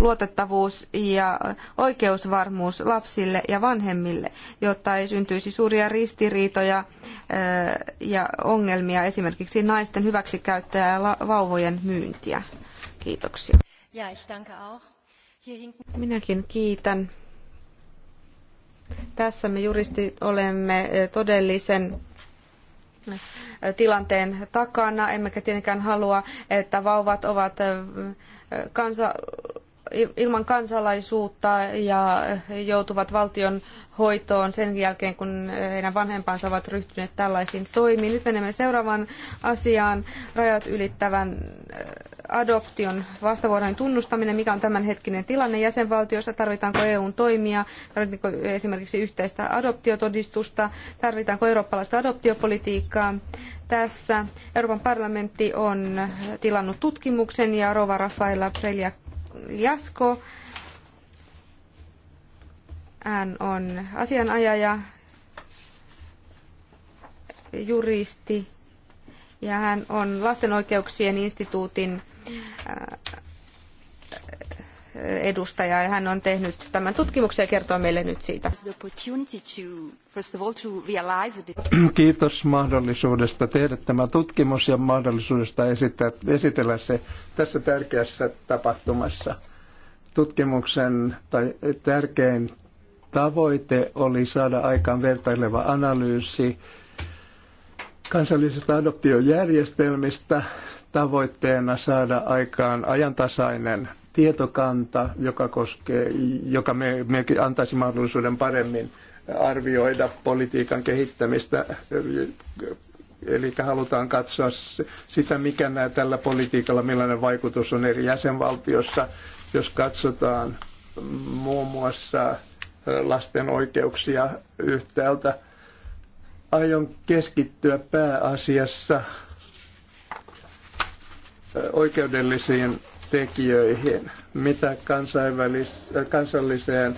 luotettavuus ja oikeusvarmuus lapsille ja vanhemmille, jotta ei syntyisi suuria ristiriitoja eh, ja ongelmia esimerkiksi naisten hyväksikäyttöä ja vauvojen myyntiä. Kiitoksia. Minäkin kiitän. Tässä me juristit olemme eh, todellisen tilanteen takana, emmekä tietenkään halua, että vauvat ovat kansa, ilman kansalaisuutta ja joutuvat valtion hoitoon sen jälkeen, kun heidän vanhempansa ovat ryhtyneet tällaisiin toimiin. Nyt menemme seuraavaan asiaan, rajat ylittävän adoption vastavuoroinen tunnustaminen, mikä on tämänhetkinen tilanne jäsenvaltiossa, tarvitaanko EUn toimia, tarvitaanko esimerkiksi yhteistä adoptiotodistusta, tarvitaanko eurooppalaista adoptiopolitiikkaa. Tässä Euroopan parlamentti on tilannut tutkimuksen ja Rova Rafaela Preliasko, hän on asianajaja, juristi ja hän on lasten oikeuksien instituutin äh, edustaja ja hän on tehnyt tämän tutkimuksen ja kertoo meille nyt siitä. Kiitos mahdollisuudesta tehdä tämä tutkimus ja mahdollisuudesta esittää, esitellä se tässä tärkeässä tapahtumassa. Tutkimuksen tai tärkein tavoite oli saada aikaan vertaileva analyysi kansallisista adoptiojärjestelmistä tavoitteena saada aikaan ajantasainen tietokanta, joka, koskee, joka me, me antaisi mahdollisuuden paremmin arvioida politiikan kehittämistä. Eli halutaan katsoa sitä, mikä nämä tällä politiikalla, millainen vaikutus on eri jäsenvaltiossa. Jos katsotaan muun muassa lasten oikeuksia yhtäältä, aion keskittyä pääasiassa oikeudellisiin tekijöihin, mitä kansalliseen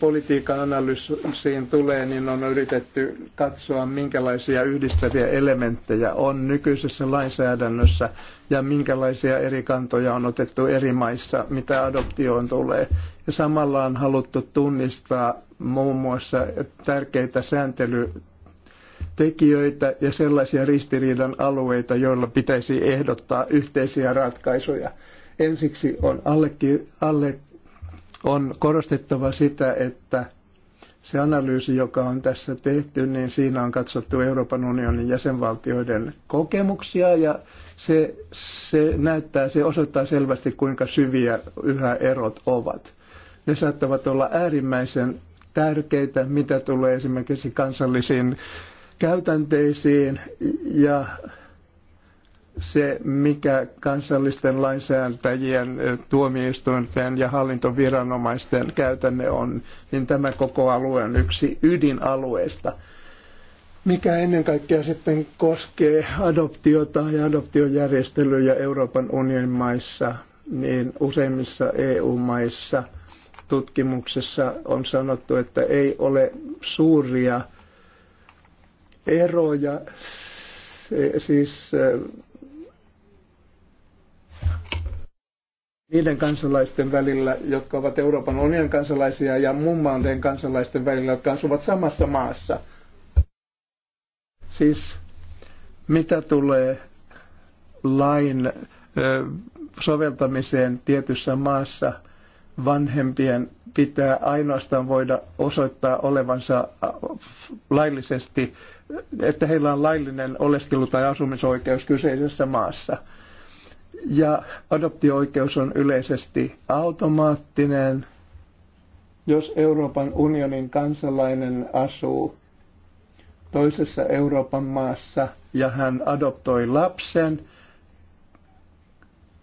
politiikan analyysiin tulee, niin on yritetty katsoa, minkälaisia yhdistäviä elementtejä on nykyisessä lainsäädännössä ja minkälaisia eri kantoja on otettu eri maissa, mitä adoptioon tulee. Ja samalla on haluttu tunnistaa muun muassa tärkeitä sääntelytekijöitä ja sellaisia ristiriidan alueita, joilla pitäisi ehdottaa yhteisiä ratkaisuja. Ensiksi on alle, alle on korostettava sitä, että se analyysi, joka on tässä tehty, niin siinä on katsottu Euroopan unionin jäsenvaltioiden kokemuksia ja se, se näyttää, se osoittaa selvästi, kuinka syviä yhä erot ovat. Ne saattavat olla äärimmäisen tärkeitä, mitä tulee esimerkiksi kansallisiin käytänteisiin ja se, mikä kansallisten lainsäätäjien, tuomioistuinten ja hallintoviranomaisten käytänne on, niin tämä koko alue on yksi ydinalueista, mikä ennen kaikkea sitten koskee adoptiota ja adoptiojärjestelyjä Euroopan unionin maissa, niin useimmissa EU-maissa tutkimuksessa on sanottu, että ei ole suuria eroja siis niiden kansalaisten välillä, jotka ovat Euroopan unionin kansalaisia ja muun maiden kansalaisten välillä, jotka asuvat samassa maassa. Siis mitä tulee lain soveltamiseen tietyssä maassa, vanhempien pitää ainoastaan voida osoittaa olevansa laillisesti, että heillä on laillinen oleskelu- tai asumisoikeus kyseisessä maassa – ja adoptioikeus on yleisesti automaattinen. Jos Euroopan unionin kansalainen asuu toisessa Euroopan maassa ja hän adoptoi lapsen,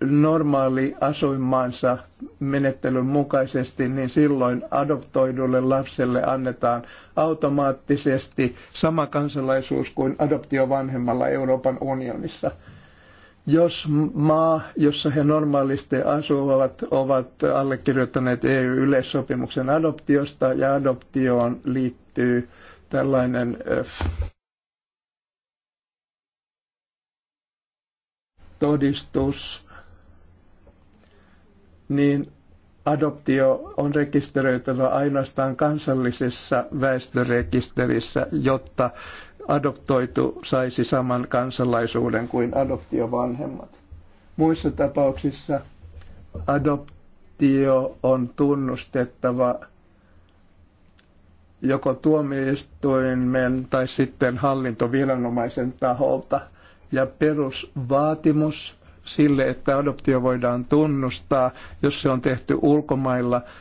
normaali asuinmaansa menettelyn mukaisesti, niin silloin adoptoidulle lapselle annetaan automaattisesti sama kansalaisuus kuin adoptiovanhemmalla Euroopan unionissa – jos maa, jossa he normaalisti asuvat, ovat allekirjoittaneet EU-yleissopimuksen adoptiosta ja adoptioon liittyy tällainen eh, todistus, niin adoptio on rekisteröitävä ainoastaan kansallisessa väestörekisterissä, jotta adoptoitu saisi saman kansalaisuuden kuin adoptiovanhemmat. Muissa tapauksissa adoptio on tunnustettava joko tuomioistuimen tai sitten hallintoviranomaisen taholta. Ja perusvaatimus sille, että adoptio voidaan tunnustaa, jos se on tehty ulkomailla –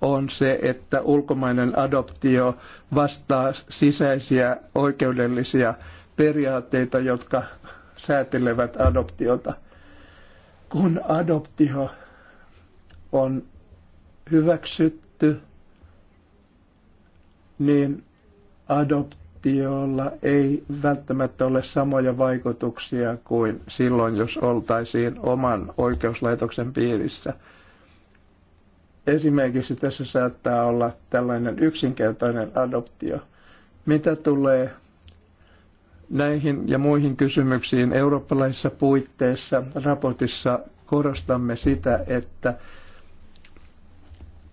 on se, että ulkomainen adoptio vastaa sisäisiä oikeudellisia periaatteita, jotka säätelevät adoptiota. Kun adoptio on hyväksytty, niin adoptiolla ei välttämättä ole samoja vaikutuksia kuin silloin, jos oltaisiin oman oikeuslaitoksen piirissä – Esimerkiksi tässä saattaa olla tällainen yksinkertainen adoptio. Mitä tulee näihin ja muihin kysymyksiin eurooppalaisissa puitteissa raportissa korostamme sitä, että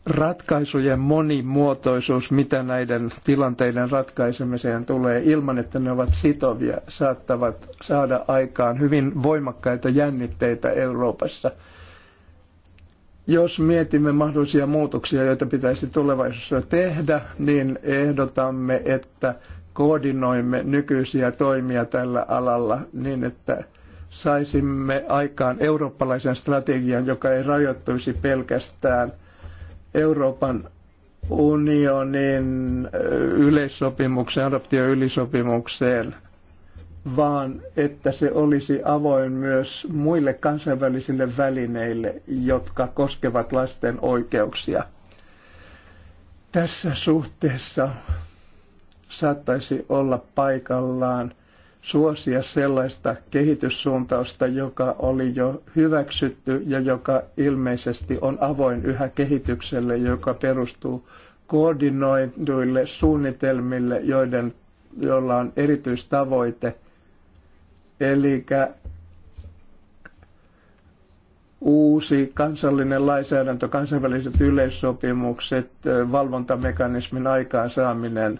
ratkaisujen monimuotoisuus, mitä näiden tilanteiden ratkaisemiseen tulee ilman, että ne ovat sitovia, saattavat saada aikaan hyvin voimakkaita jännitteitä Euroopassa – jos mietimme mahdollisia muutoksia, joita pitäisi tulevaisuudessa tehdä, niin ehdotamme, että koordinoimme nykyisiä toimia tällä alalla niin, että saisimme aikaan eurooppalaisen strategian, joka ei rajoittuisi pelkästään Euroopan unionin yleissopimukseen, adoptioylisopimukseen – vaan että se olisi avoin myös muille kansainvälisille välineille, jotka koskevat lasten oikeuksia. Tässä suhteessa saattaisi olla paikallaan suosia sellaista kehityssuuntausta, joka oli jo hyväksytty ja joka ilmeisesti on avoin yhä kehitykselle, joka perustuu koordinoiduille suunnitelmille, joiden, joilla on erityistavoite – Eli uusi kansallinen lainsäädäntö, kansainväliset yleissopimukset, valvontamekanismin aikaansaaminen,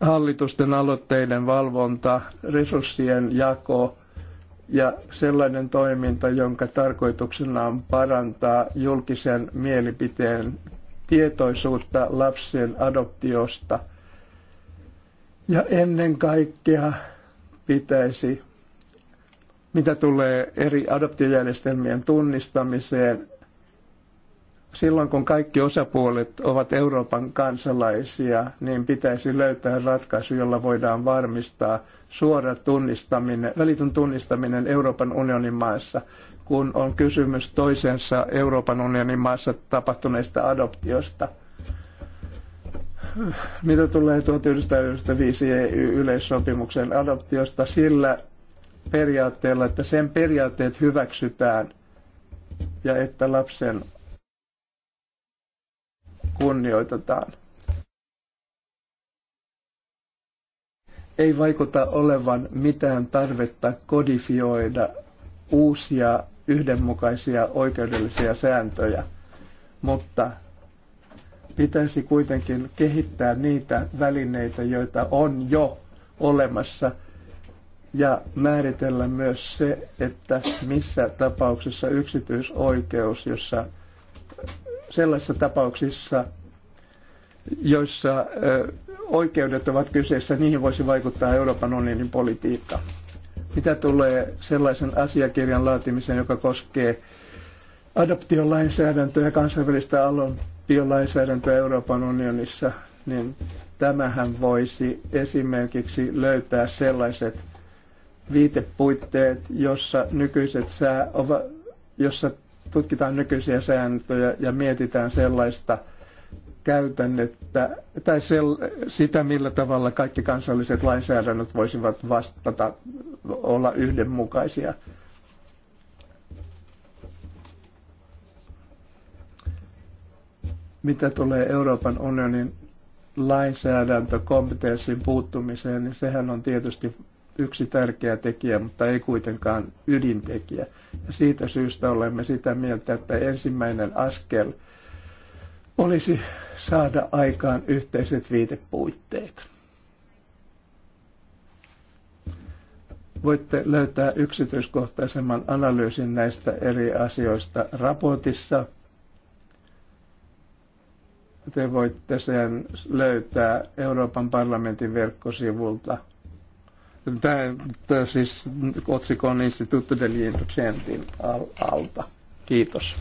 hallitusten aloitteiden valvonta, resurssien jako ja sellainen toiminta, jonka tarkoituksena on parantaa julkisen mielipiteen tietoisuutta lapsien adoptiosta – ja ennen kaikkea pitäisi, mitä tulee eri adoptiojärjestelmien tunnistamiseen, silloin kun kaikki osapuolet ovat Euroopan kansalaisia, niin pitäisi löytää ratkaisu, jolla voidaan varmistaa suora tunnistaminen, välitön tunnistaminen Euroopan unionin maassa, kun on kysymys toisensa Euroopan unionin maassa tapahtuneista adoptiosta – mitä tulee 1995 yleissopimuksen adoptiosta sillä periaatteella, että sen periaatteet hyväksytään ja että lapsen kunnioitetaan. Ei vaikuta olevan mitään tarvetta kodifioida uusia yhdenmukaisia oikeudellisia sääntöjä, mutta pitäisi kuitenkin kehittää niitä välineitä, joita on jo olemassa ja määritellä myös se, että missä tapauksessa yksityisoikeus, jossa sellaisissa tapauksissa, joissa oikeudet ovat kyseessä, niihin voisi vaikuttaa Euroopan unionin politiikka. Mitä tulee sellaisen asiakirjan laatimiseen, joka koskee adoptiolainsäädäntöä ja kansainvälistä alun biolainsäädäntö Euroopan unionissa, niin tämähän voisi esimerkiksi löytää sellaiset viitepuitteet, jossa nykyiset sää, jossa tutkitaan nykyisiä sääntöjä ja mietitään sellaista käytännettä tai sel, sitä, millä tavalla kaikki kansalliset lainsäädännöt voisivat vastata, olla yhdenmukaisia mitä tulee Euroopan unionin lainsäädäntökompetenssin puuttumiseen, niin sehän on tietysti yksi tärkeä tekijä, mutta ei kuitenkaan ydintekijä. Ja siitä syystä olemme sitä mieltä, että ensimmäinen askel olisi saada aikaan yhteiset viitepuitteet. Voitte löytää yksityiskohtaisemman analyysin näistä eri asioista raportissa – te voitte sen löytää Euroopan parlamentin verkkosivulta. Tämä siis otsikon Instituto del Indocentin alta. Kiitos.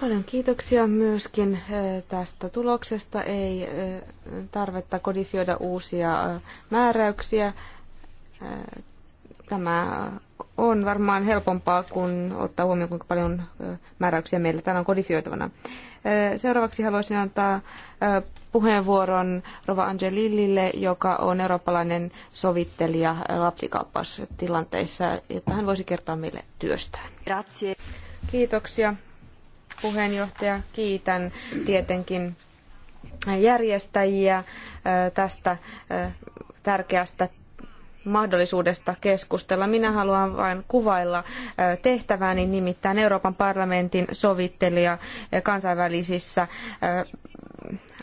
Paljon kiitoksia myöskin eh, tästä tuloksesta. Ei eh, tarvetta kodifioida uusia eh, määräyksiä Tämä on varmaan helpompaa, kun ottaa huomioon, kuinka paljon määräyksiä meillä täällä on kodifioitavana. Seuraavaksi haluaisin antaa puheenvuoron Rova Angelillille, joka on eurooppalainen sovittelija lapsikaappaustilanteissa, että hän voisi kertoa meille työstään. Grazie. Kiitoksia puheenjohtaja. Kiitän tietenkin järjestäjiä tästä tärkeästä mahdollisuudesta keskustella. Minä haluan vain kuvailla tehtävääni, nimittäin Euroopan parlamentin sovittelija kansainvälisissä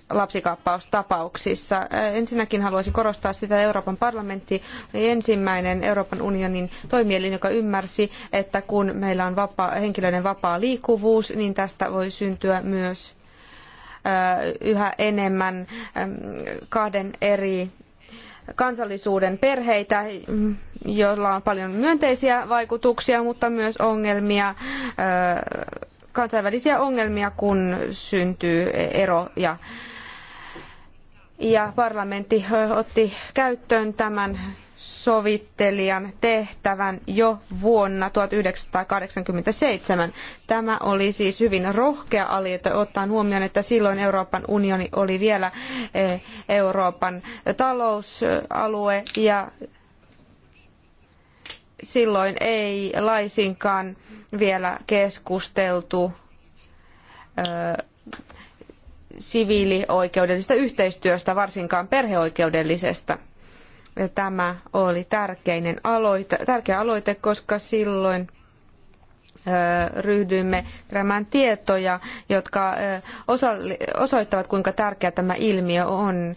lapsikaappaustapauksissa. Ensinnäkin haluaisin korostaa sitä, että Euroopan parlamentti oli ensimmäinen Euroopan unionin toimielin, joka ymmärsi, että kun meillä on vapaa, henkilöiden vapaa liikkuvuus, niin tästä voi syntyä myös yhä enemmän kahden eri kansallisuuden perheitä, joilla on paljon myönteisiä vaikutuksia, mutta myös ongelmia, kansainvälisiä ongelmia, kun syntyy eroja. Ja parlamentti otti käyttöön tämän sovittelijan tehtävän jo vuonna 1987. Tämä oli siis hyvin rohkea aliete ottaen huomioon, että silloin Euroopan unioni oli vielä eh, Euroopan talousalue ja silloin ei laisinkaan vielä keskusteltu eh, siviilioikeudellisesta yhteistyöstä, varsinkaan perheoikeudellisesta Tämä oli tärkeinen aloite, tärkeä aloite, koska silloin ryhdyimme keräämään tietoja, jotka osoittavat, kuinka tärkeä tämä ilmiö on.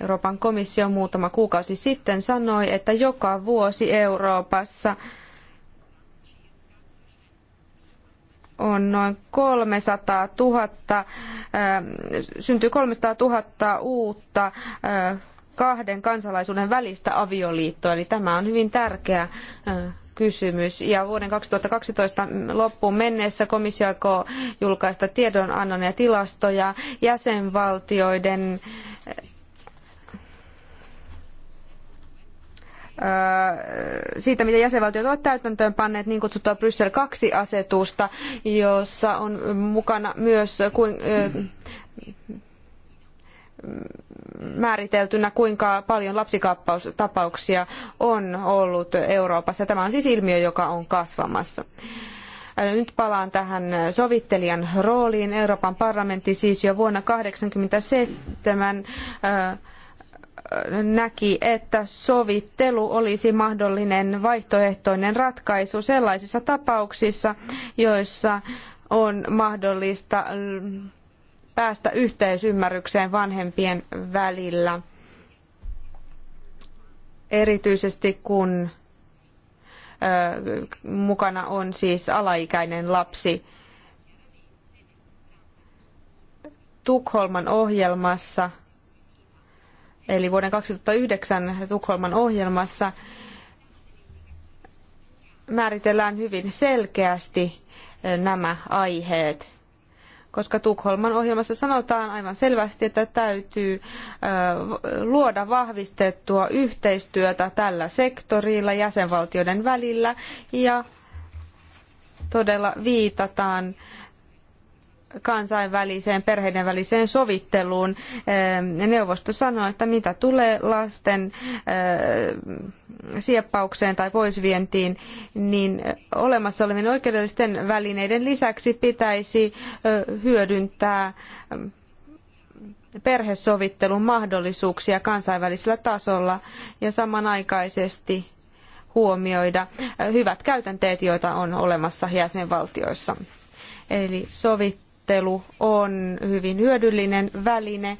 Euroopan komissio muutama kuukausi sitten sanoi, että joka vuosi Euroopassa on noin 300 000, syntyy 300 000 uutta kahden kansalaisuuden välistä avioliittoa. Eli tämä on hyvin tärkeä kysymys. Ja vuoden 2012 loppuun mennessä komissio aikoo julkaista tiedonannon ja tilastoja jäsenvaltioiden siitä, miten jäsenvaltiot ovat täytäntöön panneet niin kutsuttua Bryssel 2-asetusta, jossa on mukana myös määriteltynä, kuinka paljon lapsikaappaustapauksia on ollut Euroopassa. Tämä on siis ilmiö, joka on kasvamassa. Nyt palaan tähän sovittelijan rooliin. Euroopan parlamentti siis jo vuonna 1987 äh, näki, että sovittelu olisi mahdollinen vaihtoehtoinen ratkaisu sellaisissa tapauksissa, joissa on mahdollista päästä yhteisymmärrykseen vanhempien välillä, erityisesti kun mukana on siis alaikäinen lapsi. Tukholman ohjelmassa, eli vuoden 2009 Tukholman ohjelmassa, määritellään hyvin selkeästi nämä aiheet koska Tukholman ohjelmassa sanotaan aivan selvästi, että täytyy luoda vahvistettua yhteistyötä tällä sektorilla jäsenvaltioiden välillä ja todella viitataan kansainväliseen perheiden väliseen sovitteluun. Eh, neuvosto sanoi, että mitä tulee lasten eh, sieppaukseen tai poisvientiin, niin olemassa olevien oikeudellisten välineiden lisäksi pitäisi eh, hyödyntää perhesovittelun mahdollisuuksia kansainvälisellä tasolla ja samanaikaisesti huomioida hyvät käytänteet, joita on olemassa jäsenvaltioissa. Eli sovittelu keskustelu on hyvin hyödyllinen väline,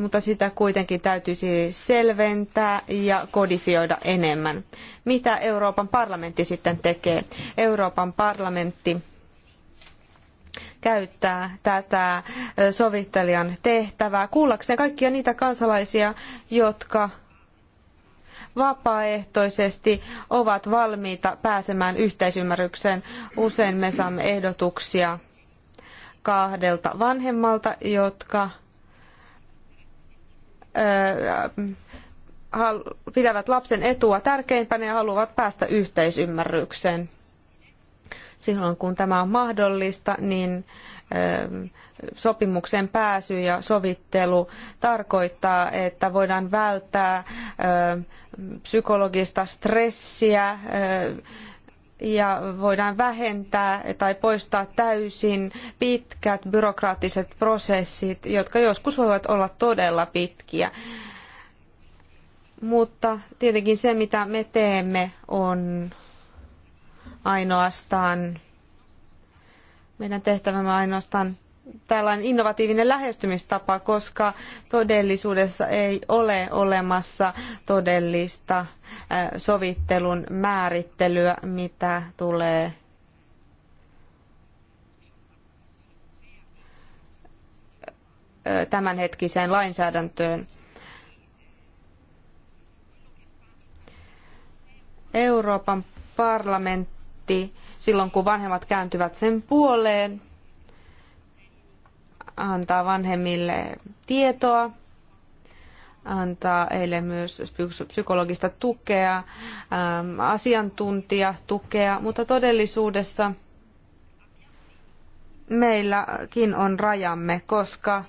mutta sitä kuitenkin täytyisi selventää ja kodifioida enemmän. Mitä Euroopan parlamentti sitten tekee? Euroopan parlamentti käyttää tätä sovittelijan tehtävää kuullakseen kaikkia niitä kansalaisia, jotka vapaaehtoisesti ovat valmiita pääsemään yhteisymmärrykseen. Usein me saamme ehdotuksia kahdelta vanhemmalta, jotka pitävät lapsen etua tärkeimpänä ja haluavat päästä yhteisymmärrykseen. Silloin kun tämä on mahdollista, niin sopimuksen pääsy ja sovittelu tarkoittaa, että voidaan välttää psykologista stressiä, ja voidaan vähentää tai poistaa täysin pitkät byrokraattiset prosessit, jotka joskus voivat olla todella pitkiä. Mutta tietenkin se, mitä me teemme, on ainoastaan, meidän tehtävämme ainoastaan tällainen innovatiivinen lähestymistapa, koska todellisuudessa ei ole olemassa todellista sovittelun määrittelyä, mitä tulee tämänhetkiseen lainsäädäntöön. Euroopan parlamentti, silloin kun vanhemmat kääntyvät sen puoleen, antaa vanhemmille tietoa, antaa heille myös psykologista tukea, ähm, tukea, mutta todellisuudessa meilläkin on rajamme, koska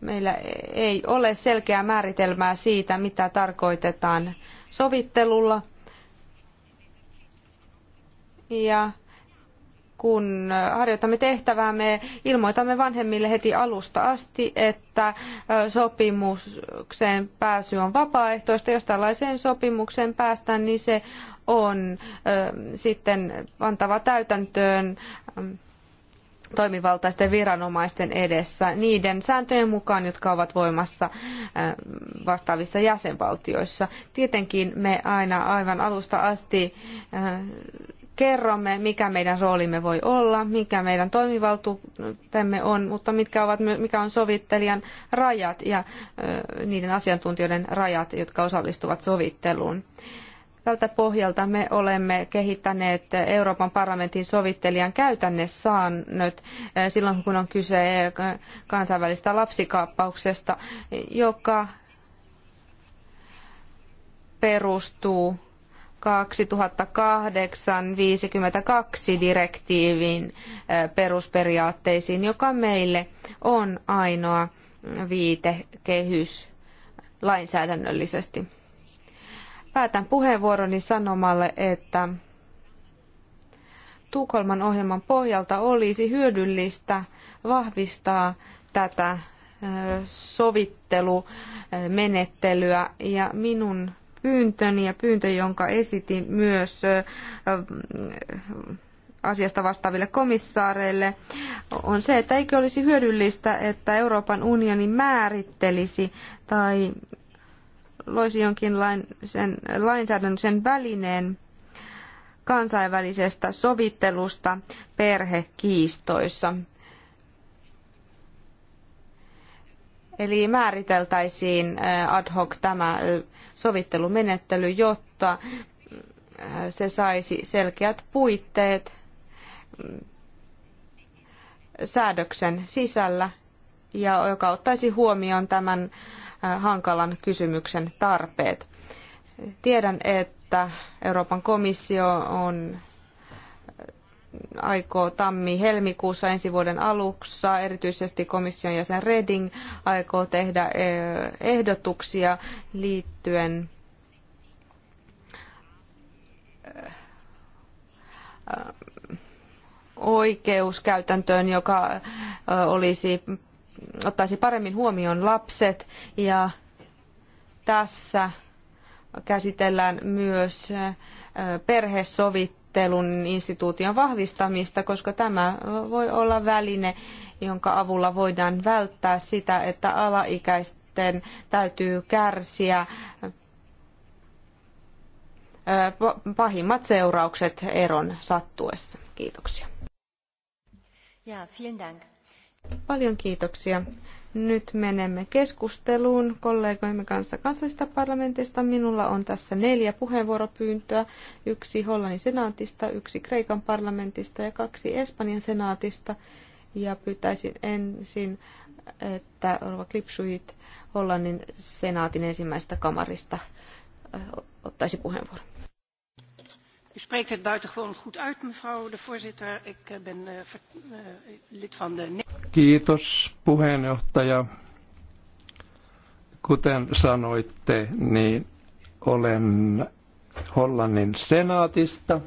meillä ei ole selkeää määritelmää siitä, mitä tarkoitetaan sovittelulla. Ja kun harjoitamme tehtävää, me ilmoitamme vanhemmille heti alusta asti, että sopimukseen pääsy on vapaaehtoista. Jos tällaiseen sopimukseen päästään, niin se on sitten pantava täytäntöön toimivaltaisten viranomaisten edessä niiden sääntöjen mukaan, jotka ovat voimassa vastaavissa jäsenvaltioissa. Tietenkin me aina aivan alusta asti kerromme, mikä meidän roolimme voi olla, mikä meidän toimivaltuutemme on, mutta mitkä ovat, mikä on sovittelijan rajat ja niiden asiantuntijoiden rajat, jotka osallistuvat sovitteluun. Tältä pohjalta me olemme kehittäneet Euroopan parlamentin sovittelijan käytännessäännöt silloin, kun on kyse kansainvälistä lapsikaappauksesta, joka perustuu 2008-52 direktiivin perusperiaatteisiin, joka meille on ainoa viitekehys lainsäädännöllisesti. Päätän puheenvuoroni sanomalle, että Tukholman ohjelman pohjalta olisi hyödyllistä vahvistaa tätä sovittelumenettelyä ja minun pyyntöni ja pyyntö, jonka esitin myös asiasta vastaaville komissaareille, on se, että eikö olisi hyödyllistä, että Euroopan unioni määrittelisi tai loisi jonkinlaisen lainsäädännön välineen kansainvälisestä sovittelusta perhekiistoissa. Eli määriteltäisiin äh, ad hoc tämä äh, sovittelumenettely, jotta äh, se saisi selkeät puitteet mm, säädöksen sisällä, ja joka ottaisi huomioon tämän hankalan kysymyksen tarpeet. Tiedän, että Euroopan komissio on aikoo tammi-helmikuussa ensi vuoden alussa, erityisesti komission jäsen Reding aikoo tehdä ehdotuksia liittyen oikeuskäytäntöön, joka olisi, ottaisi paremmin huomioon lapset ja tässä käsitellään myös perhesovittelua neuvottelun instituution vahvistamista, koska tämä voi olla väline, jonka avulla voidaan välttää sitä, että alaikäisten täytyy kärsiä pahimmat seuraukset eron sattuessa. Kiitoksia. Ja, vielen Dank. Paljon kiitoksia. Nyt menemme keskusteluun kollegoimme kanssa kansallisesta parlamentista. Minulla on tässä neljä puheenvuoropyyntöä. Yksi Hollannin senaatista, yksi Kreikan parlamentista ja kaksi Espanjan senaatista. Ja pyytäisin ensin, että Orva Klipsuit Hollannin senaatin ensimmäisestä kamarista ottaisi puheenvuoron spreekt het buitengewoon goed uit, mevrouw de voorzitter. Ik eh, ben uh, uh, lid van de... Kiitos, puheenjohtaja. Kuten sanoitte, niin olen Hollannin senaatista.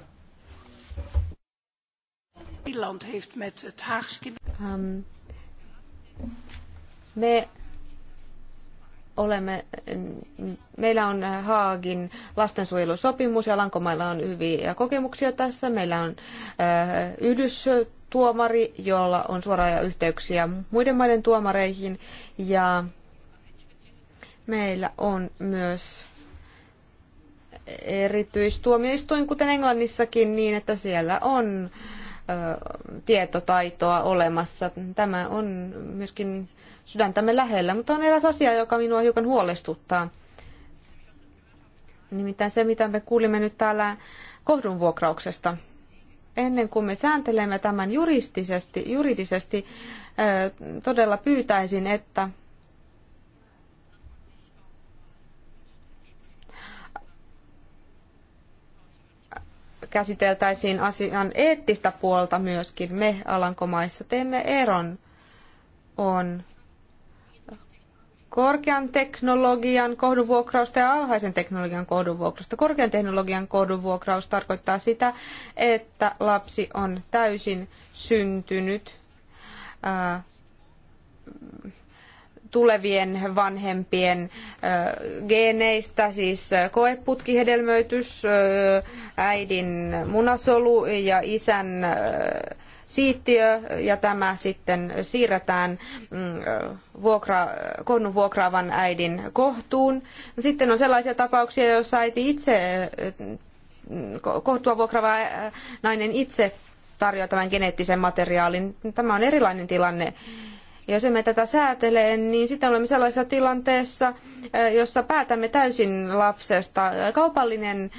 Nederland heeft met het Haagse... Um, ehm, me olemme, meillä on Haagin lastensuojelusopimus ja Lankomailla on hyviä kokemuksia tässä. Meillä on äh, yhdystuomari, jolla on suoraa yhteyksiä muiden maiden tuomareihin ja meillä on myös erityistuomioistuin, kuten Englannissakin, niin että siellä on äh, tietotaitoa olemassa. Tämä on myöskin sydäntämme lähellä, mutta on eräs asia, joka minua hiukan huolestuttaa. Nimittäin se, mitä me kuulimme nyt täällä kohdunvuokrauksesta. Ennen kuin me sääntelemme tämän juristisesti, juridisesti, todella pyytäisin, että käsiteltäisiin asian eettistä puolta myöskin. Me Alankomaissa teemme eron on korkean teknologian kohdunvuokrausta ja alhaisen teknologian kohdunvuokrausta. Korkean teknologian kohdunvuokraus tarkoittaa sitä, että lapsi on täysin syntynyt tulevien vanhempien geeneistä, siis koeputkihedelmöitys, äidin munasolu ja isän siittiö ja tämä sitten siirretään mm, vuokra, konnun vuokraavan äidin kohtuun. Sitten on sellaisia tapauksia, joissa äiti itse, mm, kohtua vuokraava nainen itse tarjoaa tämän geneettisen materiaalin. Tämä on erilainen tilanne. jos emme tätä säätele, niin sitten olemme sellaisessa tilanteessa, jossa päätämme täysin lapsesta. Kaupallinen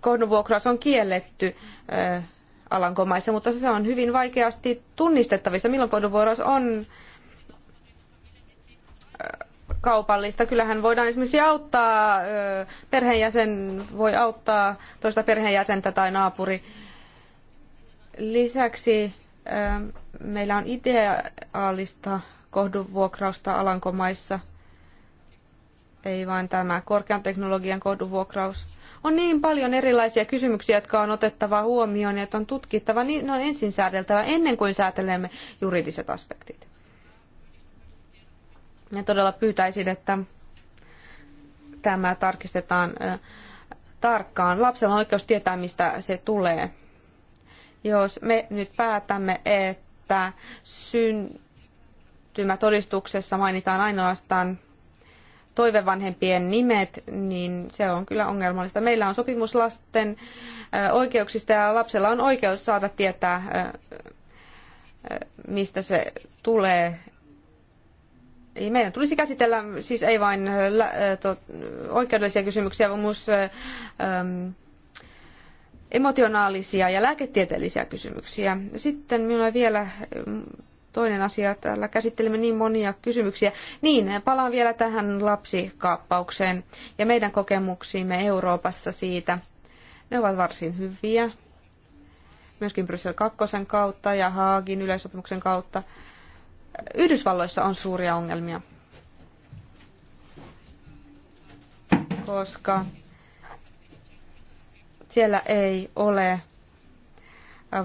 kohdunvuokraus on kielletty Alankomaissa, mutta se on hyvin vaikeasti tunnistettavissa, milloin kodunvuoros on kaupallista. Kyllähän voidaan esimerkiksi auttaa, perheenjäsen voi auttaa toista perheenjäsentä tai naapuri. Lisäksi meillä on ideaalista kohdunvuokrausta Alankomaissa, ei vain tämä korkean teknologian kohdunvuokraus. On niin paljon erilaisia kysymyksiä, jotka on otettava huomioon ja jotka on tutkittava, niin ne on ensin säädeltävä ennen kuin säätelemme juridiset aspektit. Ja todella pyytäisin, että tämä tarkistetaan tarkkaan. Lapsella on oikeus tietää, mistä se tulee. Jos me nyt päätämme, että syntymätodistuksessa mainitaan ainoastaan toivevanhempien nimet, niin se on kyllä ongelmallista. Meillä on sopimus lasten oikeuksista ja lapsella on oikeus saada tietää, mistä se tulee. Meidän tulisi käsitellä siis ei vain oikeudellisia kysymyksiä, vaan myös emotionaalisia ja lääketieteellisiä kysymyksiä. Sitten minulla on vielä toinen asia. Täällä käsittelimme niin monia kysymyksiä. Niin, palaan vielä tähän lapsikaappaukseen ja meidän kokemuksiimme Euroopassa siitä. Ne ovat varsin hyviä, myöskin Bryssel 2 kautta ja Haagin yleisopimuksen kautta. Yhdysvalloissa on suuria ongelmia, koska siellä ei ole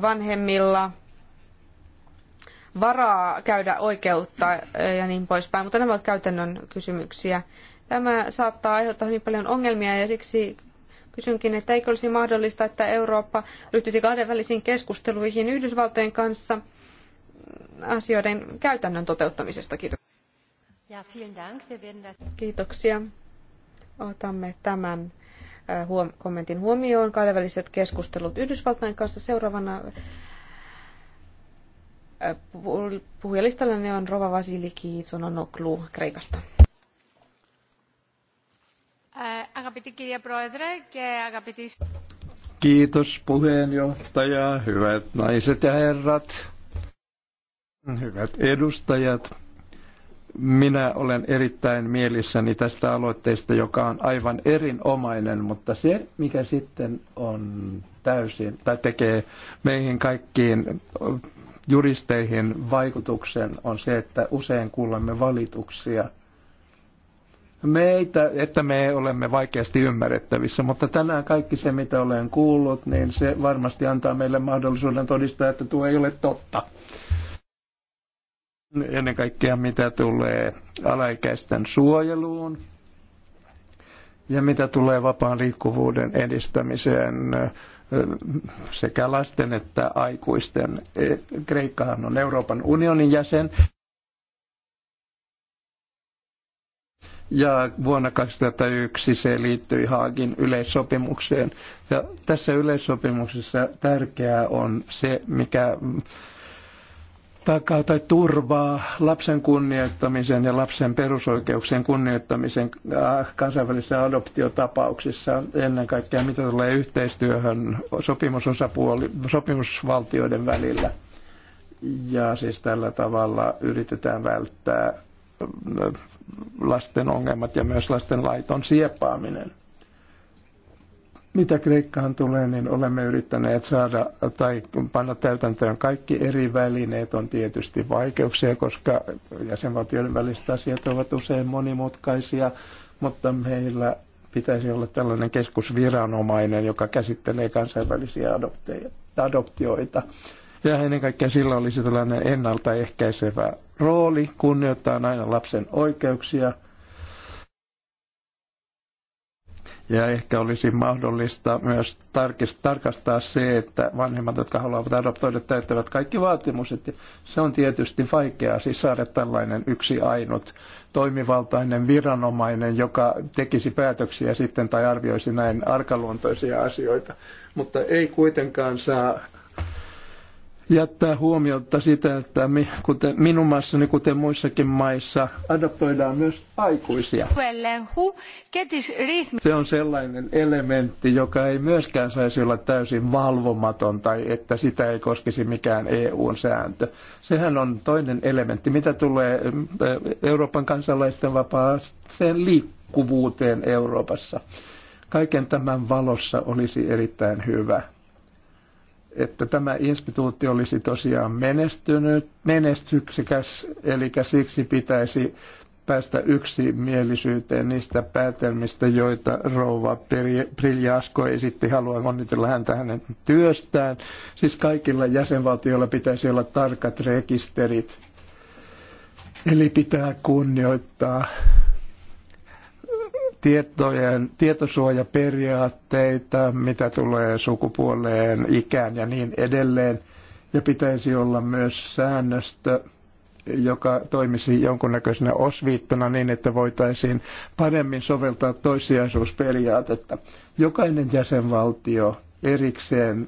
vanhemmilla varaa käydä oikeutta ja niin poispäin, mutta nämä ovat käytännön kysymyksiä. Tämä saattaa aiheuttaa hyvin paljon ongelmia ja siksi kysynkin, että eikö olisi mahdollista, että Eurooppa ryhtyisi kahdenvälisiin keskusteluihin Yhdysvaltojen kanssa asioiden käytännön toteuttamisesta. Kiitos. Kiitoksia. Otamme tämän äh, kommentin huomioon. Kahdenväliset keskustelut Yhdysvaltain kanssa. Seuraavana Äh, puhujalistallani on Rova Vasiliki Tsononoklu Kreikasta. Αγαπητή äh, κυρία Kiitos puheenjohtaja, hyvät naiset ja herrat, hyvät edustajat. Minä olen erittäin mielissäni tästä aloitteesta, joka on aivan erinomainen, mutta se, mikä sitten on täysin tai tekee meihin kaikkiin juristeihin vaikutuksen on se, että usein kuulemme valituksia meitä, että me olemme vaikeasti ymmärrettävissä, mutta tänään kaikki se, mitä olen kuullut, niin se varmasti antaa meille mahdollisuuden todistaa, että tuo ei ole totta. Ennen kaikkea mitä tulee alaikäisten suojeluun ja mitä tulee vapaan liikkuvuuden edistämiseen sekä lasten että aikuisten. E, Kreikkahan on Euroopan unionin jäsen. Ja vuonna 2001 se liittyi Haagin yleissopimukseen. Ja tässä yleissopimuksessa tärkeää on se, mikä takaa tai turvaa lapsen kunnioittamisen ja lapsen perusoikeuksien kunnioittamisen äh, kansainvälisissä adoptiotapauksissa ennen kaikkea mitä tulee yhteistyöhön sopimusosapuoli, sopimusvaltioiden välillä. Ja siis tällä tavalla yritetään välttää äh, lasten ongelmat ja myös lasten laiton sieppaaminen. Mitä Kreikkaan tulee, niin olemme yrittäneet saada tai panna täytäntöön kaikki eri välineet. On tietysti vaikeuksia, koska jäsenvaltioiden väliset asiat ovat usein monimutkaisia, mutta meillä pitäisi olla tällainen keskusviranomainen, joka käsittelee kansainvälisiä adoptioita. Ja ennen kaikkea sillä olisi tällainen ennaltaehkäisevä rooli, kunnioittaa aina lapsen oikeuksia – Ja ehkä olisi mahdollista myös tarkastaa se, että vanhemmat, jotka haluavat adoptoida, täyttävät kaikki vaatimukset. se on tietysti vaikeaa siis saada tällainen yksi ainut toimivaltainen viranomainen, joka tekisi päätöksiä sitten tai arvioisi näin arkaluontoisia asioita. Mutta ei kuitenkaan saa jättää huomiota sitä, että kuten, minun maassani, kuten muissakin maissa, adaptoidaan myös aikuisia. Se on sellainen elementti, joka ei myöskään saisi olla täysin valvomaton tai että sitä ei koskisi mikään EU-sääntö. Sehän on toinen elementti, mitä tulee eh, Euroopan kansalaisten vapaaseen liikkuvuuteen Euroopassa. Kaiken tämän valossa olisi erittäin hyvä että tämä instituutti olisi tosiaan menestynyt, menestyksikäs eli siksi pitäisi päästä yksimielisyyteen niistä päätelmistä, joita rouva Priljasko esitti. Haluan onnitella häntä hänen työstään. Siis kaikilla jäsenvaltioilla pitäisi olla tarkat rekisterit. Eli pitää kunnioittaa tietojen, tietosuojaperiaatteita, mitä tulee sukupuoleen, ikään ja niin edelleen. Ja pitäisi olla myös säännöstö, joka toimisi jonkunnäköisenä osviittana niin, että voitaisiin paremmin soveltaa toissijaisuusperiaatetta. Jokainen jäsenvaltio erikseen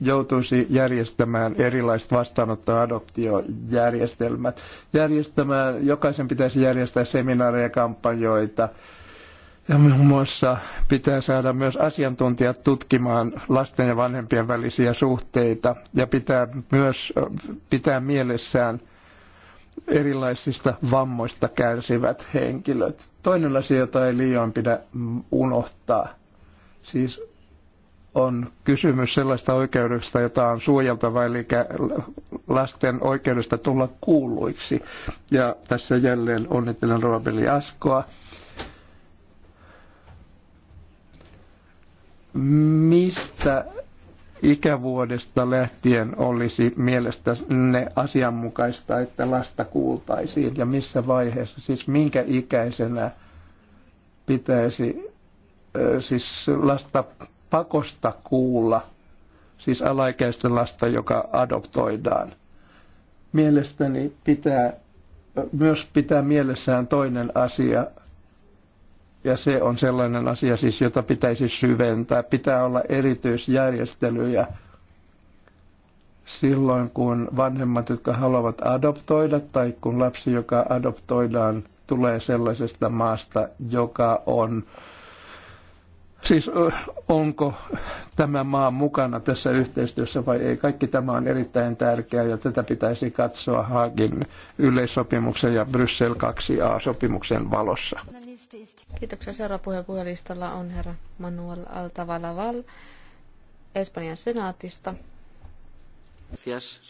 joutuisi järjestämään erilaiset vastaanottoadoptiojärjestelmät. Järjestämään, jokaisen pitäisi järjestää seminaareja, kampanjoita – ja muun muassa pitää saada myös asiantuntijat tutkimaan lasten ja vanhempien välisiä suhteita ja pitää myös pitää mielessään erilaisista vammoista kärsivät henkilöt. Toinen asia, jota ei liian pidä unohtaa, siis on kysymys sellaista oikeudesta, jota on suojeltava, eli lasten oikeudesta tulla kuuluiksi. Ja tässä jälleen onnittelen Roabeli Askoa mistä ikävuodesta lähtien olisi mielestäne asianmukaista, että lasta kuultaisiin ja missä vaiheessa, siis minkä ikäisenä pitäisi siis lasta pakosta kuulla, siis alaikäistä lasta, joka adoptoidaan. Mielestäni pitää myös pitää mielessään toinen asia, ja se on sellainen asia siis, jota pitäisi syventää. Pitää olla erityisjärjestelyjä silloin, kun vanhemmat, jotka haluavat adoptoida tai kun lapsi, joka adoptoidaan, tulee sellaisesta maasta, joka on Siis onko tämä maa mukana tässä yhteistyössä vai ei? Kaikki tämä on erittäin tärkeää ja tätä pitäisi katsoa Haagin yleissopimuksen ja Bryssel 2a-sopimuksen valossa. Kiitoksia. Seuraava puheenpuhelistalla on herra Manuel Altavalaval Espanjan senaatista.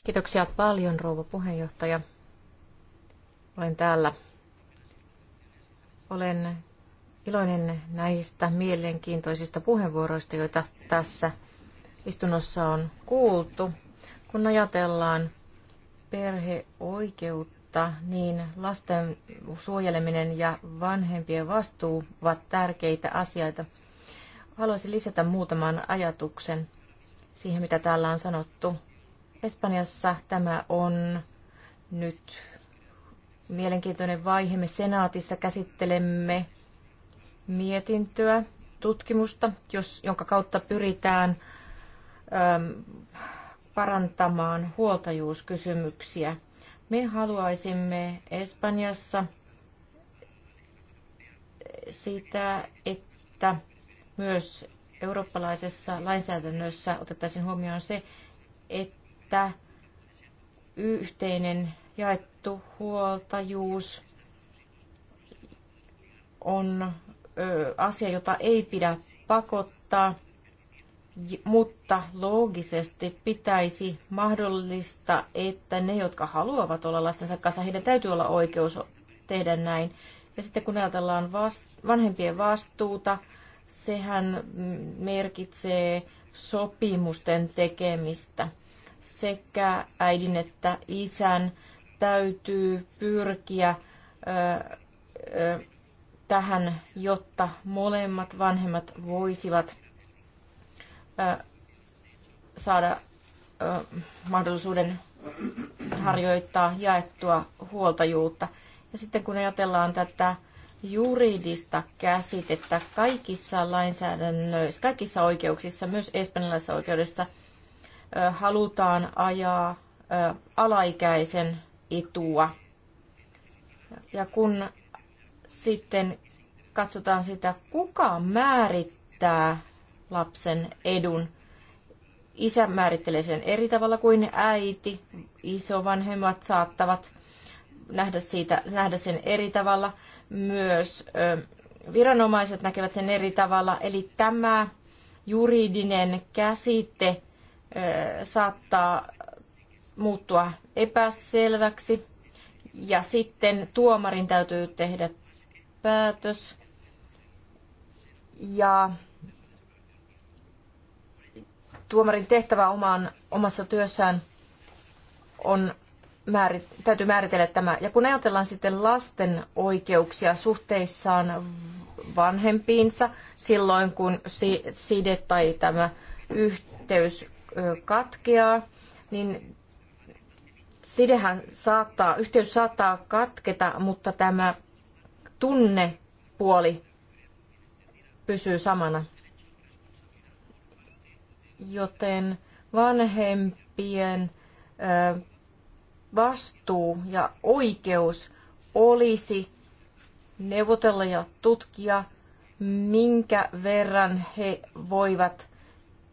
Kiitoksia paljon, rouva puheenjohtaja. Olen täällä. Olen iloinen näistä mielenkiintoisista puheenvuoroista, joita tässä istunnossa on kuultu. Kun ajatellaan perheoikeutta, mutta niin lasten suojeleminen ja vanhempien vastuu ovat tärkeitä asioita. Haluaisin lisätä muutaman ajatuksen siihen, mitä täällä on sanottu. Espanjassa tämä on nyt mielenkiintoinen vaihe. Me senaatissa käsittelemme mietintöä, tutkimusta, jos, jonka kautta pyritään ö, parantamaan huoltajuuskysymyksiä – me haluaisimme Espanjassa sitä, että myös eurooppalaisessa lainsäädännössä otettaisiin huomioon se, että yhteinen jaettu huoltajuus on asia, jota ei pidä pakottaa mutta loogisesti pitäisi mahdollista, että ne, jotka haluavat olla lastensa kanssa, heidän täytyy olla oikeus tehdä näin. Ja sitten kun ajatellaan vanhempien vastuuta, sehän merkitsee sopimusten tekemistä. Sekä äidin että isän täytyy pyrkiä ö, ö, tähän, jotta molemmat vanhemmat voisivat saada mahdollisuuden harjoittaa jaettua huoltajuutta. Ja sitten kun ajatellaan tätä juridista käsitettä kaikissa lainsäädännöissä, kaikissa oikeuksissa, myös espanjalaisessa oikeudessa, halutaan ajaa alaikäisen etua. Ja kun sitten katsotaan sitä, kuka määrittää lapsen edun. Isä määrittelee sen eri tavalla kuin äiti. Isovanhemmat saattavat nähdä, siitä, nähdä sen eri tavalla. Myös ö, viranomaiset näkevät sen eri tavalla. Eli tämä juridinen käsite ö, saattaa muuttua epäselväksi. Ja sitten tuomarin täytyy tehdä päätös. Ja tuomarin tehtävä omaan, omassa työssään on määrit, täytyy määritellä tämä. Ja kun ajatellaan sitten lasten oikeuksia suhteissaan vanhempiinsa silloin, kun side tai tämä yhteys katkeaa, niin sidehän saattaa, yhteys saattaa katketa, mutta tämä tunnepuoli pysyy samana joten vanhempien vastuu ja oikeus olisi neuvotella ja tutkia, minkä verran he voivat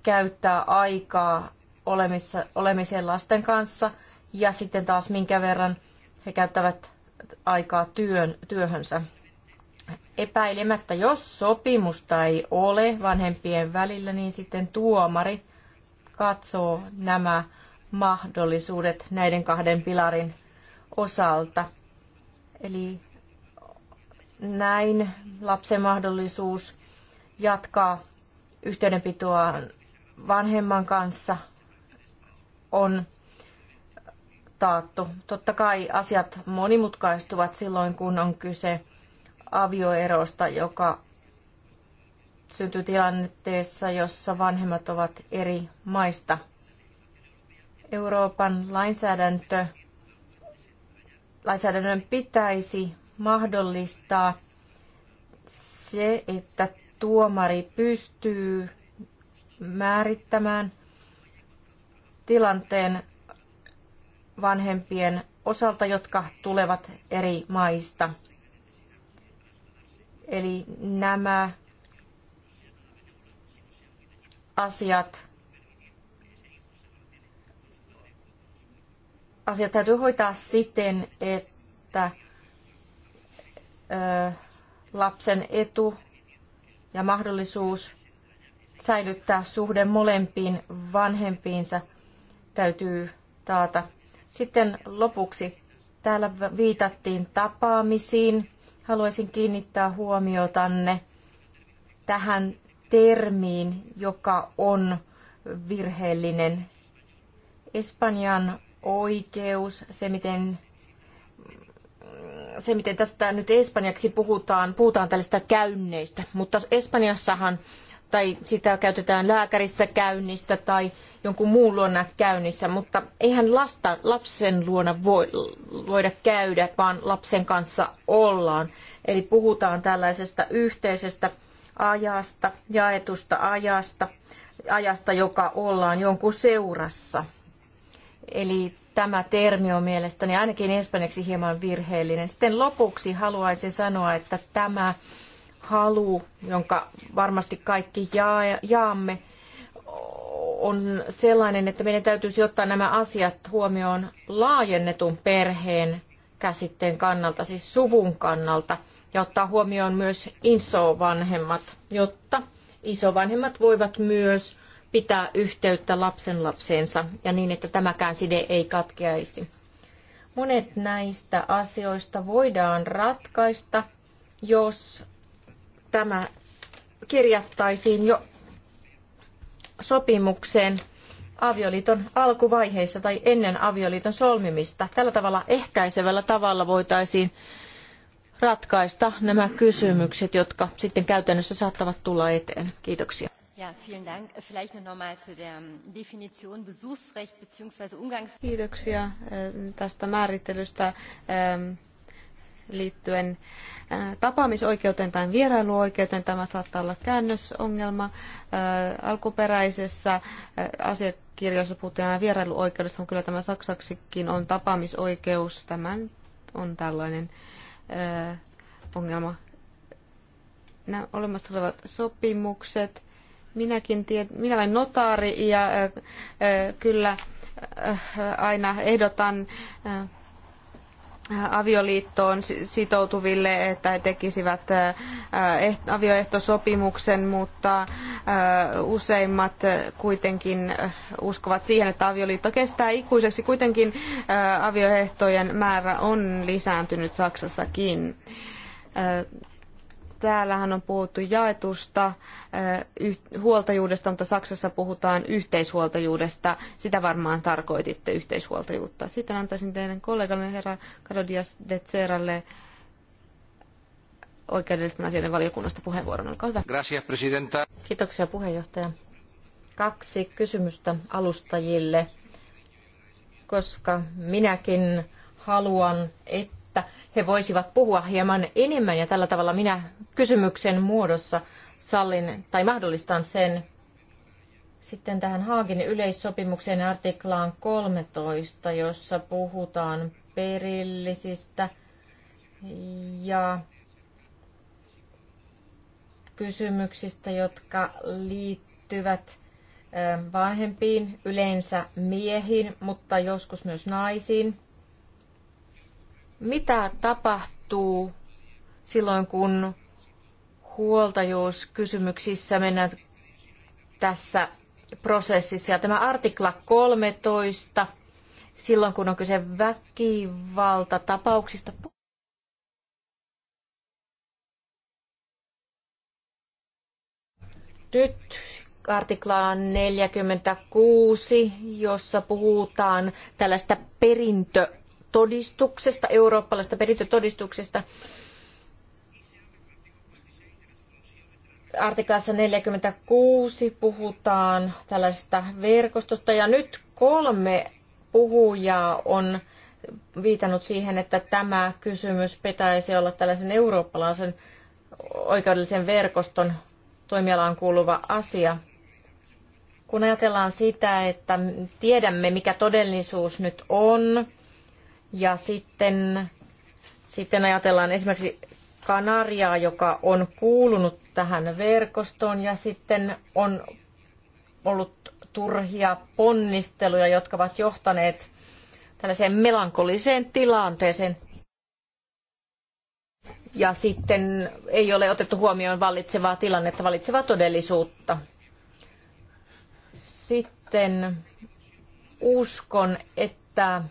käyttää aikaa olemissa, olemiseen lasten kanssa ja sitten taas minkä verran he käyttävät aikaa työn, työhönsä epäilemättä, jos sopimusta ei ole vanhempien välillä, niin sitten tuomari katsoo nämä mahdollisuudet näiden kahden pilarin osalta. Eli näin lapsen mahdollisuus jatkaa yhteydenpitoa vanhemman kanssa on taattu. Totta kai asiat monimutkaistuvat silloin, kun on kyse avioerosta, joka syntyy tilanteessa, jossa vanhemmat ovat eri maista. Euroopan lainsäädäntö, lainsäädännön pitäisi mahdollistaa se, että tuomari pystyy määrittämään tilanteen vanhempien osalta, jotka tulevat eri maista – Eli nämä asiat, asiat täytyy hoitaa siten, että ö, lapsen etu ja mahdollisuus säilyttää suhde molempiin vanhempiinsa täytyy taata. Sitten lopuksi täällä viitattiin tapaamisiin haluaisin kiinnittää huomiotanne tähän termiin, joka on virheellinen. Espanjan oikeus, se miten, se miten tästä nyt espanjaksi puhutaan, puhutaan tällaista käynneistä, mutta Espanjassahan tai sitä käytetään lääkärissä käynnistä tai jonkun muun luona käynnissä, mutta eihän lasta, lapsen luona voi, voida käydä, vaan lapsen kanssa ollaan. Eli puhutaan tällaisesta yhteisestä ajasta, jaetusta ajasta, ajasta, joka ollaan jonkun seurassa. Eli tämä termi on mielestäni ainakin espanjaksi hieman virheellinen. Sitten lopuksi haluaisin sanoa, että tämä halu, jonka varmasti kaikki jaamme, on sellainen, että meidän täytyisi ottaa nämä asiat huomioon laajennetun perheen käsitteen kannalta, siis suvun kannalta, ja ottaa huomioon myös isovanhemmat, jotta isovanhemmat voivat myös pitää yhteyttä lapsenlapseensa ja niin, että tämäkään side ei katkeaisi. Monet näistä asioista voidaan ratkaista, jos tämä kirjattaisiin jo sopimukseen avioliiton alkuvaiheessa tai ennen avioliiton solmimista. Tällä tavalla ehkäisevällä tavalla voitaisiin ratkaista nämä kysymykset, jotka sitten käytännössä saattavat tulla eteen. Kiitoksia. Ja, vielen Dank. Vielleicht nur nochmal zu der ähm, Definition Besuchsrecht bzw. Umgangs. Kiitoksia äh, tästä määrittelystä. Ähm, liittyen äh, tapaamisoikeuteen tai vierailuoikeuteen. Tämä saattaa olla käännösongelma. Äh, alkuperäisessä äh, asiakirjassa puhuttiin aina vierailuoikeudesta, mutta kyllä tämä saksaksikin on tapaamisoikeus. Tämä on tällainen ongelma. Nämä olemassa olevat sopimukset. Minäkin tiedän, minä olen notaari ja kyllä aina ehdotan avioliittoon sitoutuville, että he tekisivät eh-, avioehtosopimuksen, mutta useimmat kuitenkin uskovat siihen, että avioliitto kestää ikuiseksi. Kuitenkin avioehtojen määrä on lisääntynyt Saksassakin Täällähän on puhuttu jaetusta huoltajuudesta, mutta Saksassa puhutaan yhteishuoltajuudesta. Sitä varmaan tarkoititte, yhteishuoltajuutta. Sitten antaisin teidän kollegalle herra Karodias de Ceralle oikeudellisten asioiden valiokunnasta puheenvuoron. Olkaa hyvä. Gracias, presidenta. Kiitoksia puheenjohtaja. Kaksi kysymystä alustajille, koska minäkin haluan, että että he voisivat puhua hieman enemmän ja tällä tavalla minä kysymyksen muodossa sallin tai mahdollistan sen. Sitten tähän Haagin yleissopimukseen artiklaan 13, jossa puhutaan perillisistä ja kysymyksistä, jotka liittyvät vanhempiin, yleensä miehiin, mutta joskus myös naisiin mitä tapahtuu silloin, kun huoltajuuskysymyksissä mennään tässä prosessissa. Ja tämä artikla 13, silloin kun on kyse väkivaltatapauksista. Nyt artikla 46, jossa puhutaan tällaista perintö todistuksesta, eurooppalaista perintötodistuksesta. Artiklassa 46 puhutaan tällaista verkostosta ja nyt kolme puhujaa on viitannut siihen, että tämä kysymys pitäisi olla tällaisen eurooppalaisen oikeudellisen verkoston toimialaan kuuluva asia. Kun ajatellaan sitä, että tiedämme mikä todellisuus nyt on, ja sitten, sitten ajatellaan esimerkiksi Kanariaa, joka on kuulunut tähän verkostoon ja sitten on ollut turhia ponnisteluja, jotka ovat johtaneet tällaiseen melankoliseen tilanteeseen. Ja sitten ei ole otettu huomioon vallitsevaa tilannetta, vallitsevaa todellisuutta. Sitten uskon, että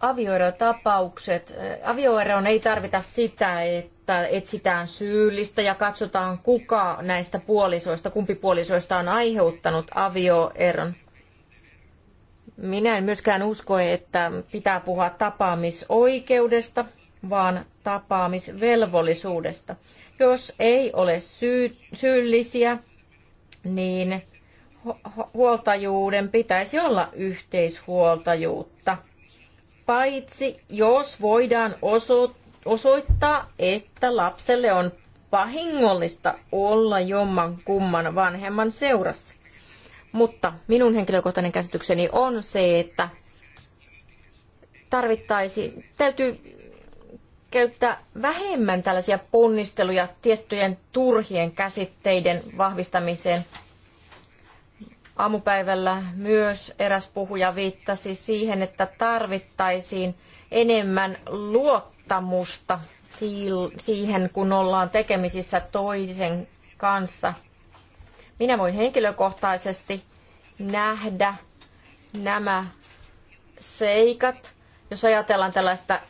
avioerotapaukset, avioeroon ei tarvita sitä, että etsitään syyllistä ja katsotaan kuka näistä puolisoista, kumpi puolisoista on aiheuttanut avioeron. Minä en myöskään usko, että pitää puhua tapaamisoikeudesta, vaan tapaamisvelvollisuudesta. Jos ei ole syy, syyllisiä, niin huoltajuuden pitäisi olla yhteishuoltajuutta – paitsi jos voidaan osoittaa, että lapselle on vahingollista olla jomman kumman vanhemman seurassa. Mutta minun henkilökohtainen käsitykseni on se, että tarvittaisi, täytyy käyttää vähemmän tällaisia ponnisteluja tiettyjen turhien käsitteiden vahvistamiseen Aamupäivällä myös eräs puhuja viittasi siihen, että tarvittaisiin enemmän luottamusta siihen, kun ollaan tekemisissä toisen kanssa. Minä voin henkilökohtaisesti nähdä nämä seikat, jos ajatellaan tällaista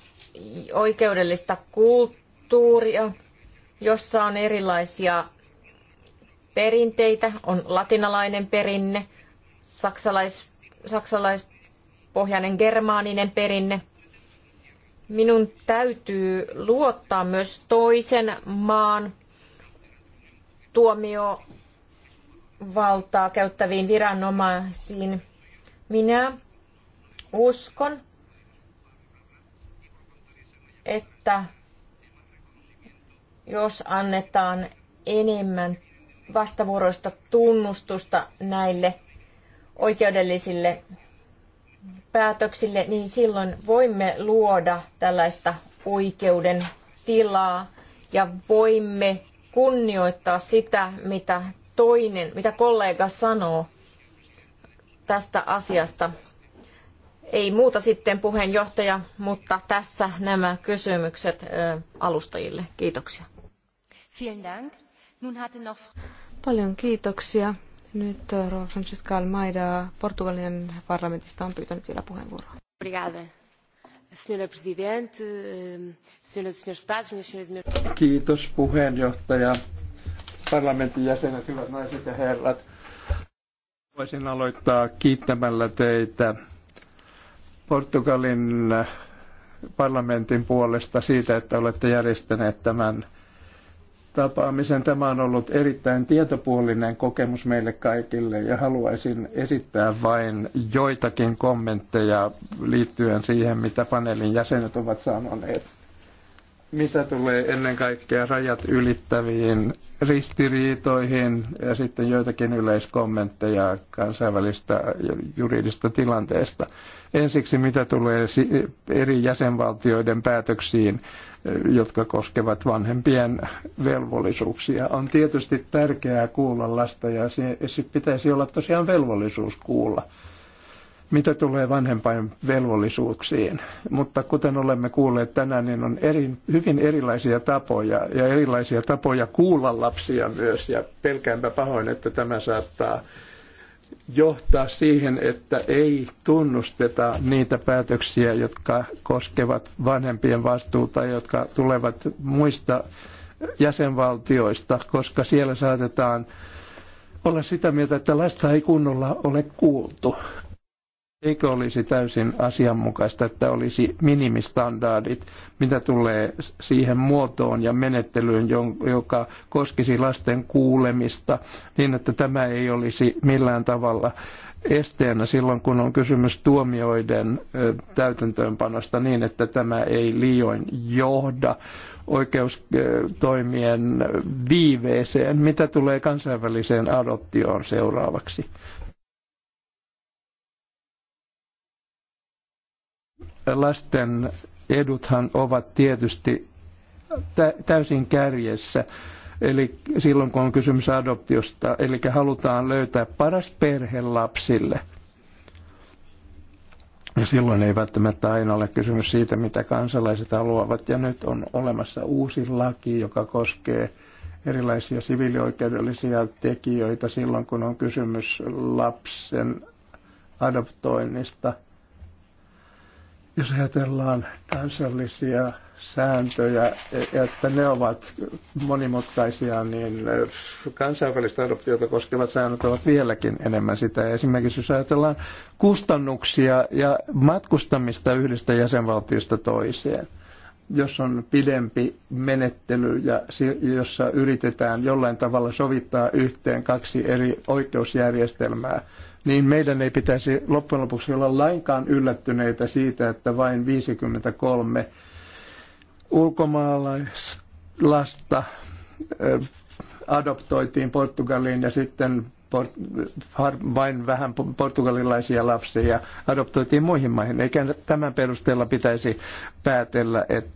oikeudellista kulttuuria, jossa on erilaisia perinteitä. On latinalainen perinne, saksalais, saksalaispohjainen germaaninen perinne. Minun täytyy luottaa myös toisen maan tuomiovaltaa käyttäviin viranomaisiin. Minä uskon, että jos annetaan enemmän vastavuoroista tunnustusta näille oikeudellisille päätöksille, niin silloin voimme luoda tällaista oikeuden tilaa ja voimme kunnioittaa sitä, mitä toinen, mitä kollega sanoo tästä asiasta. Ei muuta sitten puheenjohtaja, mutta tässä nämä kysymykset alustajille. Kiitoksia. Vielen Dank. Paljon kiitoksia. Nyt äh, Rova Francisca Almeida Portugalin parlamentista on pyytänyt vielä puheenvuoroa. Ehm, e e Kiitos puheenjohtaja, parlamentin jäsenet, hyvät naiset ja herrat. Voisin aloittaa kiittämällä teitä Portugalin äh, parlamentin puolesta siitä, että olette järjestäneet tämän tapaamisen. Tämä on ollut erittäin tietopuolinen kokemus meille kaikille ja haluaisin esittää vain joitakin kommentteja liittyen siihen, mitä paneelin jäsenet ovat sanoneet mitä tulee ennen kaikkea rajat ylittäviin ristiriitoihin ja sitten joitakin yleiskommentteja kansainvälistä juridista tilanteesta. Ensiksi mitä tulee eri jäsenvaltioiden päätöksiin, jotka koskevat vanhempien velvollisuuksia. On tietysti tärkeää kuulla lasta ja se pitäisi olla tosiaan velvollisuus kuulla – mitä tulee vanhempain velvollisuuksiin. Mutta kuten olemme kuulleet tänään, niin on eri, hyvin erilaisia tapoja ja erilaisia tapoja kuulla lapsia myös. Ja pelkäänpä pahoin, että tämä saattaa johtaa siihen, että ei tunnusteta niitä päätöksiä, jotka koskevat vanhempien vastuuta, jotka tulevat muista jäsenvaltioista, koska siellä saatetaan olla sitä mieltä, että lasta ei kunnolla ole kuultu. Eikö olisi täysin asianmukaista, että olisi minimistandardit, mitä tulee siihen muotoon ja menettelyyn, joka koskisi lasten kuulemista, niin että tämä ei olisi millään tavalla esteenä silloin, kun on kysymys tuomioiden täytäntöönpanosta niin, että tämä ei liioin johda oikeustoimien viiveeseen, mitä tulee kansainväliseen adoptioon seuraavaksi. lasten eduthan ovat tietysti täysin kärjessä. Eli silloin kun on kysymys adoptiosta, eli halutaan löytää paras perhe lapsille. Ja silloin ei välttämättä aina ole kysymys siitä, mitä kansalaiset haluavat. Ja nyt on olemassa uusi laki, joka koskee erilaisia sivilioikeudellisia tekijöitä silloin, kun on kysymys lapsen adoptoinnista – jos ajatellaan kansallisia sääntöjä, että ne ovat monimutkaisia, niin kansainvälistä adoptiota koskevat säännöt ovat vieläkin enemmän sitä. Esimerkiksi jos ajatellaan kustannuksia ja matkustamista yhdestä jäsenvaltiosta toiseen, jos on pidempi menettely, ja jossa yritetään jollain tavalla sovittaa yhteen kaksi eri oikeusjärjestelmää, niin meidän ei pitäisi loppujen lopuksi olla lainkaan yllättyneitä siitä, että vain 53 ulkomaalaislasta adoptoitiin Portugaliin ja sitten vain vähän portugalilaisia lapsia adoptoitiin muihin maihin. Eikä tämän perusteella pitäisi päätellä, että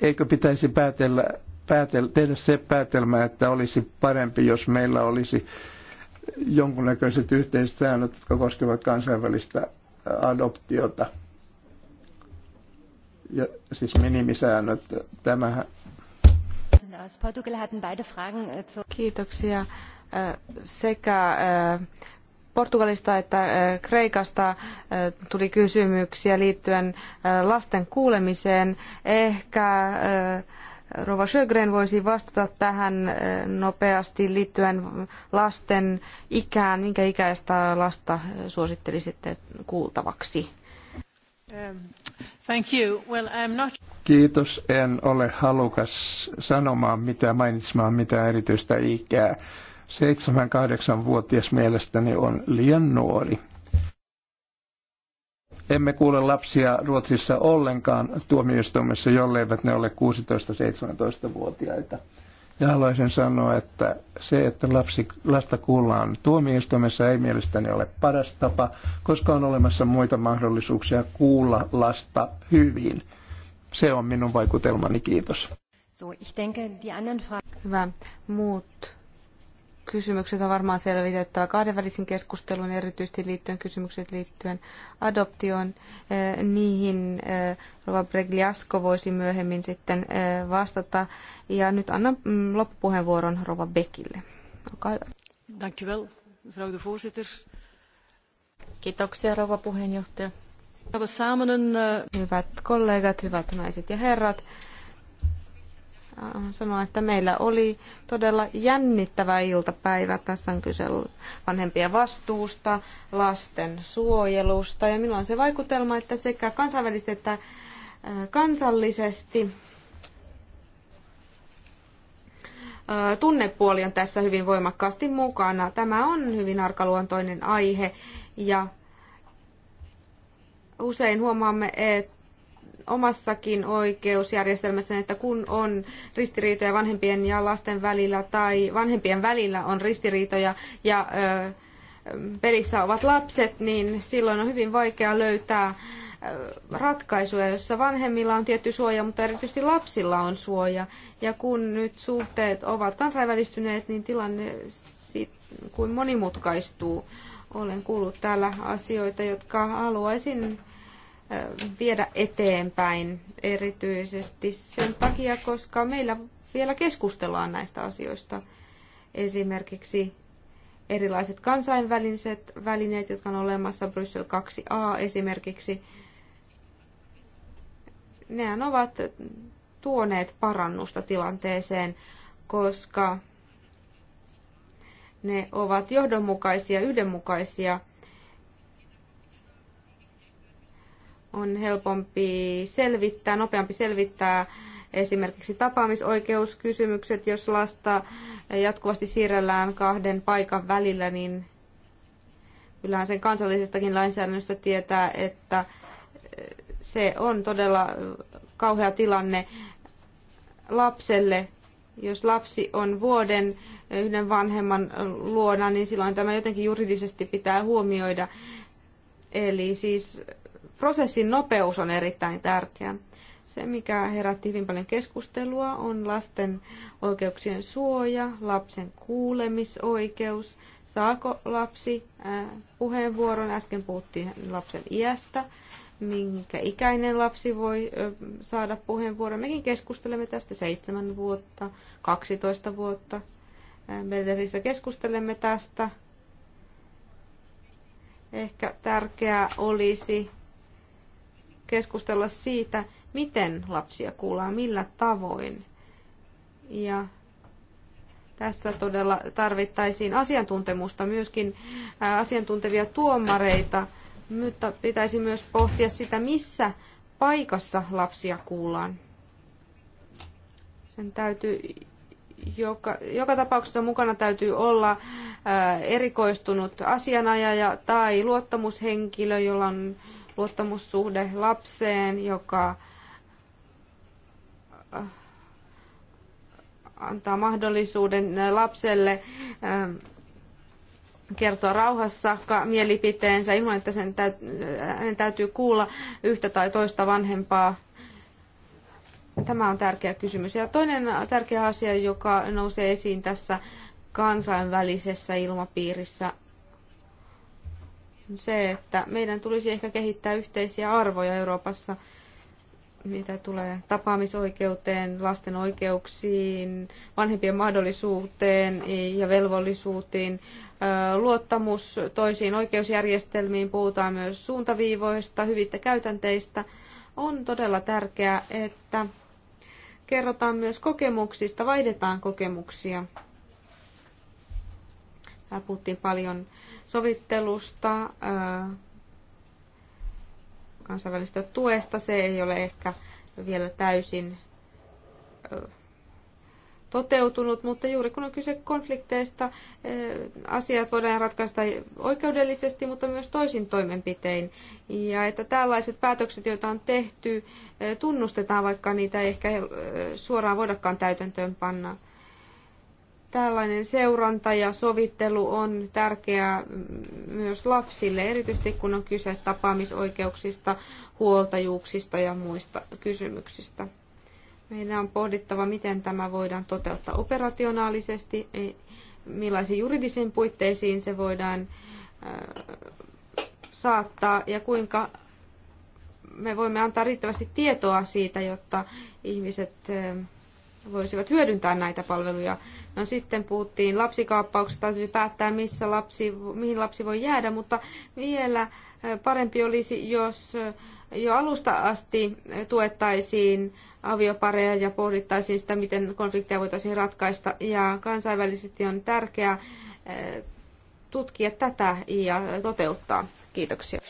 eikö pitäisi päätellä, päätellä, tehdä se päätelmä, että olisi parempi, jos meillä olisi jonkunnäköiset yhteiset säännöt, jotka koskevat kansainvälistä adoptiota. Ja, siis minimisäännöt. Tämähän... Kiitoksia. Sekä Portugalista että Kreikasta tuli kysymyksiä liittyen lasten kuulemiseen. Ehkä Rova Sjögren voisi vastata tähän eh, nopeasti liittyen lasten ikään. Minkä ikäistä lasta eh, suosittelisitte kuultavaksi? Um, thank you. Well, I'm not... Kiitos. En ole halukas sanomaan mitä mainitsemaan mitään erityistä ikää. 7-8-vuotias mielestäni on liian nuori. Emme kuule lapsia Ruotsissa ollenkaan tuomioistuimessa, jolleivät ne ole 16-17-vuotiaita. Ja haluaisin sanoa, että se, että lapsi, lasta kuullaan tuomioistuimessa ei mielestäni ole paras tapa, koska on olemassa muita mahdollisuuksia kuulla lasta hyvin. Se on minun vaikutelmani, kiitos. So, ich denke, die anderen Hyvä. Muut kysymykset on varmaan selvitettävä kahdenvälisin keskustelun, erityisesti liittyen kysymykset liittyen adoptioon. Niihin Rova Bregliasko voisi myöhemmin sitten vastata. Ja nyt annan mm, loppupuheenvuoron Rova Bekille. Olkaa hyvä. mevrouw de voorzitter. Kiitoksia, rouva puheenjohtaja. Eh, hyvät kollegat, hyvät naiset ja herrat. Äh, sanoa, että meillä oli todella jännittävä iltapäivä. Tässä on kyse vanhempien vastuusta, lasten suojelusta ja minulla on se vaikutelma, että sekä kansainvälisesti että äh, kansallisesti äh, tunnepuoli on tässä hyvin voimakkaasti mukana. Tämä on hyvin arkaluontoinen aihe ja usein huomaamme, että omassakin oikeusjärjestelmässä, että kun on ristiriitoja vanhempien ja lasten välillä tai vanhempien välillä on ristiriitoja ja pelissä ovat lapset, niin silloin on hyvin vaikea löytää ratkaisuja, jossa vanhemmilla on tietty suoja, mutta erityisesti lapsilla on suoja. Ja kun nyt suhteet ovat kansainvälistyneet, niin tilanne sit, kuin monimutkaistuu. Olen kuullut täällä asioita, jotka haluaisin viedä eteenpäin erityisesti sen takia, koska meillä vielä keskustellaan näistä asioista. Esimerkiksi erilaiset kansainväliset välineet, jotka on olemassa, Bryssel 2a esimerkiksi, nehän ovat tuoneet parannusta tilanteeseen, koska ne ovat johdonmukaisia, yhdenmukaisia – on helpompi selvittää, nopeampi selvittää esimerkiksi tapaamisoikeuskysymykset, jos lasta jatkuvasti siirrellään kahden paikan välillä, niin kyllähän sen kansallisestakin lainsäädännöstä tietää, että se on todella kauhea tilanne lapselle. Jos lapsi on vuoden yhden vanhemman luona, niin silloin tämä jotenkin juridisesti pitää huomioida. Eli siis prosessin nopeus on erittäin tärkeä. Se, mikä herätti hyvin paljon keskustelua, on lasten oikeuksien suoja, lapsen kuulemisoikeus. Saako lapsi äh, puheenvuoron? Äsken puhuttiin lapsen iästä, minkä ikäinen lapsi voi saada puheenvuoron. Mekin keskustelemme tästä seitsemän vuotta, 12 vuotta. Äh, Melderissä keskustelemme tästä. Ehkä tärkeää olisi keskustella siitä, miten lapsia kuullaan, millä tavoin. Ja tässä todella tarvittaisiin asiantuntemusta, myöskin asiantuntevia tuomareita, mutta pitäisi myös pohtia sitä, missä paikassa lapsia kuullaan. Sen täytyy joka, joka tapauksessa mukana täytyy olla erikoistunut asianajaja tai luottamushenkilö, jolla on luottamussuhde lapseen, joka äh, antaa mahdollisuuden lapselle äh, kertoa rauhassa mielipiteensä ilman, että sen täytyy, hänen täytyy kuulla yhtä tai toista vanhempaa. Tämä on tärkeä kysymys. Ja toinen tärkeä asia, joka nousee esiin tässä kansainvälisessä ilmapiirissä, se, että meidän tulisi ehkä kehittää yhteisiä arvoja Euroopassa, mitä tulee tapaamisoikeuteen, lasten oikeuksiin, vanhempien mahdollisuuteen ja velvollisuuteen, Luottamus toisiin oikeusjärjestelmiin, puhutaan myös suuntaviivoista, hyvistä käytänteistä. On todella tärkeää, että kerrotaan myös kokemuksista, vaihdetaan kokemuksia. Täällä puhuttiin paljon sovittelusta, äh, kansainvälistä tuesta. Se ei ole ehkä vielä täysin toteutunut, mutta juuri kun on kyse konflikteista, äh, asiat voidaan ratkaista oikeudellisesti, mutta myös toisin toimenpitein. Ja että tällaiset päätökset, joita on tehty, äh, tunnustetaan, vaikka niitä ei ehkä suoraan voidakaan täytäntöön panna. Tällainen seuranta ja sovittelu on tärkeää myös lapsille, erityisesti kun on kyse tapaamisoikeuksista, huoltajuuksista ja muista kysymyksistä. Meidän on pohdittava, miten tämä voidaan toteuttaa operationaalisesti, millaisiin juridisiin puitteisiin se voidaan saattaa ja kuinka me voimme antaa riittävästi tietoa siitä, jotta ihmiset voisivat hyödyntää näitä palveluja. No sitten puhuttiin lapsikaappauksesta, täytyy päättää, missä lapsi, mihin lapsi voi jäädä, mutta vielä parempi olisi, jos jo alusta asti tuettaisiin aviopareja ja pohdittaisiin sitä, miten konflikteja voitaisiin ratkaista. Ja kansainvälisesti on tärkeää tutkia tätä ja toteuttaa. Kiitoksia.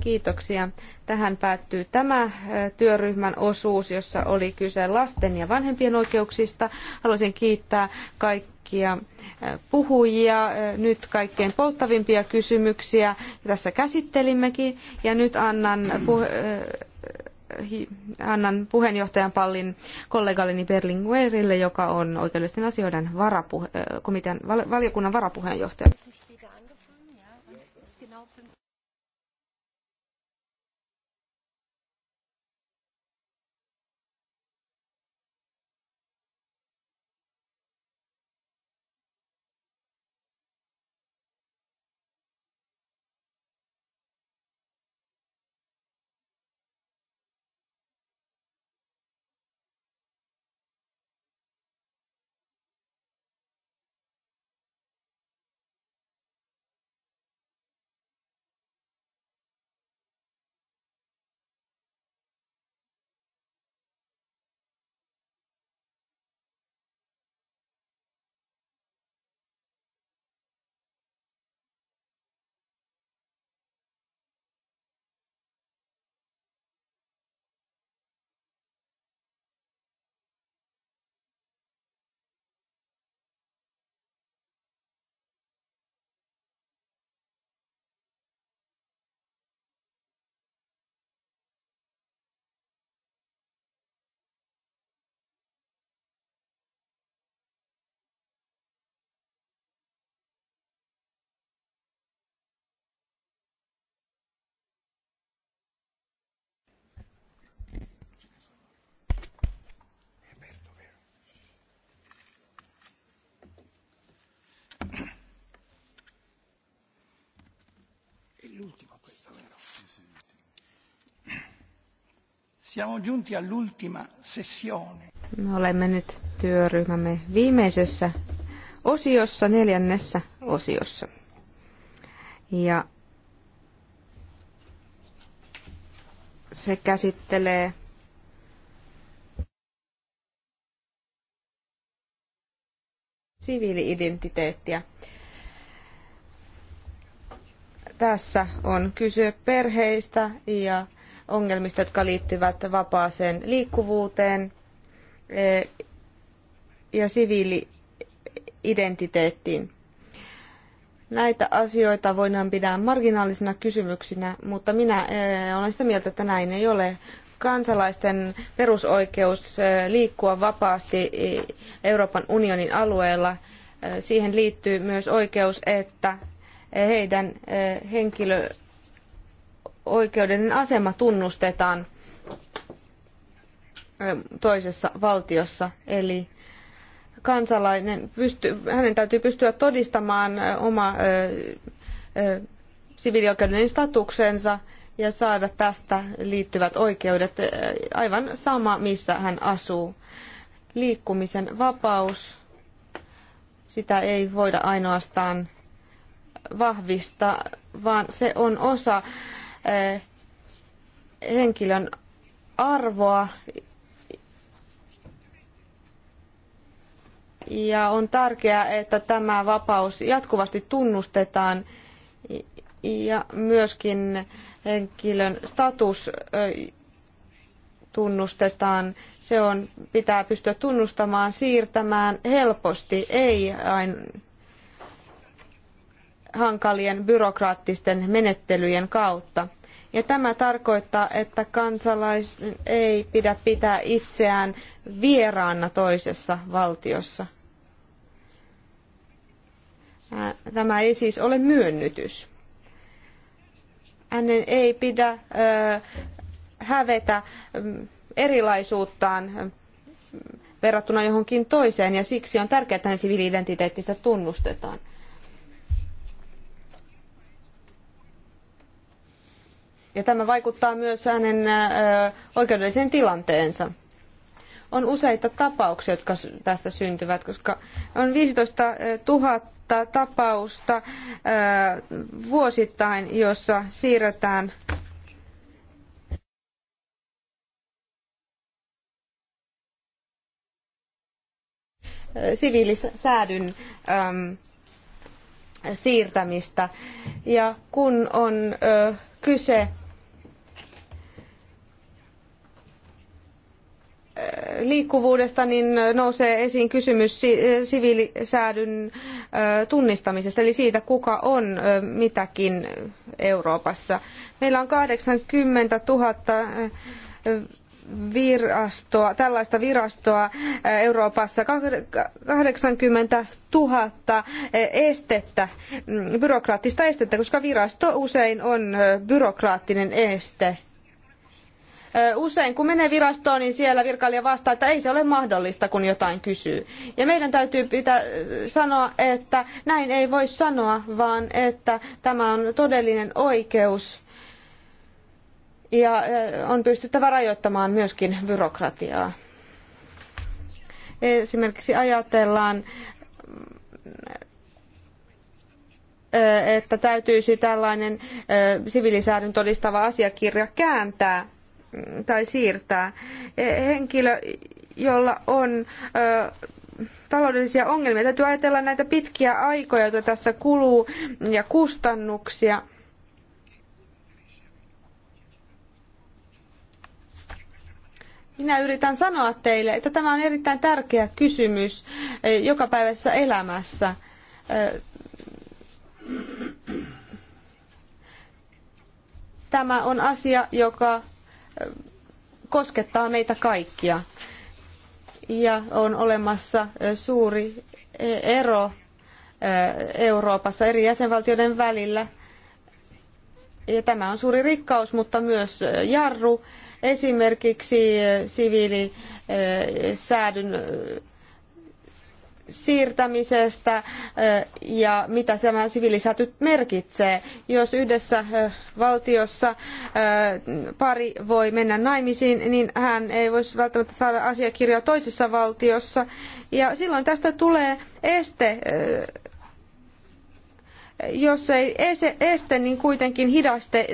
Kiitoksia. Tähän päättyy tämä äh, työryhmän osuus, jossa oli kyse lasten ja vanhempien oikeuksista. Haluaisin kiittää kaikkia äh, puhujia, äh, nyt kaikkein polttavimpia kysymyksiä tässä käsittelimmekin. Ja nyt annan puhe- annan puheenjohtajan pallin kollegalleni Berlinguerille, joka on oikeudellisten asioiden varapuhe- komitean, valiokunnan varapuheenjohtaja. vero? Sì, sì. Siamo giunti all'ultima sessione. Me olemme nyt työryhmämme viimeisessä osiossa, neljännessä osiossa. Ja se käsittelee siviili-identiteettiä. Tässä on kyse perheistä ja ongelmista, jotka liittyvät vapaaseen liikkuvuuteen e, ja siviili-identiteettiin. Näitä asioita voidaan pitää marginaalisina kysymyksinä, mutta minä e, olen sitä mieltä, että näin ei ole. Kansalaisten perusoikeus e, liikkua vapaasti Euroopan unionin alueella, siihen liittyy myös oikeus, että heidän eh, henkilöoikeuden asema tunnustetaan eh, toisessa valtiossa. Eli kansalainen pysty, hänen täytyy pystyä todistamaan eh, oma siviilioikeudellinen statuksensa ja saada tästä liittyvät oikeudet aivan sama, missä hän asuu. Liikkumisen vapaus, sitä ei voida ainoastaan vahvista, vaan se on osa eh, henkilön arvoa ja on tärkeää, että tämä vapaus jatkuvasti tunnustetaan ja myöskin henkilön status eh, tunnustetaan. Se on, pitää pystyä tunnustamaan, siirtämään helposti, ei aina hankalien byrokraattisten menettelyjen kautta. Ja tämä tarkoittaa, että kansalais ei pidä pitää itseään vieraana toisessa valtiossa. Tämä ei siis ole myönnytys. Hänen ei pidä hävetä erilaisuuttaan verrattuna johonkin toiseen, ja siksi on tärkeää, että hänen siviili-identiteettinsä tunnustetaan. Ja tämä vaikuttaa myös hänen oikeudelliseen tilanteensa. On useita tapauksia, jotka tästä syntyvät, koska on 15 000 tapausta vuosittain, jossa siirretään siviilisäädyn siirtämistä. Ja kun on kyse liikkuvuudesta, niin nousee esiin kysymys siviilisäädyn tunnistamisesta, eli siitä, kuka on mitäkin Euroopassa. Meillä on 80 000 virastoa, tällaista virastoa Euroopassa, 80 000 estettä, mm, byrokraattista estettä, koska virasto usein on byrokraattinen este Usein kun menee virastoon, niin siellä virkailija vastaa, että ei se ole mahdollista, kun jotain kysyy. Ja meidän täytyy pitää, sanoa, että näin ei voi sanoa, vaan että tämä on todellinen oikeus. Ja on pystyttävä rajoittamaan myöskin byrokratiaa. Esimerkiksi ajatellaan että täytyy tällainen siviilisäädyn todistava asiakirja kääntää tai siirtää. E, henkilö, jolla on taloudellisia ongelmia. Täytyy ajatella näitä pitkiä aikoja, joita tässä kuluu, ja kustannuksia. Minä yritän sanoa teille, että tämä on erittäin tärkeä kysymys e, jokapäiväisessä elämässä. E, tämä on asia, joka koskettaa meitä kaikkia. Ja on olemassa suuri ero Euroopassa eri jäsenvaltioiden välillä. Ja tämä on suuri rikkaus, mutta myös jarru. Esimerkiksi siviilisäädyn siirtämisestä ja mitä tämä sivilisaatio merkitsee. Jos yhdessä valtiossa pari voi mennä naimisiin, niin hän ei voisi välttämättä saada asiakirjaa toisessa valtiossa. Ja silloin tästä tulee este jos ei este, niin kuitenkin hidaste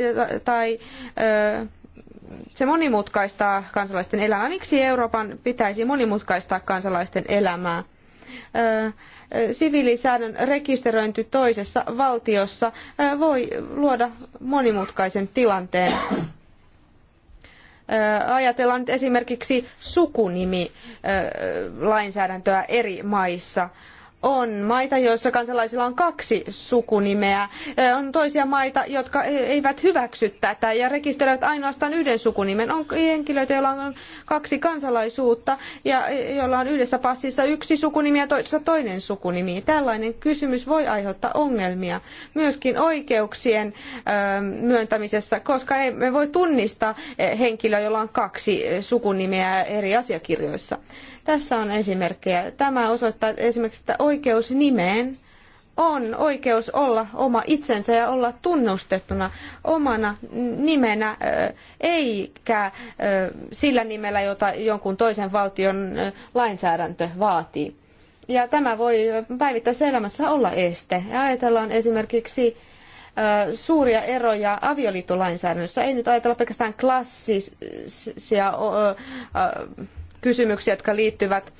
tai se monimutkaistaa kansalaisten elämää. Miksi Euroopan pitäisi monimutkaistaa kansalaisten elämää? siviilisäädön rekisteröinti toisessa valtiossa voi luoda monimutkaisen tilanteen. Ajatellaan nyt esimerkiksi sukunimilainsäädäntöä eri maissa on maita, joissa kansalaisilla on kaksi sukunimeä. On toisia maita, jotka e- eivät hyväksy tätä ja rekisteröivät ainoastaan yhden sukunimen. On henkilöitä, joilla on kaksi kansalaisuutta ja e- joilla on yhdessä passissa yksi sukunimi ja toisessa toinen sukunimi. Tällainen kysymys voi aiheuttaa ongelmia myöskin oikeuksien myöntämisessä, koska emme voi tunnistaa e- henkilöä, jolla on kaksi sukunimeä eri asiakirjoissa. Tässä on esimerkkejä. Tämä osoittaa esimerkiksi, että oikeus nimeen on oikeus olla oma itsensä ja olla tunnustettuna omana nimenä, eikä sillä nimellä, jota jonkun toisen valtion lainsäädäntö vaatii. Ja tämä voi päivittäisessä elämässä olla este. Ja ajatellaan esimerkiksi suuria eroja avioliittolainsäädännössä. Ei nyt ajatella pelkästään klassisia kysymyksiä, jotka liittyvät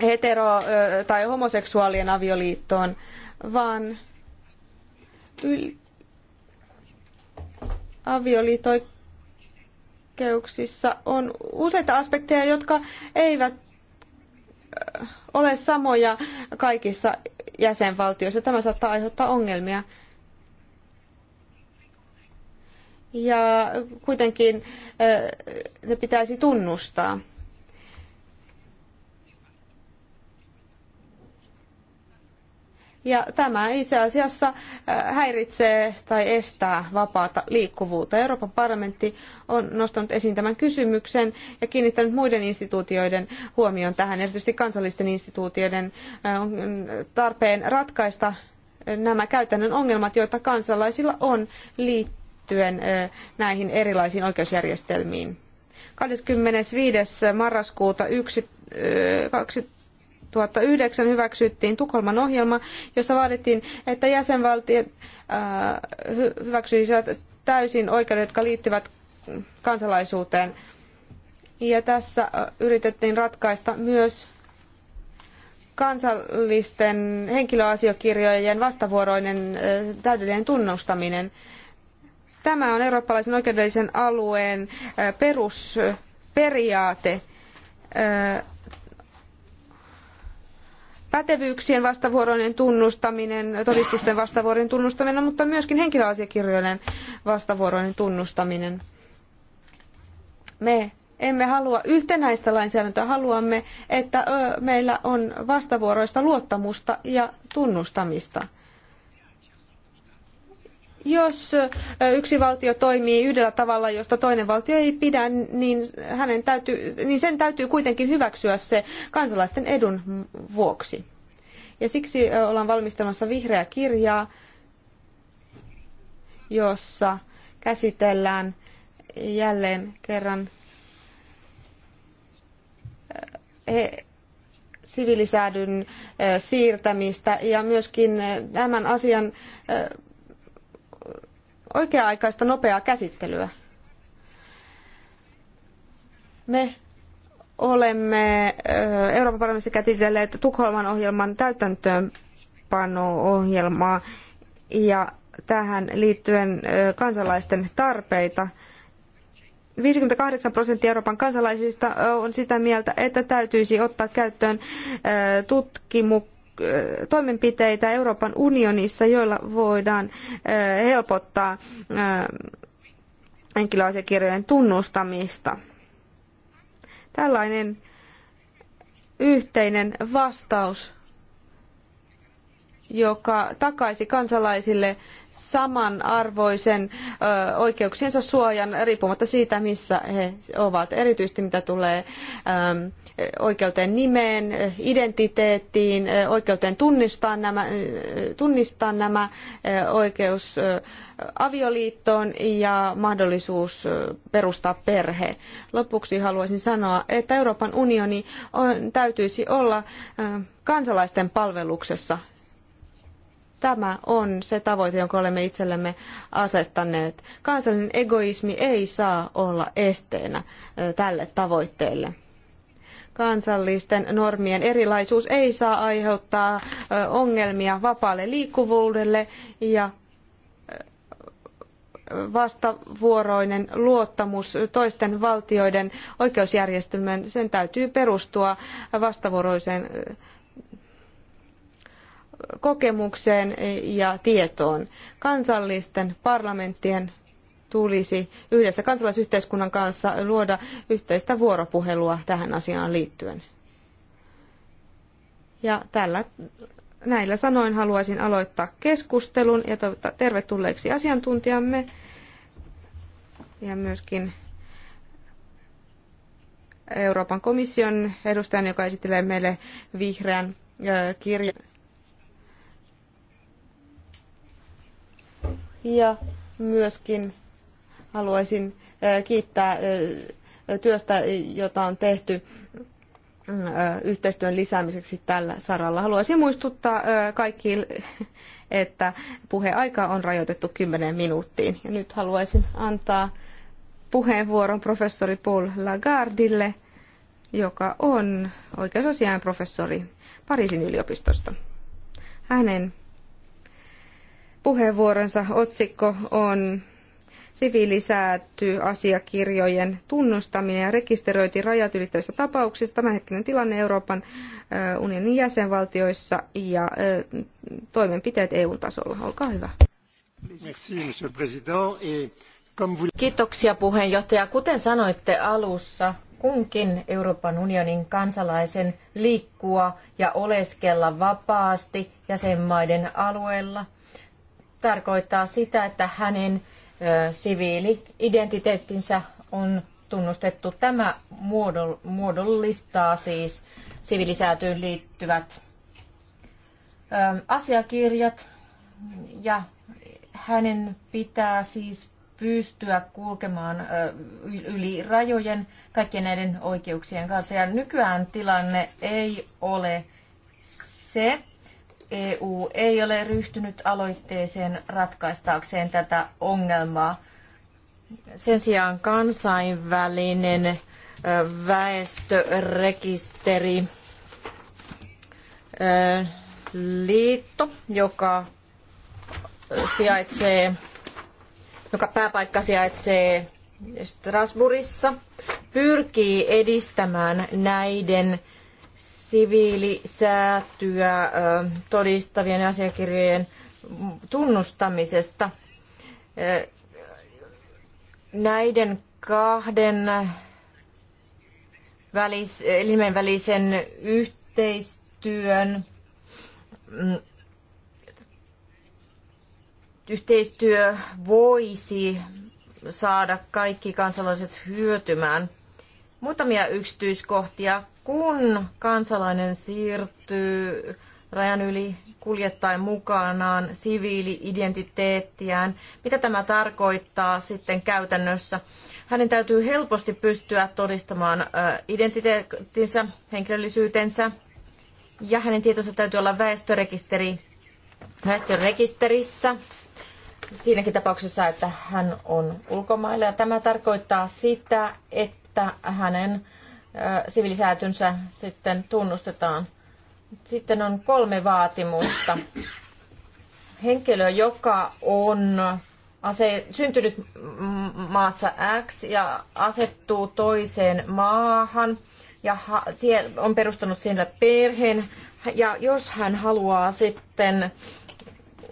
hetero- tai homoseksuaalien avioliittoon, vaan yl- avioliitoikeuksissa on useita aspekteja, jotka eivät ole samoja kaikissa jäsenvaltioissa. Tämä saattaa aiheuttaa ongelmia. Ja kuitenkin ne pitäisi tunnustaa. Ja tämä itse asiassa äh, häiritsee tai estää vapaata liikkuvuutta. Euroopan parlamentti on nostanut esiin tämän kysymyksen ja kiinnittänyt muiden instituutioiden huomioon tähän, erityisesti kansallisten instituutioiden äh, tarpeen ratkaista äh, nämä käytännön ongelmat, joita kansalaisilla on liittyen näihin erilaisiin oikeusjärjestelmiin. 25. marraskuuta 1, 2, 2009 hyväksyttiin Tukholman ohjelma, jossa vaadittiin, että jäsenvaltiot hyväksyisivät täysin oikeudet, jotka liittyvät kansalaisuuteen. Ja tässä yritettiin ratkaista myös kansallisten henkilöasiakirjojen vastavuoroinen täydellinen tunnustaminen. Tämä on eurooppalaisen oikeudellisen alueen perusperiaate pätevyyksien vastavuoroinen tunnustaminen, todistusten vastavuoroinen tunnustaminen, mutta myöskin henkilöasiakirjojen vastavuoroinen tunnustaminen. Me emme halua yhtenäistä lainsäädäntöä, haluamme, että meillä on vastavuoroista luottamusta ja tunnustamista. Jos yksi valtio toimii yhdellä tavalla, josta toinen valtio ei pidä, niin, hänen täytyy, niin sen täytyy kuitenkin hyväksyä se kansalaisten edun vuoksi. Ja siksi ollaan valmistelemassa vihreää kirjaa, jossa käsitellään jälleen kerran he, siviilisäädyn siirtämistä ja myöskin tämän asian oikea-aikaista nopeaa käsittelyä. Me olemme Euroopan parlamentissa käsitelleet Tukholman ohjelman täytäntöönpano-ohjelmaa ja tähän liittyen kansalaisten tarpeita. 58 prosenttia Euroopan kansalaisista on sitä mieltä, että täytyisi ottaa käyttöön tutkimukseen toimenpiteitä Euroopan unionissa, joilla voidaan helpottaa henkilöasiakirjojen tunnustamista. Tällainen yhteinen vastaus, joka takaisi kansalaisille samanarvoisen ö, oikeuksiensa suojan riippumatta siitä, missä he ovat, erityisesti mitä tulee ö, oikeuteen nimeen, identiteettiin, oikeuteen tunnistaa nämä, tunnistaa nämä oikeus avioliittoon ja mahdollisuus perustaa perhe. Lopuksi haluaisin sanoa, että Euroopan unioni on, täytyisi olla kansalaisten palveluksessa tämä on se tavoite, jonka olemme itsellemme asettaneet. Kansallinen egoismi ei saa olla esteenä tälle tavoitteelle kansallisten normien erilaisuus ei saa aiheuttaa ongelmia vapaalle liikkuvuudelle ja vastavuoroinen luottamus toisten valtioiden oikeusjärjestelmään, sen täytyy perustua vastavuoroiseen kokemukseen ja tietoon. Kansallisten parlamenttien tulisi yhdessä kansalaisyhteiskunnan kanssa luoda yhteistä vuoropuhelua tähän asiaan liittyen. Ja tällä, näillä sanoin haluaisin aloittaa keskustelun ja toivottaa tervetulleeksi asiantuntijamme ja myöskin Euroopan komission edustajan, joka esittelee meille vihreän kirjan. Ja myöskin Haluaisin kiittää työstä, jota on tehty mm, yhteistyön lisäämiseksi tällä saralla. Haluaisin muistuttaa kaikille, että puheaika on rajoitettu 10 minuuttiin. Ja nyt haluaisin antaa puheenvuoron professori Paul Lagardille, joka on oikeusasiain professori Pariisin yliopistosta. Hänen puheenvuoronsa otsikko on siviilisääty asiakirjojen tunnustaminen ja rekisteröinti rajat ylittävissä tapauksissa, tämänhetkinen tilanne Euroopan unionin jäsenvaltioissa ja toimenpiteet EU-tasolla. Olkaa hyvä. Kiitoksia puheenjohtaja. Kuten sanoitte alussa, kunkin Euroopan unionin kansalaisen liikkua ja oleskella vapaasti jäsenmaiden alueella tarkoittaa sitä, että hänen siviili-identiteettinsä on tunnustettu. Tämä muodollistaa siis siviilisäätyyn liittyvät asiakirjat ja hänen pitää siis pystyä kulkemaan yli rajojen kaikkien näiden oikeuksien kanssa. Ja nykyään tilanne ei ole se, EU ei ole ryhtynyt aloitteeseen ratkaistaakseen tätä ongelmaa. Sen sijaan kansainvälinen väestörekisteri liitto, joka sijaitsee, joka pääpaikka sijaitsee Strasbourgissa, pyrkii edistämään näiden siviilisäätyä todistavien asiakirjojen tunnustamisesta. Näiden kahden välis, elimen välisen yhteistyön mm, yhteistyö voisi saada kaikki kansalaiset hyötymään. Muutamia yksityiskohtia kun kansalainen siirtyy rajan yli kuljettaen mukanaan siviili-identiteettiään, mitä tämä tarkoittaa sitten käytännössä. Hänen täytyy helposti pystyä todistamaan identiteettinsä, henkilöllisyytensä ja hänen tietonsa täytyy olla väestörekisteri, väestörekisterissä siinäkin tapauksessa, että hän on ulkomailla. Ja tämä tarkoittaa sitä, että hänen sivilisäätynsä sitten tunnustetaan. Sitten on kolme vaatimusta. Henkilö, joka on ase- syntynyt maassa X ja asettuu toiseen maahan ja on perustanut siellä perheen. Ja jos hän haluaa sitten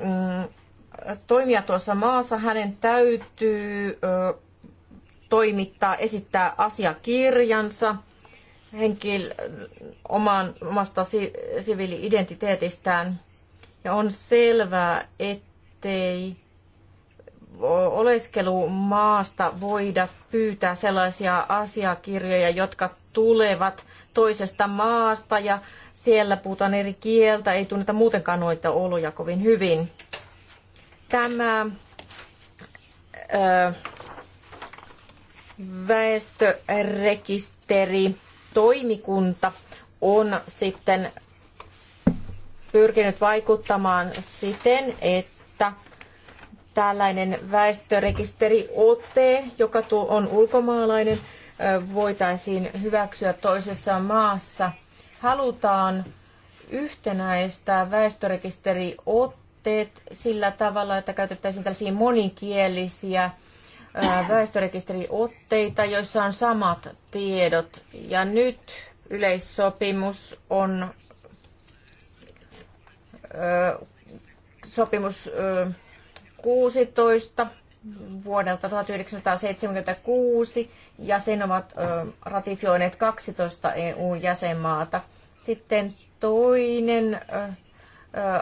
mm, toimia tuossa maassa, hänen täytyy ö, toimittaa, esittää asiakirjansa – henkil, oman, omasta si, siviili-identiteetistään. Ja on selvää, ettei oleskelumaasta voida pyytää sellaisia asiakirjoja, jotka tulevat toisesta maasta ja siellä puhutaan eri kieltä, ei tunneta muutenkaan noita oloja kovin hyvin. Tämä ö, väestörekisteri toimikunta on sitten pyrkinyt vaikuttamaan siten, että tällainen väestörekisteriote, joka on ulkomaalainen, voitaisiin hyväksyä toisessa maassa. Halutaan yhtenäistää väestörekisteriotteet sillä tavalla, että käytettäisiin tällaisia monikielisiä väestörekisteriotteita, joissa on samat tiedot. Ja nyt yleissopimus on sopimus 16 vuodelta 1976 ja sen ovat ratifioineet 12 EU-jäsenmaata. Sitten toinen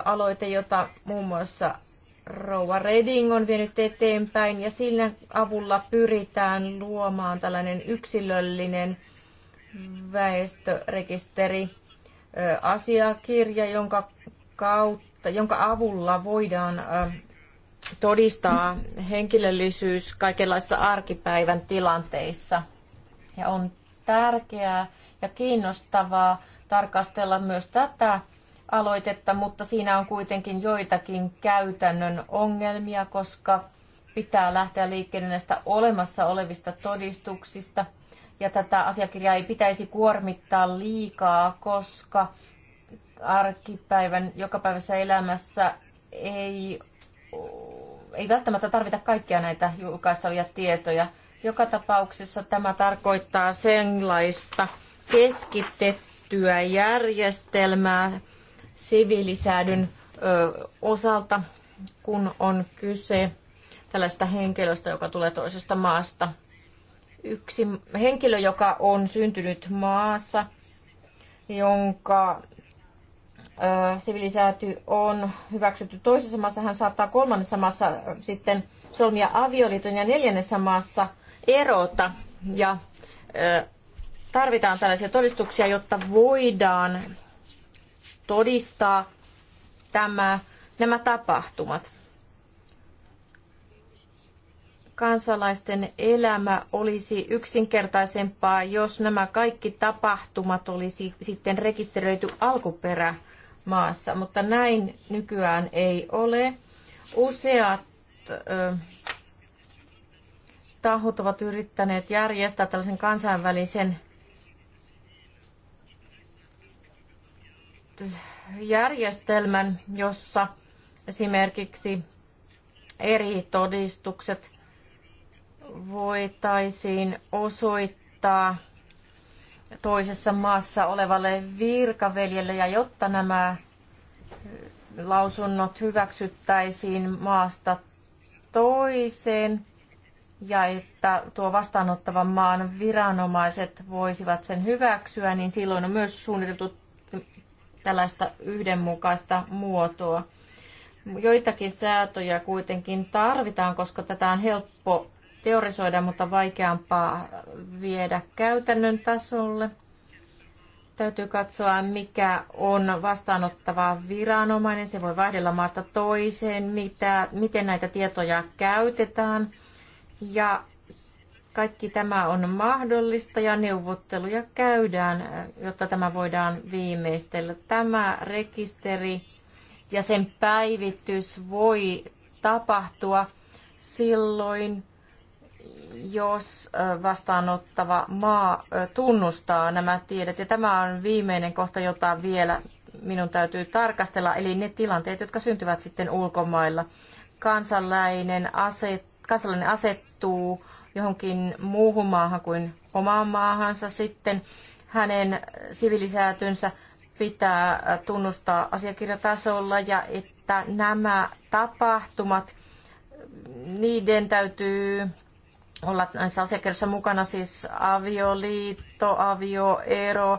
aloite, jota muun muassa rouva Reding on vienyt eteenpäin ja sillä avulla pyritään luomaan tällainen yksilöllinen väestörekisteri asiakirja, jonka kautta, jonka avulla voidaan todistaa henkilöllisyys kaikenlaisissa arkipäivän tilanteissa. Ja on tärkeää ja kiinnostavaa tarkastella myös tätä aloitetta, mutta siinä on kuitenkin joitakin käytännön ongelmia, koska pitää lähteä liikkeelle näistä olemassa olevista todistuksista. Ja tätä asiakirjaa ei pitäisi kuormittaa liikaa, koska arkipäivän jokapäiväisessä elämässä ei, ei välttämättä tarvita kaikkia näitä julkaistavia tietoja. Joka tapauksessa tämä tarkoittaa senlaista keskitettyä järjestelmää, siviilisäädyn osalta, kun on kyse tällaista henkilöstä, joka tulee toisesta maasta. Yksi henkilö, joka on syntynyt maassa, jonka sivilisääty on hyväksytty toisessa maassa, hän saattaa kolmannessa maassa sitten solmia avioliiton ja neljännessä maassa erota. Ja tarvitaan tällaisia todistuksia, jotta voidaan todistaa tämä, nämä tapahtumat. Kansalaisten elämä olisi yksinkertaisempaa, jos nämä kaikki tapahtumat olisi sitten rekisteröity alkuperämaassa, mutta näin nykyään ei ole. Useat ö, tahot ovat yrittäneet järjestää tällaisen kansainvälisen järjestelmän, jossa esimerkiksi eri todistukset voitaisiin osoittaa toisessa maassa olevalle virkaveljelle ja jotta nämä lausunnot hyväksyttäisiin maasta toiseen ja että tuo vastaanottavan maan viranomaiset voisivat sen hyväksyä, niin silloin on myös suunniteltu tällaista yhdenmukaista muotoa. Joitakin säätöjä kuitenkin tarvitaan, koska tätä on helppo teorisoida, mutta vaikeampaa viedä käytännön tasolle. Täytyy katsoa, mikä on vastaanottava viranomainen. Se voi vaihdella maasta toiseen, mitä, miten näitä tietoja käytetään. Ja kaikki tämä on mahdollista ja neuvotteluja käydään, jotta tämä voidaan viimeistellä. Tämä rekisteri ja sen päivitys voi tapahtua silloin, jos vastaanottava maa tunnustaa nämä tiedot. Ja tämä on viimeinen kohta, jota vielä minun täytyy tarkastella, eli ne tilanteet, jotka syntyvät sitten ulkomailla. Kansalainen, aset, kansalainen asettuu johonkin muuhun maahan kuin omaan maahansa, sitten hänen sivilisäätynsä pitää tunnustaa asiakirjatasolla ja että nämä tapahtumat, niiden täytyy olla näissä asiakirjoissa mukana siis avioliitto, avioero,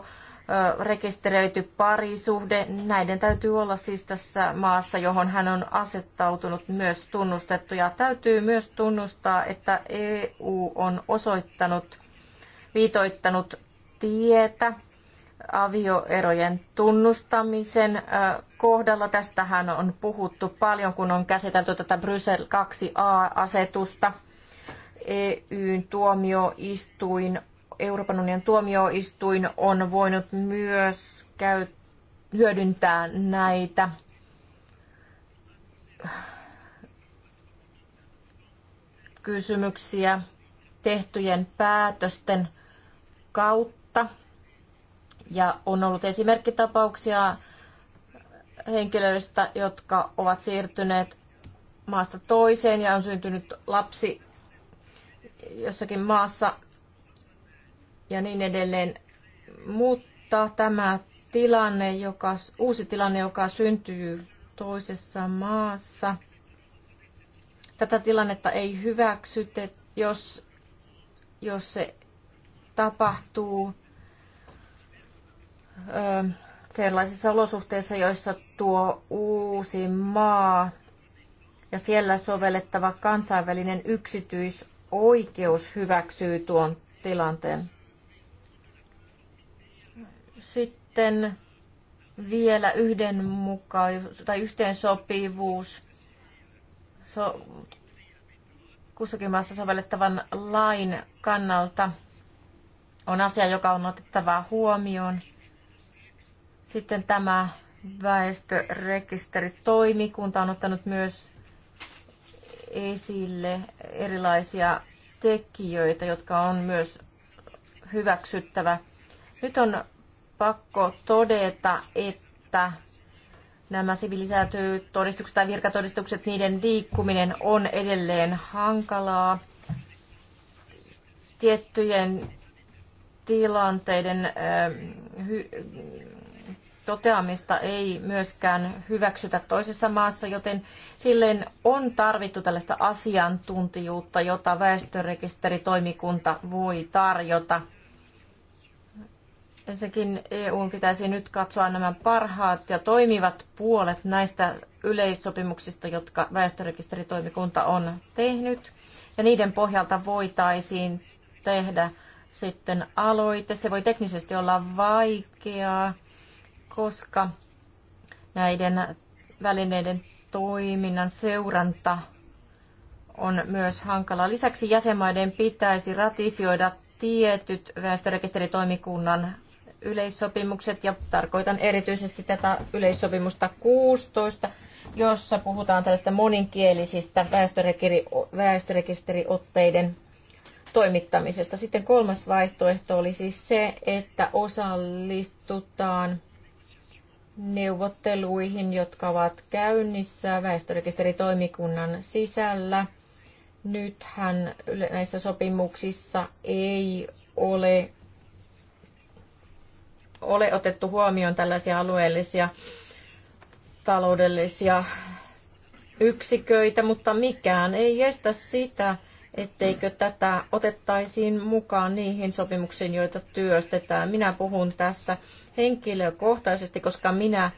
rekisteröity parisuhde. Näiden täytyy olla siis tässä maassa, johon hän on asettautunut myös tunnustettu. Ja täytyy myös tunnustaa, että EU on osoittanut, viitoittanut tietä avioerojen tunnustamisen kohdalla. Tästähän on puhuttu paljon, kun on käsitelty tätä Bryssel 2a-asetusta. EUn tuomioistuin Euroopan unionin tuomioistuin on voinut myös käy, hyödyntää näitä kysymyksiä tehtyjen päätösten kautta. Ja on ollut esimerkkitapauksia henkilöistä, jotka ovat siirtyneet maasta toiseen ja on syntynyt lapsi jossakin maassa ja niin edelleen. Mutta tämä tilanne, joka, uusi tilanne, joka syntyy toisessa maassa, tätä tilannetta ei hyväksytä, jos, jos se tapahtuu ö, sellaisissa olosuhteissa, joissa tuo uusi maa ja siellä sovellettava kansainvälinen yksityisoikeus hyväksyy tuon tilanteen. Sitten vielä yhdenmukaisuus tai yhteensopivuus so, kussakin maassa sovellettavan lain kannalta on asia, joka on otettava huomioon. Sitten tämä väestörekisteritoimikunta on ottanut myös esille erilaisia tekijöitä, jotka on myös hyväksyttävä. Nyt on pakko todeta, että nämä sivilisaatiotodistukset tai virkatodistukset, niiden liikkuminen on edelleen hankalaa. Tiettyjen tilanteiden eh, toteamista ei myöskään hyväksytä toisessa maassa, joten silleen on tarvittu tällaista asiantuntijuutta, jota väestörekisteritoimikunta voi tarjota – Ensinnäkin EU pitäisi nyt katsoa nämä parhaat ja toimivat puolet näistä yleissopimuksista, jotka väestörekisteritoimikunta on tehnyt. Ja niiden pohjalta voitaisiin tehdä sitten aloite. Se voi teknisesti olla vaikeaa, koska näiden välineiden toiminnan seuranta on myös hankala. Lisäksi jäsenmaiden pitäisi ratifioida tietyt väestörekisteritoimikunnan yleissopimukset, ja tarkoitan erityisesti tätä yleissopimusta 16, jossa puhutaan tällaista moninkielisistä väestörekisteriotteiden toimittamisesta. Sitten kolmas vaihtoehto oli siis se, että osallistutaan neuvotteluihin, jotka ovat käynnissä väestörekisteritoimikunnan sisällä. Nythän näissä sopimuksissa ei ole ole otettu huomioon tällaisia alueellisia taloudellisia yksiköitä, mutta mikään ei estä sitä, etteikö tätä otettaisiin mukaan niihin sopimuksiin, joita työstetään. Minä puhun tässä henkilökohtaisesti, koska minä,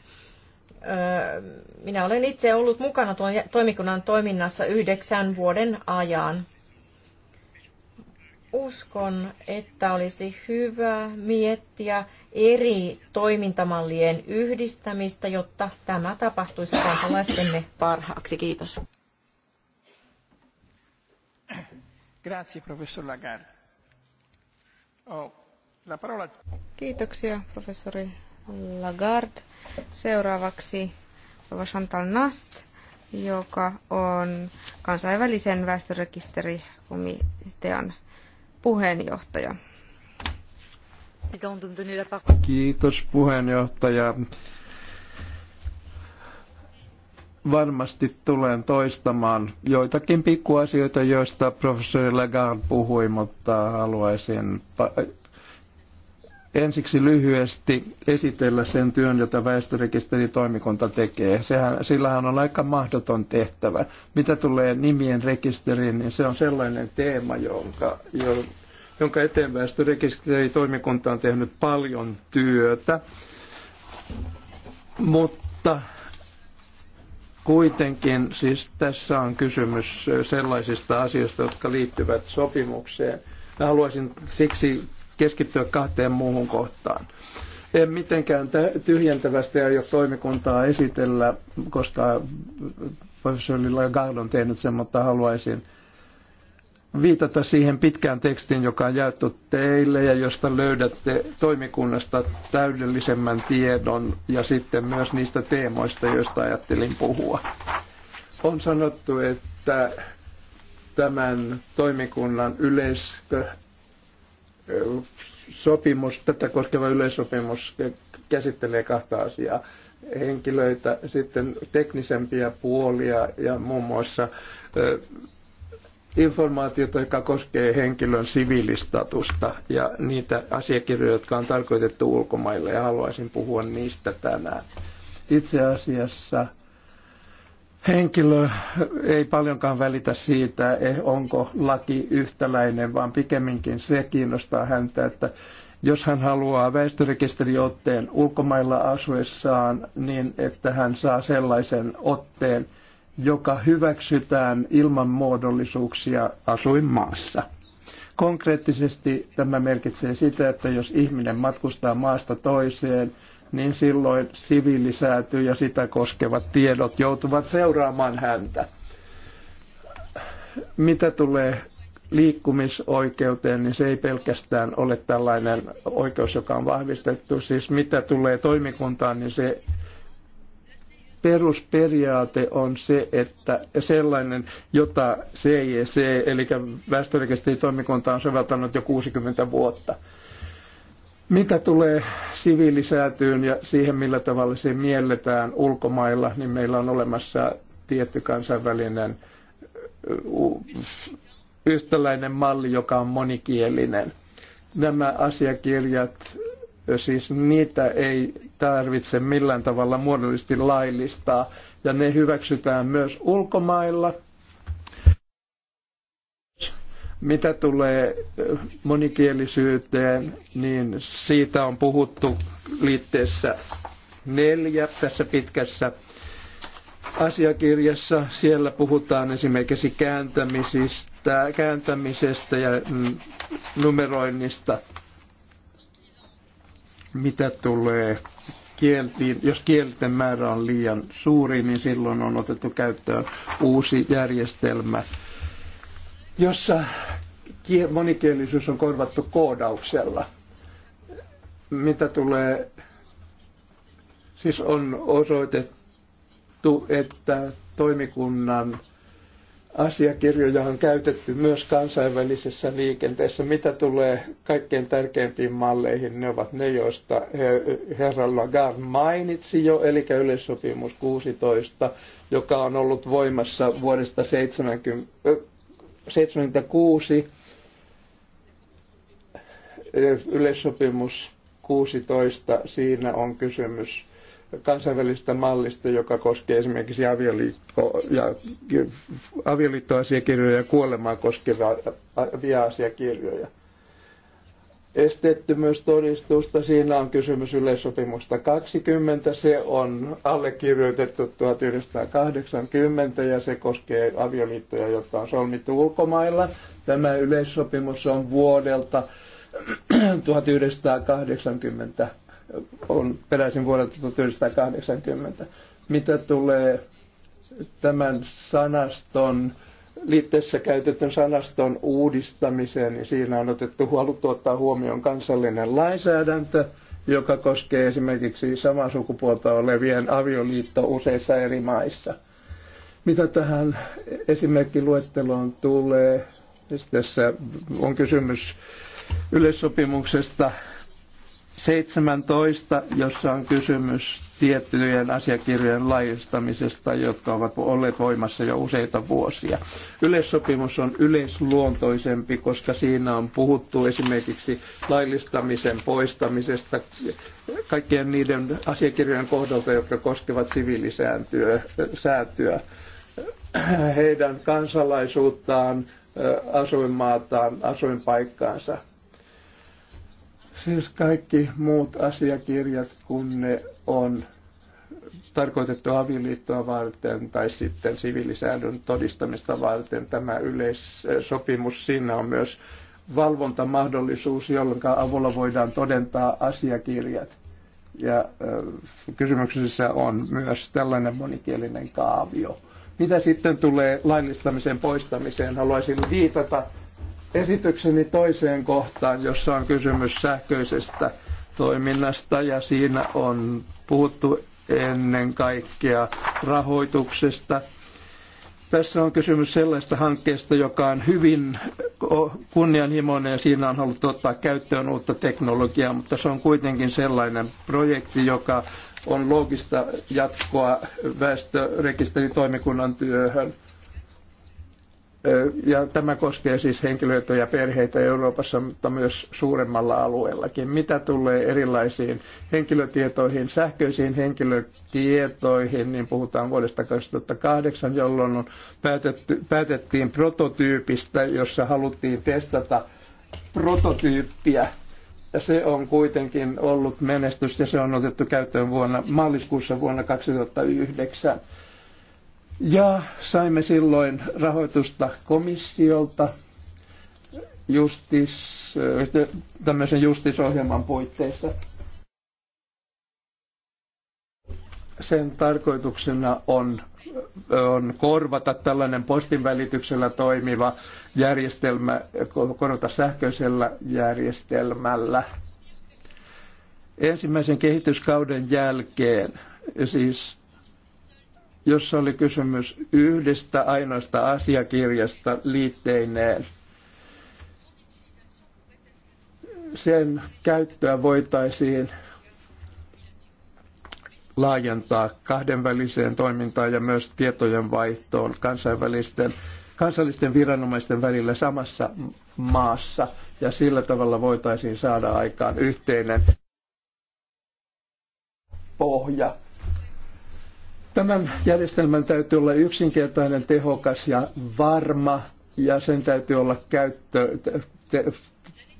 öö, minä olen itse ollut mukana tuon toimikunnan toiminnassa yhdeksän vuoden ajan. Uskon, että olisi hyvä miettiä eri toimintamallien yhdistämistä, jotta tämä tapahtuisi kansalaistemme parhaaksi. Kiitos. Grazie, professor Lagarde. Oh, la parola... Kiitoksia, professori Lagarde. Seuraavaksi Chantal Nast, joka on kansainvälisen väestörekisterikomitean puheenjohtaja. Kiitos puheenjohtaja. Varmasti tulen toistamaan joitakin pikkuasioita, joista professori Lagarde puhui, mutta haluaisin ensiksi lyhyesti esitellä sen työn, jota väestörekisteritoimikunta tekee. Sehän, sillähän on aika mahdoton tehtävä. Mitä tulee nimien rekisteriin, niin se on sellainen teema, jonka, jonka eteen väestörekisteritoimikunta on tehnyt paljon työtä. Mutta kuitenkin siis tässä on kysymys sellaisista asioista, jotka liittyvät sopimukseen. Mä haluaisin siksi keskittyä kahteen muuhun kohtaan. En mitenkään tyhjentävästi aio toimikuntaa esitellä, koska professori Lagarde on tehnyt sen, mutta haluaisin – viitata siihen pitkään tekstiin, joka on jaettu teille ja josta löydätte toimikunnasta täydellisemmän tiedon ja sitten myös niistä teemoista, joista ajattelin puhua. On sanottu, että tämän toimikunnan yleis sopimus, tätä koskeva yleissopimus käsittelee kahta asiaa. Henkilöitä, sitten teknisempiä puolia ja muun muassa informaatiota, joka koskee henkilön siviilistatusta ja niitä asiakirjoja, jotka on tarkoitettu ulkomaille ja haluaisin puhua niistä tänään. Itse asiassa henkilö ei paljonkaan välitä siitä, eh, onko laki yhtäläinen, vaan pikemminkin se kiinnostaa häntä, että jos hän haluaa väestörekisteriotteen ulkomailla asuessaan, niin että hän saa sellaisen otteen – joka hyväksytään ilman muodollisuuksia asuinmaassa. Konkreettisesti tämä merkitsee sitä, että jos ihminen matkustaa maasta toiseen, niin silloin siviilisääty ja sitä koskevat tiedot joutuvat seuraamaan häntä. Mitä tulee liikkumisoikeuteen, niin se ei pelkästään ole tällainen oikeus, joka on vahvistettu. Siis mitä tulee toimikuntaan, niin se perusperiaate on se, että sellainen, jota CIC, eli väestörekisteritoimikunta on soveltanut jo 60 vuotta. Mitä tulee siviilisäätyyn ja siihen, millä tavalla se mielletään ulkomailla, niin meillä on olemassa tietty kansainvälinen yhtäläinen malli, joka on monikielinen. Nämä asiakirjat Siis niitä ei tarvitse millään tavalla muodollisesti laillistaa. Ja ne hyväksytään myös ulkomailla. Mitä tulee eh, monikielisyyteen, niin siitä on puhuttu liitteessä neljä tässä pitkässä asiakirjassa. Siellä puhutaan esimerkiksi kääntämisestä ja mm, numeroinnista mitä tulee kieltiin, jos kielten määrä on liian suuri, niin silloin on otettu käyttöön uusi järjestelmä, jossa monikielisyys on korvattu koodauksella. Mitä tulee, siis on osoitettu, että toimikunnan asiakirjoja on käytetty myös kansainvälisessä liikenteessä. Mitä tulee kaikkein tärkeimpiin malleihin, ne ovat ne, joista herra Lagarde mainitsi jo, eli yleissopimus 16, joka on ollut voimassa vuodesta 1976. Yleissopimus 16, siinä on kysymys kansainvälistä mallista, joka koskee esimerkiksi avioliitto- ja avioliittoasiakirjoja ja kuolemaa koskevia asiakirjoja. Esteettömyystodistusta, siinä on kysymys yleissopimusta 20, se on allekirjoitettu 1980 ja se koskee avioliittoja, jotka on solmittu ulkomailla. Tämä yleissopimus on vuodelta 1980 on peräisin vuodelta 1980. Mitä tulee tämän sanaston liitteessä käytetyn sanaston uudistamiseen, niin siinä on otettu haluttu ottaa huomioon kansallinen lainsäädäntö, joka koskee esimerkiksi samaa sukupuolta olevien avioliitto useissa eri maissa. Mitä tähän esimerkkiluetteloon tulee, tässä on kysymys yleissopimuksesta 17, jossa on kysymys tiettyjen asiakirjojen laajistamisesta, jotka ovat olleet voimassa jo useita vuosia. Yleissopimus on yleisluontoisempi, koska siinä on puhuttu esimerkiksi laillistamisen poistamisesta kaikkien niiden asiakirjojen kohdalta, jotka koskevat siviilisäätyä, heidän kansalaisuuttaan, asuinmaataan, asuinpaikkaansa Siis kaikki muut asiakirjat, kun ne on tarkoitettu avioliittoa varten tai sitten siviilisäädön todistamista varten, tämä yleissopimus, siinä on myös valvontamahdollisuus, jolloin avulla voidaan todentaa asiakirjat. Ja kysymyksessä on myös tällainen monikielinen kaavio. Mitä sitten tulee laillistamisen poistamiseen, haluaisin viitata esitykseni toiseen kohtaan, jossa on kysymys sähköisestä toiminnasta ja siinä on puhuttu ennen kaikkea rahoituksesta. Tässä on kysymys sellaista hankkeesta, joka on hyvin kunnianhimoinen ja siinä on haluttu ottaa käyttöön uutta teknologiaa, mutta se on kuitenkin sellainen projekti, joka on loogista jatkoa väestörekisteritoimikunnan työhön – ja tämä koskee siis henkilöitä ja perheitä Euroopassa, mutta myös suuremmalla alueellakin. Mitä tulee erilaisiin henkilötietoihin, sähköisiin henkilötietoihin, niin puhutaan vuodesta 2008, jolloin on päätetty, päätettiin prototyypistä, jossa haluttiin testata prototyyppiä. Ja se on kuitenkin ollut menestys ja se on otettu käyttöön vuonna, maaliskuussa vuonna 2009 ja saimme silloin rahoitusta komissiolta justis, tämmöisen justisohjelman puitteissa. Sen tarkoituksena on, on korvata tällainen postin välityksellä toimiva järjestelmä, korvata sähköisellä järjestelmällä. Ensimmäisen kehityskauden jälkeen, siis jossa oli kysymys yhdestä ainoasta asiakirjasta liitteineen. Sen käyttöä voitaisiin laajentaa kahdenväliseen toimintaan ja myös tietojen vaihtoon kansainvälisten, kansallisten viranomaisten välillä samassa maassa. Ja sillä tavalla voitaisiin saada aikaan yhteinen pohja Tämän järjestelmän täytyy olla yksinkertainen, tehokas ja varma, ja sen täytyy olla käyttö, te,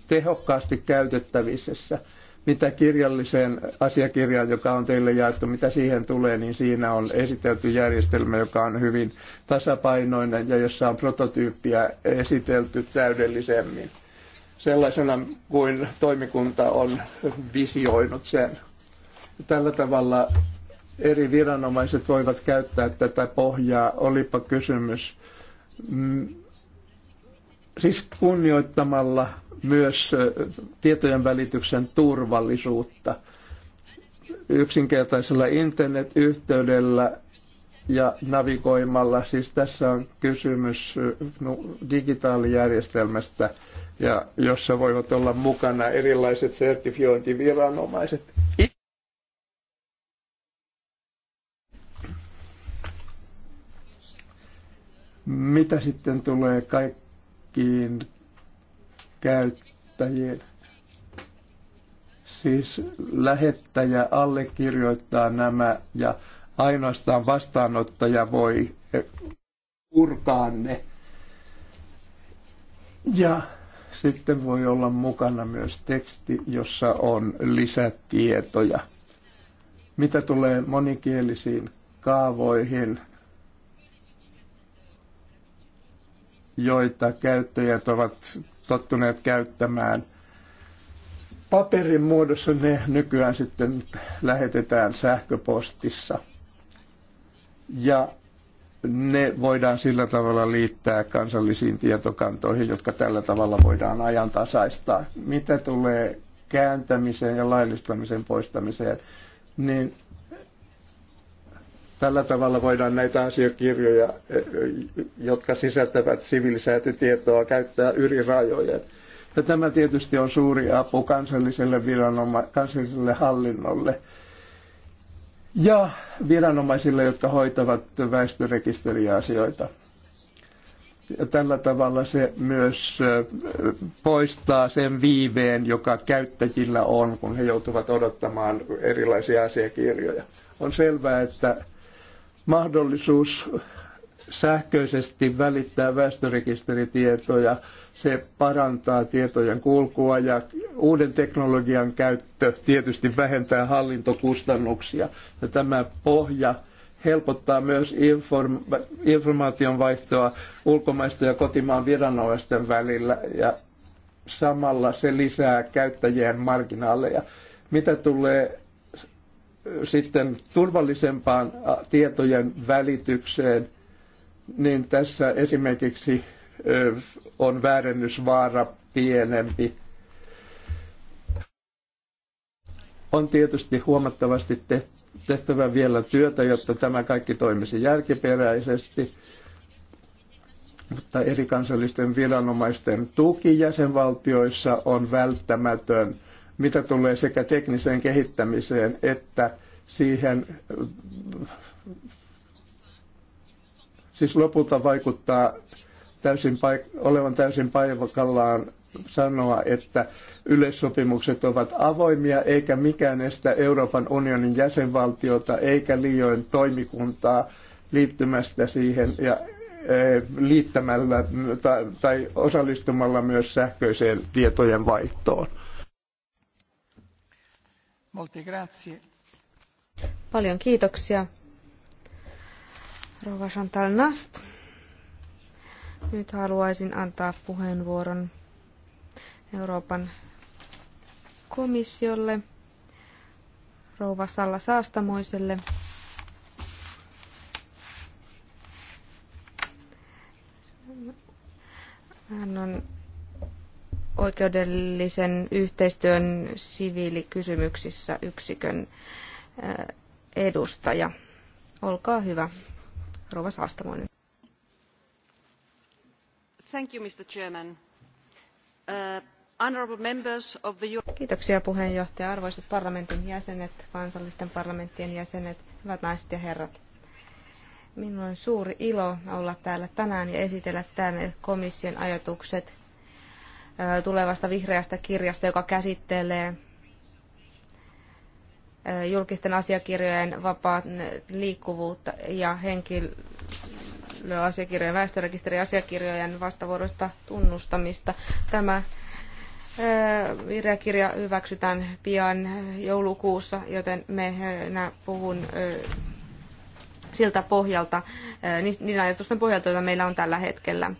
tehokkaasti käytettävissä. Mitä kirjalliseen asiakirjaan, joka on teille jaettu, mitä siihen tulee, niin siinä on esitelty järjestelmä, joka on hyvin tasapainoinen ja jossa on prototyyppiä esitelty täydellisemmin sellaisena kuin toimikunta on visioinut sen. Tällä tavalla eri viranomaiset voivat käyttää tätä pohjaa, olipa kysymys mm, siis kunnioittamalla myös tietojen välityksen turvallisuutta yksinkertaisella internetyhteydellä ja navigoimalla. Siis tässä on kysymys digitaalijärjestelmästä, ja jossa voivat olla mukana erilaiset sertifiointiviranomaiset – Mitä sitten tulee kaikkiin käyttäjiin? Siis lähettäjä allekirjoittaa nämä ja ainoastaan vastaanottaja voi eh, purkaa ne. Ja sitten voi olla mukana myös teksti, jossa on lisätietoja. Mitä tulee monikielisiin kaavoihin, joita käyttäjät ovat tottuneet käyttämään paperin muodossa, ne nykyään sitten lähetetään sähköpostissa. Ja ne voidaan sillä tavalla liittää kansallisiin tietokantoihin, jotka tällä tavalla voidaan ajantasaistaa. Mitä tulee kääntämiseen ja laillistamisen poistamiseen, niin Tällä tavalla voidaan näitä asiakirjoja, eh, jotka sisältävät sivilisäätötietoa, käyttää yli rajojen. Ja tämä tietysti on suuri apu kansalliselle, viranoma- kansalliselle hallinnolle ja viranomaisille, jotka hoitavat väestörekisteriasioita. Ja tällä tavalla se myös eh, poistaa sen viiveen, joka käyttäjillä on, kun he joutuvat odottamaan erilaisia asiakirjoja. On selvää, että mahdollisuus sähköisesti välittää väestörekisteritietoja. Se parantaa tietojen kulkua ja uuden teknologian käyttö tietysti vähentää hallintokustannuksia. Ja tämä pohja helpottaa myös inform- informaation vaihtoa ulkomaista ja kotimaan viranomaisten välillä ja samalla se lisää käyttäjien marginaaleja. Mitä tulee sitten turvallisempaan tietojen välitykseen, niin tässä esimerkiksi on väärennysvaara pienempi. On tietysti huomattavasti tehtävä vielä työtä, jotta tämä kaikki toimisi järkiperäisesti, mutta eri kansallisten viranomaisten tuki jäsenvaltioissa on välttämätön – mitä tulee sekä tekniseen kehittämiseen että siihen, siis lopulta vaikuttaa täysin paik- olevan täysin paikallaan sanoa, että yleissopimukset ovat avoimia eikä mikään estä Euroopan unionin jäsenvaltiota eikä liioin toimikuntaa liittymästä siihen ja e, liittämällä tai, tai osallistumalla myös sähköiseen tietojen vaihtoon. Molte grazie. Paljon kiitoksia. Rova Chantal Nast. Nyt haluaisin antaa puheenvuoron Euroopan komissiolle, rouva Salla Saastamoiselle. Hän on oikeudellisen yhteistyön siviilikysymyksissä yksikön edustaja. Olkaa hyvä, Rova Saastamoinen. Thank you, Mr. Chairman. Uh, Kiitoksia puheenjohtaja, arvoisat parlamentin jäsenet, kansallisten parlamenttien jäsenet, hyvät naiset ja herrat. Minulla on suuri ilo olla täällä tänään ja esitellä tänne komission ajatukset tulevasta vihreästä kirjasta, joka käsittelee julkisten asiakirjojen vapaan liikkuvuutta ja henkilöasiakirjojen, väestörekisteriasiakirjojen vastavuoroista tunnustamista. Tämä vihreä kirja hyväksytään pian joulukuussa, joten me puhun siltä pohjalta, niiden ajatusten pohjalta, joita meillä on tällä hetkellä.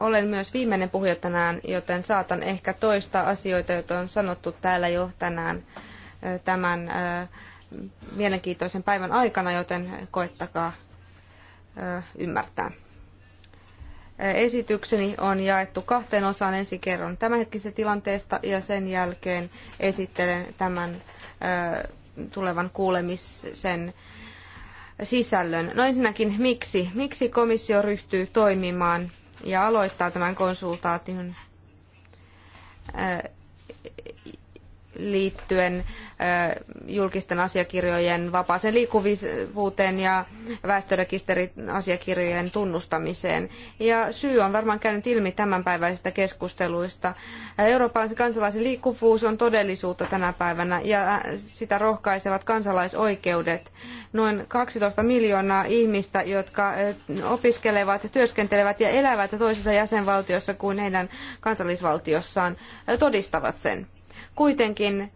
Olen myös viimeinen puhuja tänään, joten saatan ehkä toistaa asioita, joita on sanottu täällä jo tänään tämän mielenkiintoisen päivän aikana, joten koettakaa ymmärtää. Esitykseni on jaettu kahteen osaan. Ensin kerron tämänhetkisestä tilanteesta ja sen jälkeen esittelen tämän tulevan kuulemisen sisällön. No ensinnäkin miksi? Miksi komissio ryhtyy toimimaan ja aloittaa tämän konsultaation liittyen julkisten asiakirjojen vapaaseen liikkuvuuteen ja väestörekisterin asiakirjojen tunnustamiseen. Ja syy on varmaan käynyt ilmi tämänpäiväisistä keskusteluista. Eurooppalaisen kansalaisen liikkuvuus on todellisuutta tänä päivänä ja sitä rohkaisevat kansalaisoikeudet. Noin 12 miljoonaa ihmistä, jotka opiskelevat, työskentelevät ja elävät toisessa jäsenvaltiossa kuin heidän kansallisvaltiossaan, todistavat sen. Kuitenkin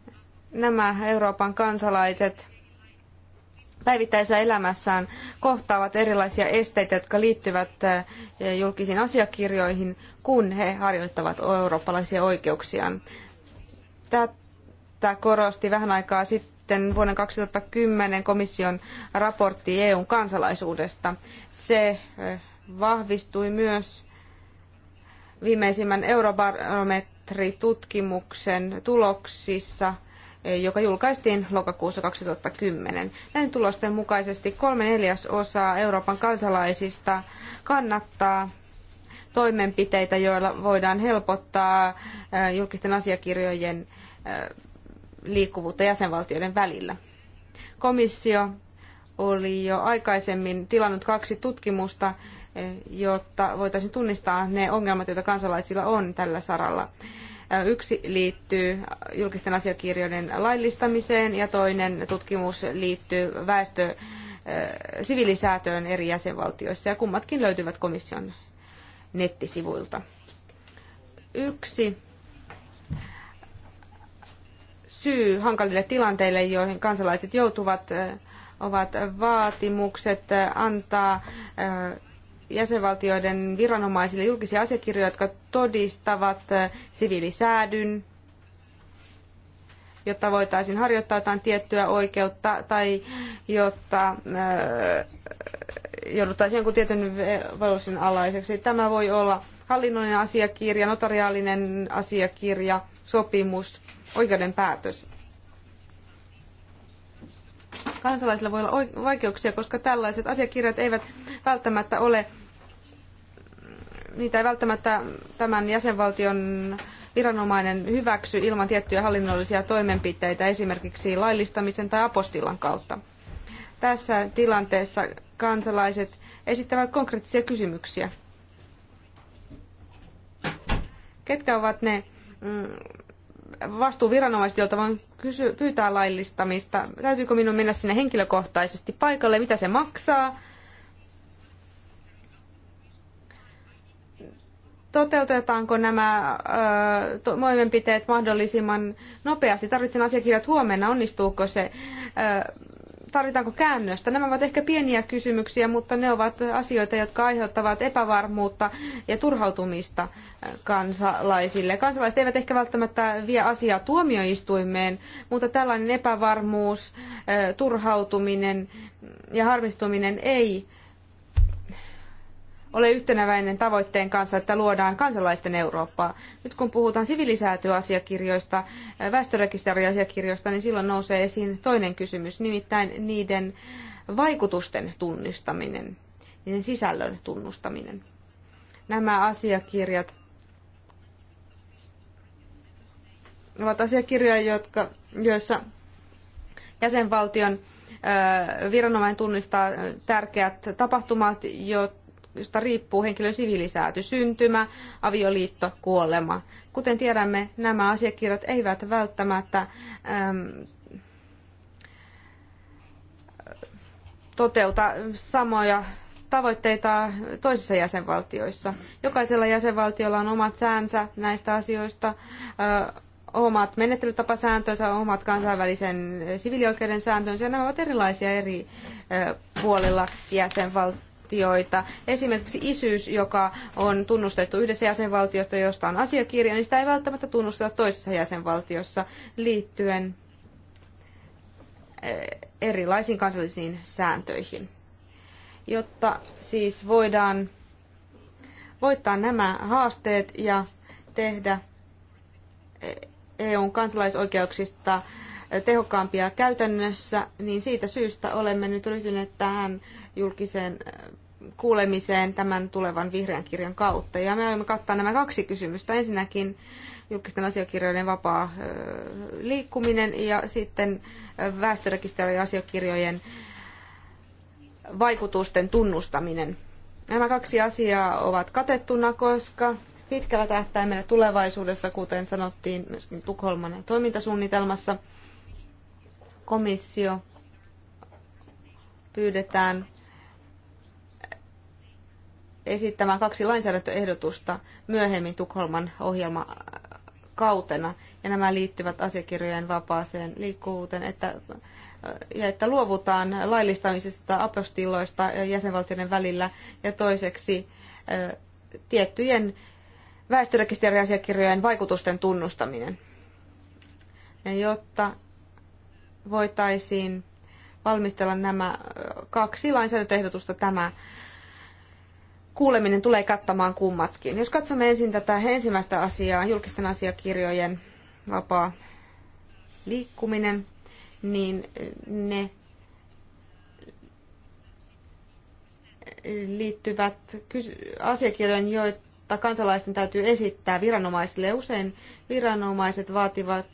nämä Euroopan kansalaiset päivittäisessä elämässään kohtaavat erilaisia esteitä, jotka liittyvät eh, julkisiin asiakirjoihin, kun he harjoittavat eurooppalaisia oikeuksiaan. Tätä korosti vähän aikaa sitten vuoden 2010 komission raportti EUn kansalaisuudesta. Se eh, vahvistui myös viimeisimmän eurobarometrin Petri-tutkimuksen tuloksissa, eh, joka julkaistiin lokakuussa 2010. Näiden tulosten mukaisesti kolme neljäsosaa Euroopan kansalaisista kannattaa toimenpiteitä, joilla voidaan helpottaa eh, julkisten asiakirjojen eh, liikkuvuutta jäsenvaltioiden välillä. Komissio oli jo aikaisemmin tilannut kaksi tutkimusta, jotta voitaisiin tunnistaa ne ongelmat, joita kansalaisilla on tällä saralla. Yksi liittyy julkisten asiakirjojen laillistamiseen ja toinen tutkimus liittyy väestö eh, siviilisäätöön eri jäsenvaltioissa ja kummatkin löytyvät komission nettisivuilta. Yksi syy hankalille tilanteille, joihin kansalaiset joutuvat, eh, ovat vaatimukset eh, antaa jäsenvaltioiden viranomaisille julkisia asiakirjoja, jotka todistavat eh, siviilisäädyn, jotta voitaisiin harjoittaa jotain tiettyä oikeutta tai jotta eh, jouduttaisiin jonkun tietyn valuusin alaiseksi. Tämä voi olla hallinnollinen asiakirja, notariaalinen asiakirja, sopimus, oikeuden päätös. Kansalaisilla voi olla vaikeuksia, koska tällaiset asiakirjat eivät välttämättä ole niitä ei välttämättä tämän jäsenvaltion viranomainen hyväksy ilman tiettyjä hallinnollisia toimenpiteitä, esimerkiksi laillistamisen tai apostillan kautta. Tässä tilanteessa kansalaiset esittävät konkreettisia kysymyksiä. Ketkä ovat ne mm, vastuuviranomaiset, joilta voin kysy, pyytää laillistamista? Täytyykö minun mennä sinne henkilökohtaisesti paikalle? Mitä se maksaa? toteutetaanko nämä toimenpiteet mahdollisimman nopeasti? Tarvitsen asiakirjat huomenna, onnistuuko se? Ö, tarvitaanko käännöstä? Nämä ovat ehkä pieniä kysymyksiä, mutta ne ovat asioita, jotka aiheuttavat epävarmuutta ja turhautumista kansalaisille. Kansalaiset eivät ehkä välttämättä vie asiaa tuomioistuimeen, mutta tällainen epävarmuus, turhautuminen ja harmistuminen ei ole yhtenäväinen tavoitteen kanssa, että luodaan kansalaisten Eurooppaa. Nyt kun puhutaan sivilisäätyasiakirjoista, äh, väestörekisteriasiakirjoista, niin silloin nousee esiin toinen kysymys, nimittäin niiden vaikutusten tunnistaminen, niiden sisällön tunnustaminen. Nämä asiakirjat ovat asiakirjoja, jotka, joissa jäsenvaltion äh, viranomainen tunnistaa tärkeät tapahtumat, jotka josta riippuu henkilön siviilisääty, syntymä, avioliitto, kuolema. Kuten tiedämme, nämä asiakirjat eivät välttämättä toteuta samoja tavoitteita toisissa jäsenvaltioissa. Jokaisella jäsenvaltiolla on omat säänsä näistä asioista, omat menettelytapasääntönsä, omat kansainvälisen siviilioikeuden sääntönsä, ja nämä ovat erilaisia eri puolilla jäsenvaltioita valtioita. Esimerkiksi isyys, joka on tunnustettu yhdessä jäsenvaltiosta, josta on asiakirja, niin sitä ei välttämättä tunnusteta toisessa jäsenvaltiossa liittyen eh, erilaisiin kansallisiin sääntöihin. Jotta siis voidaan voittaa nämä haasteet ja tehdä EUn eh, e kansalaisoikeuksista tehokkaampia käytännössä, niin siitä syystä olemme nyt ryhtyneet tähän julkiseen äh, kuulemiseen tämän tulevan vihreän kirjan kautta. Ja me olemme kattaa nämä kaksi kysymystä. Ensinnäkin julkisten asiakirjojen vapaa äh, liikkuminen ja sitten äh, väestörekisteröiden asiakirjojen vaikutusten tunnustaminen. Nämä kaksi asiaa ovat katettuna, koska pitkällä tähtäimellä tulevaisuudessa, kuten sanottiin myöskin Tukholman toimintasuunnitelmassa, komissio pyydetään esittämään kaksi lainsäädäntöehdotusta myöhemmin Tukholman ohjelma kautena, ja nämä liittyvät asiakirjojen vapaaseen liikkuvuuteen, että, ja että luovutaan laillistamisesta apostilloista jäsenvaltioiden välillä, ja toiseksi tiettyjen väestörekisteriasiakirjojen vaikutusten tunnustaminen. Ja jotta voitaisiin valmistella nämä kaksi lainsäädäntöehdotusta tämä kuuleminen tulee kattamaan kummatkin. Jos katsomme ensin tätä ensimmäistä asiaa, julkisten asiakirjojen vapaa liikkuminen, niin ne liittyvät asiakirjojen, joita kansalaisten täytyy esittää viranomaisille. Usein viranomaiset vaativat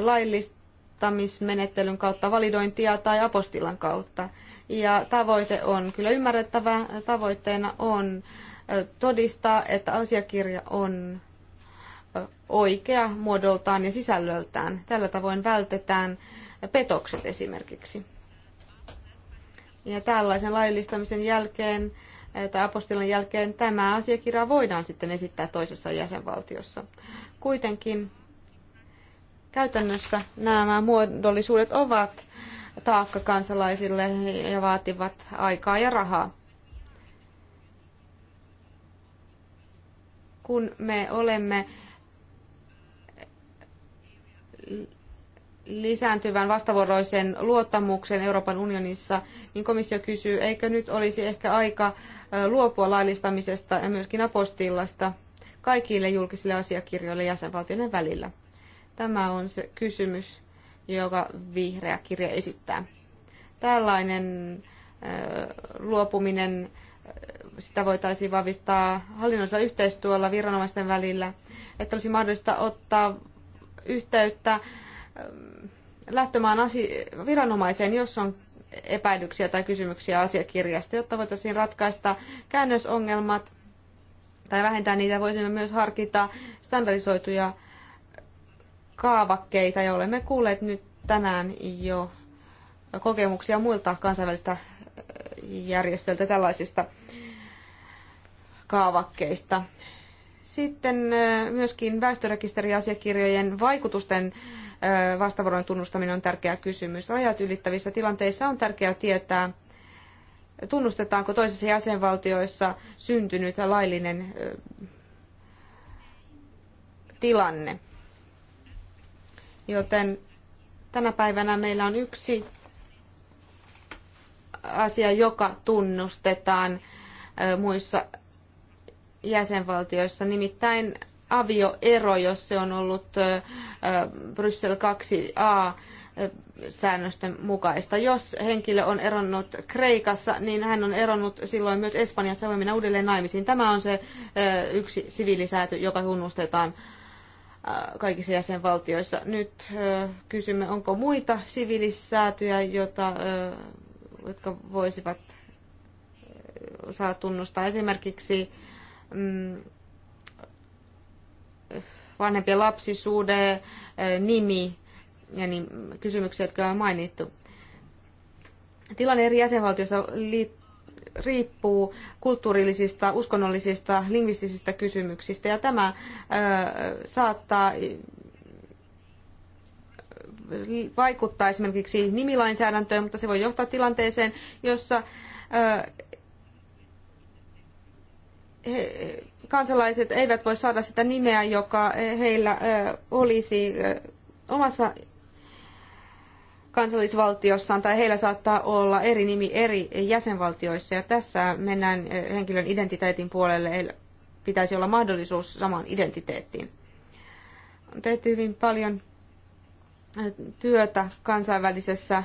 laillista palauttamismenettelyn kautta, validointia tai apostilan kautta. Ja tavoite on kyllä ymmärrettävä. Tavoitteena on todistaa, että asiakirja on oikea muodoltaan ja sisällöltään. Tällä tavoin vältetään petokset esimerkiksi. Ja tällaisen laillistamisen jälkeen tai apostilan jälkeen tämä asiakirja voidaan sitten esittää toisessa jäsenvaltiossa. Kuitenkin Käytännössä nämä muodollisuudet ovat taakka kansalaisille ja vaativat aikaa ja rahaa. Kun me olemme lisääntyvän vastavuoroisen luottamuksen Euroopan unionissa, niin komissio kysyy, eikö nyt olisi ehkä aika luopua laillistamisesta ja myöskin apostillasta kaikille julkisille asiakirjoille jäsenvaltioiden välillä. Tämä on se kysymys, joka vihreä kirja esittää. Tällainen luopuminen, sitä voitaisiin vahvistaa hallinnollisella yhteistyöllä viranomaisten välillä, että olisi mahdollista ottaa yhteyttä lähtömaan asi- viranomaiseen, jos on epäilyksiä tai kysymyksiä asiakirjasta, jotta voitaisiin ratkaista käännösongelmat tai vähentää niitä. Voisimme myös harkita standardisoituja kaavakkeita ja olemme kuulleet nyt tänään jo kokemuksia muilta kansainvälistä eh, järjestöiltä tällaisista kaavakkeista. Sitten eh, myöskin väestörekisteriasiakirjojen vaikutusten eh, vastavuoron tunnustaminen on tärkeä kysymys. Rajat ylittävissä tilanteissa on tärkeää tietää, tunnustetaanko toisessa jäsenvaltioissa syntynyt laillinen tilanne. Joten tänä päivänä meillä on yksi asia, joka tunnustetaan muissa jäsenvaltioissa, nimittäin avioero, jos se on ollut Bryssel 2a säännösten mukaista. Jos henkilö on eronnut Kreikassa, niin hän on eronnut silloin myös Espanjassa voi mennä uudelleen naimisiin. Tämä on se yksi siviilisääty, joka tunnustetaan kaikissa jäsenvaltioissa. Nyt kysymme, onko muita sivilissäätyjä, jota, jotka voisivat saa tunnustaa esimerkiksi mm, vanhempien lapsisuude, nimi ja niin, kysymyksiä, jotka on mainittu. Tilanne eri jäsenvaltioista liittyy riippuu kulttuurillisista, uskonnollisista, lingvistisistä kysymyksistä ja tämä saattaa vaikuttaa esimerkiksi nimilainsäädäntöön, mutta se voi johtaa tilanteeseen, jossa kansalaiset eivät voi saada sitä nimeä, joka heillä olisi omassa kansallisvaltiossaan tai heillä saattaa olla eri nimi eri jäsenvaltioissa ja tässä mennään eh, henkilön identiteetin puolelle, heillä pitäisi olla mahdollisuus samaan identiteettiin. On tehty hyvin paljon eh, työtä kansainvälisessä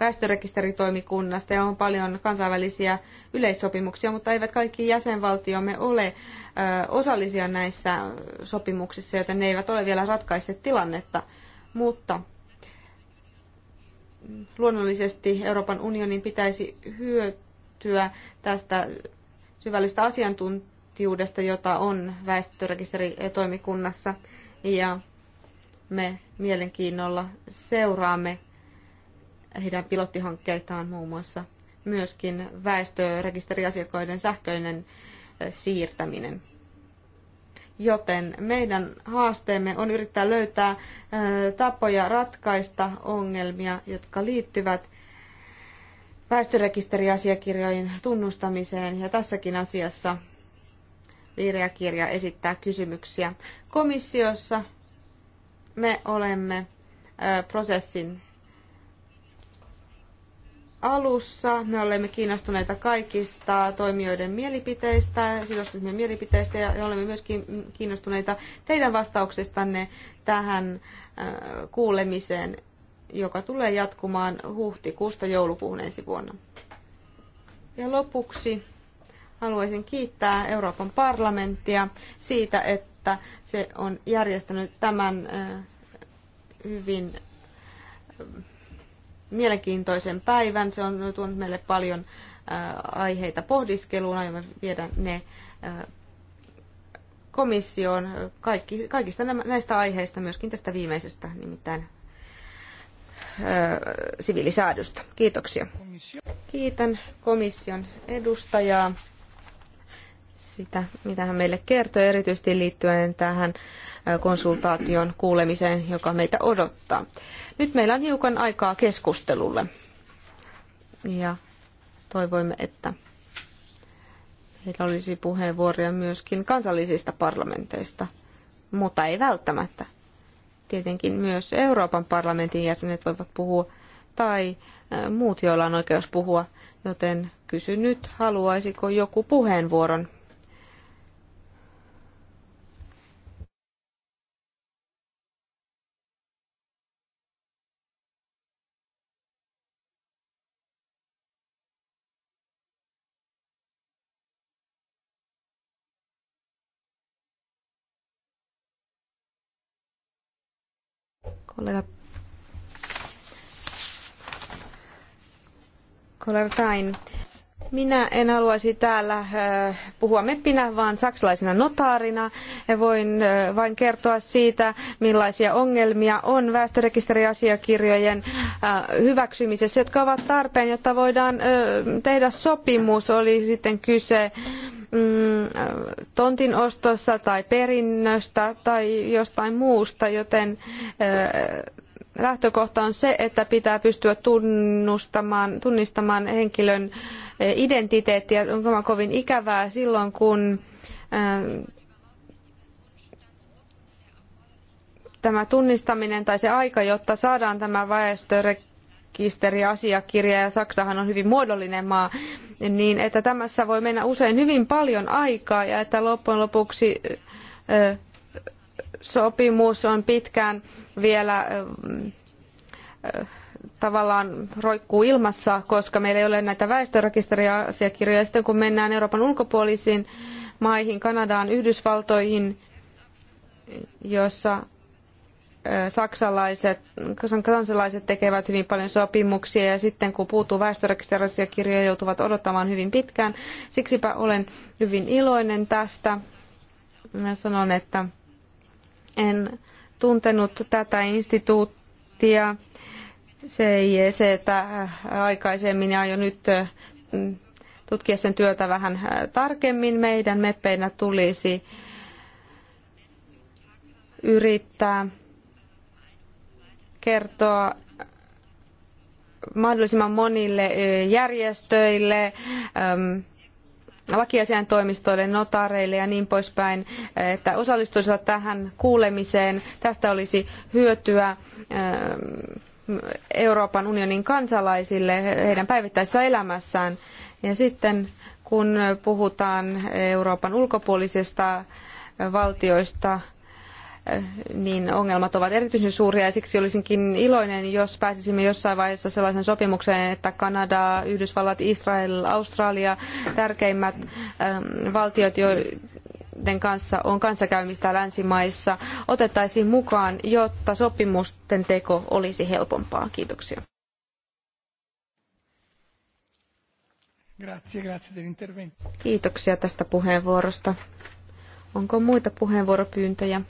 väestörekisteritoimikunnasta ja on paljon kansainvälisiä yleissopimuksia, mutta eivät kaikki jäsenvaltiomme ole eh, osallisia näissä sopimuksissa, joten ne eivät ole vielä ratkaisseet tilannetta. Mutta luonnollisesti Euroopan unionin pitäisi hyötyä tästä syvällistä asiantuntijuudesta, jota on väestörekisteritoimikunnassa. Ja me mielenkiinnolla seuraamme heidän pilottihankkeitaan muun muassa myöskin väestörekisteriasiakkaiden sähköinen siirtäminen. Joten meidän haasteemme on yrittää löytää tapoja ratkaista ongelmia, jotka liittyvät väestörekisteriasiakirjojen tunnustamiseen. Ja tässäkin asiassa vihreä kirja esittää kysymyksiä. Komissiossa me olemme prosessin alussa. Me olemme kiinnostuneita kaikista toimijoiden mielipiteistä, sidosryhmien mielipiteistä ja olemme myöskin kiinnostuneita teidän vastauksestanne tähän äh, kuulemiseen, joka tulee jatkumaan huhtikuusta joulukuun ensi vuonna. Ja lopuksi haluaisin kiittää Euroopan parlamenttia siitä, että se on järjestänyt tämän äh, hyvin äh, mielenkiintoisen päivän. Se on tuonut meille paljon aiheita pohdiskeluun. Aiomme viedä ne komissioon kaikki, kaikista näistä aiheista, myöskin tästä viimeisestä, nimittäin siviilisäädöstä. Kiitoksia. Kiitän komission edustajaa sitä, mitä hän meille kertoi, erityisesti liittyen tähän konsultaation kuulemiseen, joka meitä odottaa. Nyt meillä on hiukan aikaa keskustelulle ja toivoimme, että heillä olisi puheenvuoroja myöskin kansallisista parlamenteista, mutta ei välttämättä. Tietenkin myös Euroopan parlamentin jäsenet voivat puhua tai muut, joilla on oikeus puhua, joten kysyn nyt, haluaisiko joku puheenvuoron Kollega, kollega Tain. Minä en haluaisi täällä äh, puhua meppinä, vaan saksalaisena notaarina. Voin äh, vain kertoa siitä, millaisia ongelmia on väestörekisteriasiakirjojen äh, hyväksymisessä, jotka ovat tarpeen, jotta voidaan tehdä sopimus, oli sitten kyse äh, Mm, tontin ostosta tai perinnöstä tai jostain muusta, joten lähtökohta on se, että pitää pystyä tunnustamaan, tunnistamaan henkilön identiteetti ja on kovin ikävää silloin, kun tämä tunnistaminen tai se aika, jotta saadaan tämä väestörekisteri asiakirja ja Saksahan on hyvin muodollinen maa, niin että tämässä voi mennä usein hyvin paljon aikaa ja että loppujen lopuksi sopimus on pitkään vielä tavallaan roikkuu ilmassa, koska meillä ei ole näitä väestörekisteriasiakirjoja. Sitten kun mennään Euroopan ulkopuolisiin maihin, Kanadaan, Yhdysvaltoihin, jossa saksalaiset, kansalaiset tekevät hyvin paljon sopimuksia ja sitten kun puuttuu väestörekisterasiakirjoja joutuvat odottamaan hyvin pitkään. Siksipä olen hyvin iloinen tästä. Mä sanon, että en tuntenut tätä instituuttia. Se ei se, että äh, aikaisemmin ja jo nyt äh, tutkia sen työtä vähän äh, tarkemmin. Meidän meppeinä tulisi yrittää kertoa mahdollisimman monille järjestöille, lakiasiantoimistoille, notareille ja niin poispäin, että osallistuisivat tähän kuulemiseen. Tästä olisi hyötyä Euroopan unionin kansalaisille heidän päivittäisessä elämässään. Ja sitten kun puhutaan Euroopan ulkopuolisista valtioista, niin ongelmat ovat erityisen suuria ja siksi olisinkin iloinen, jos pääsisimme jossain vaiheessa sellaisen sopimukseen, että Kanada, Yhdysvallat, Israel, Australia, tärkeimmät ähm, valtiot, joiden kanssa on kanssakäymistä länsimaissa, otettaisiin mukaan, jotta sopimusten teko olisi helpompaa. Kiitoksia. Kiitoksia tästä puheenvuorosta. Onko muita puheenvuoropyyntöjä?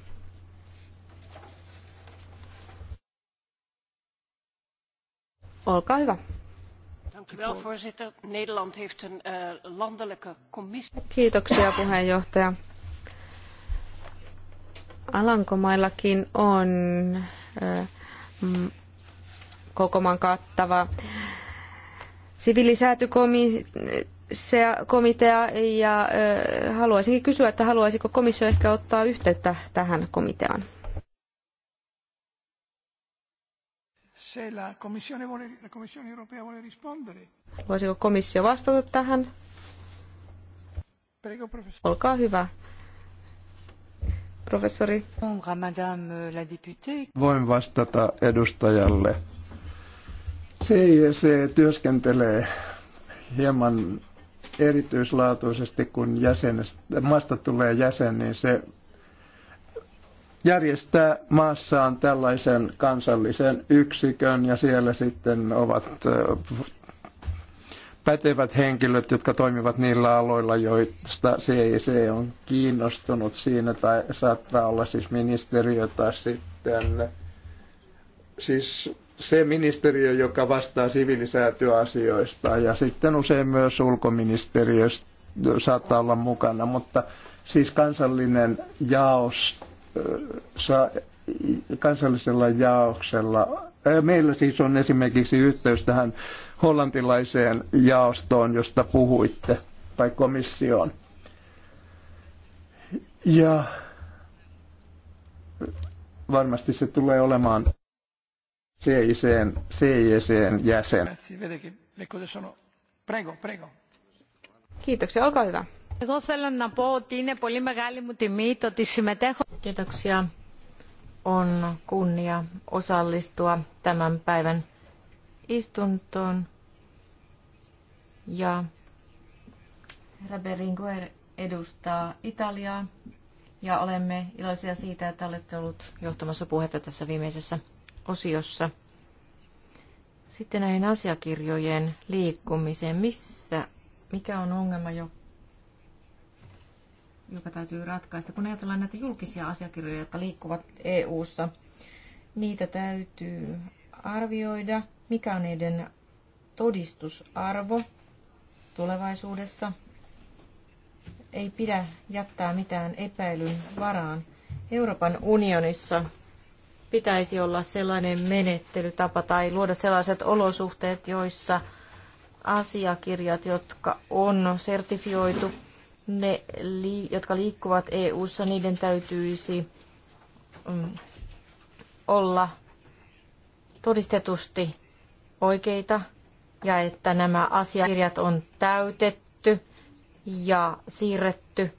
Olkaa hyvä. Eh, Kiitoksia puheenjohtaja. Alankomaillakin on eh, mm, koko maan kattava siviilisäätykomitea ja eh, haluaisinkin kysyä, että haluaisiko komissio ehkä ottaa yhteyttä tähän komiteaan. Se la commissione, vuole, la commissione europea vuole rispondere. komissio vastata tähän? Prego, professori. Olkaa hyvä. Professori. Voin vastata edustajalle. CIC e työskentelee hieman erityislaatuisesti, kun jäsenestä, maasta tulee jäsen, niin se järjestää maassaan tällaisen kansallisen yksikön ja siellä sitten ovat pätevät henkilöt, jotka toimivat niillä aloilla, joista CIC on kiinnostunut siinä, tai saattaa olla siis ministeriö tai sitten siis se ministeriö, joka vastaa sivilisäätyöasioista ja sitten usein myös ulkoministeriö saattaa olla mukana, mutta siis kansallinen jaos kansallisella jaoksella. Meillä siis on esimerkiksi yhteys tähän hollantilaiseen jaostoon, josta puhuitte, tai komissioon. Ja varmasti se tulee olemaan CICn, jäsen. Kiitoksia, olkaa hyvä. Kiitoksia. On kunnia osallistua tämän päivän istuntoon. Ja herra Berlinguer edustaa Italiaa ja olemme iloisia siitä, että olette ollut johtamassa puhetta tässä viimeisessä osiossa. Sitten näihin asiakirjojen liikkumiseen. Missä, mikä on ongelma, joka joka täytyy ratkaista. Kun ajatellaan näitä julkisia asiakirjoja, jotka liikkuvat EU-ssa, niitä täytyy arvioida, mikä on niiden todistusarvo tulevaisuudessa. Ei pidä jättää mitään epäilyn varaan. Euroopan unionissa pitäisi olla sellainen menettelytapa tai luoda sellaiset olosuhteet, joissa asiakirjat, jotka on sertifioitu ne, jotka liikkuvat EU-ssa, niiden täytyisi mm, olla todistetusti oikeita ja että nämä asiakirjat on täytetty ja siirretty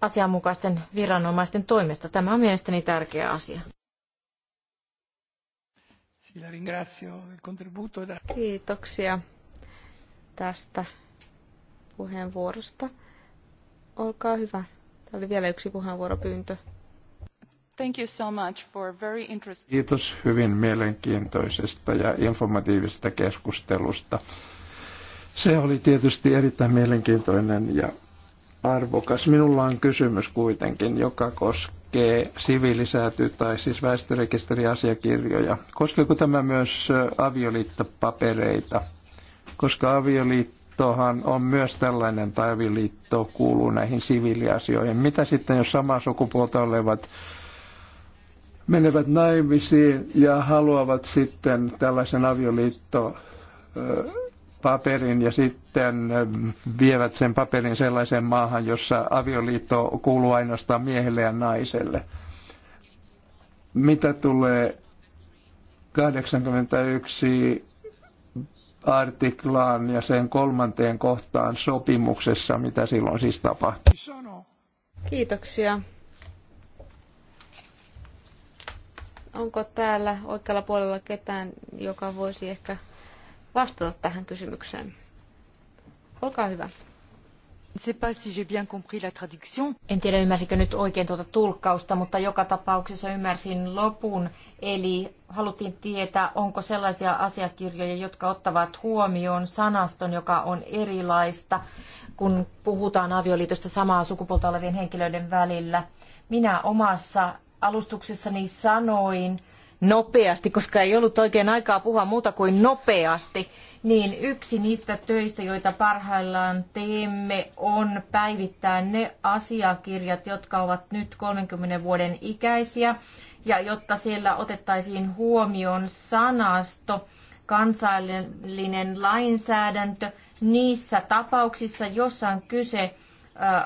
asianmukaisten viranomaisten toimesta. Tämä on mielestäni tärkeä asia. E Kiitoksia tästä puheenvuorosta. Olkaa hyvä. Tämä oli vielä yksi puheenvuoropyyntö. Thank you so much for very interesting... Kiitos hyvin mielenkiintoisesta ja informatiivisesta keskustelusta. Se oli tietysti erittäin mielenkiintoinen ja arvokas. Minulla on kysymys kuitenkin, joka koskee siviilisääty- tai siis väestörekisteriasiakirjoja. Koskeeko tämä myös avioliittopapereita? Koska avioliitto avioliittohan on myös tällainen, tai avioliitto kuuluu näihin siviiliasioihin. Mitä sitten, jos samaa sukupuolta olevat menevät naimisiin ja haluavat sitten tällaisen avioliitto paperin ja sitten vievät sen paperin sellaiseen maahan, jossa avioliitto kuuluu ainoastaan miehelle ja naiselle. Mitä tulee 81 artiklaan ja sen kolmanteen kohtaan sopimuksessa, mitä silloin siis tapahtui. Kiitoksia. Onko täällä oikealla puolella ketään, joka voisi ehkä vastata tähän kysymykseen? Olkaa hyvä. En tiedä, ymmärsikö nyt oikein tuota tulkkausta, mutta joka tapauksessa ymmärsin lopun. Eli haluttiin tietää, onko sellaisia asiakirjoja, jotka ottavat huomioon sanaston, joka on erilaista, kun puhutaan avioliitosta samaa sukupuolta olevien henkilöiden välillä. Minä omassa alustuksessani sanoin nopeasti, koska ei ollut oikein aikaa puhua muuta kuin nopeasti niin yksi niistä töistä, joita parhaillaan teemme, on päivittää ne asiakirjat, jotka ovat nyt 30 vuoden ikäisiä, ja jotta siellä otettaisiin huomioon sanasto, kansallinen lainsäädäntö niissä tapauksissa, jossa on kyse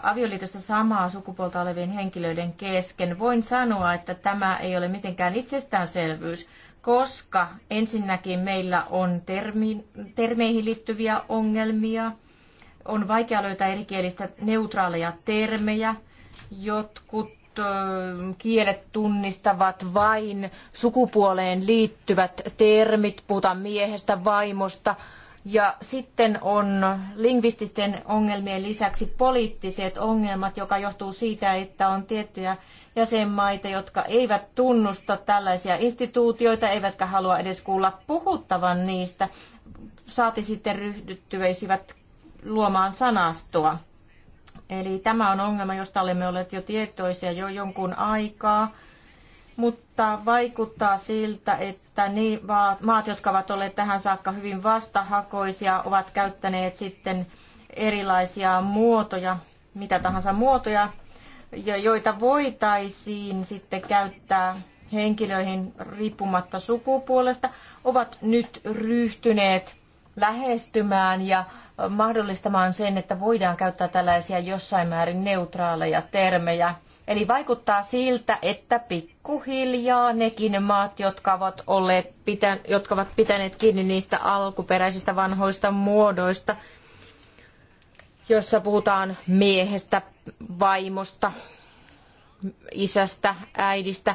avioliitosta samaa sukupuolta olevien henkilöiden kesken. Voin sanoa, että tämä ei ole mitenkään itsestäänselvyys koska ensinnäkin meillä on termi, termeihin liittyviä ongelmia, on vaikea löytää erikielistä neutraaleja termejä, jotkut kielet tunnistavat vain sukupuoleen liittyvät termit, puhutaan miehestä, vaimosta, ja sitten on lingvististen ongelmien lisäksi poliittiset ongelmat, joka johtuu siitä, että on tiettyjä jäsenmaita, jotka eivät tunnusta tällaisia instituutioita, eivätkä halua edes kuulla puhuttavan niistä, saati sitten ryhdyttyisivät luomaan sanastoa. Eli tämä on ongelma, josta olemme olleet jo tietoisia jo jonkun aikaa, mutta vaikuttaa siltä, että että niin maat, jotka ovat olleet tähän saakka hyvin vastahakoisia, ovat käyttäneet sitten erilaisia muotoja, mitä tahansa muotoja, joita voitaisiin sitten käyttää henkilöihin riippumatta sukupuolesta, ovat nyt ryhtyneet lähestymään ja mahdollistamaan sen, että voidaan käyttää tällaisia jossain määrin neutraaleja termejä. Eli vaikuttaa siltä, että pikkuhiljaa nekin maat, jotka ovat, olleet pitän, jotka ovat pitäneet kiinni niistä alkuperäisistä vanhoista muodoista, jossa puhutaan miehestä, vaimosta, isästä, äidistä.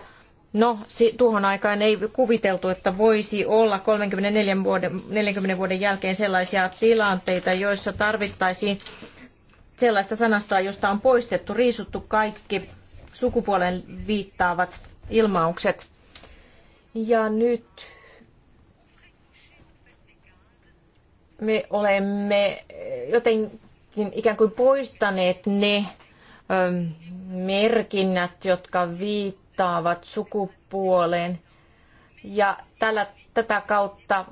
No, tuohon aikaan ei kuviteltu, että voisi olla 34 vuoden, 40 vuoden jälkeen sellaisia tilanteita, joissa tarvittaisiin sellaista sanastoa, josta on poistettu, riisuttu kaikki sukupuolen viittaavat ilmaukset. Ja nyt me olemme jotenkin ikään kuin poistaneet ne ö, merkinnät, jotka viittaavat sukupuoleen. Ja tällä, tätä kautta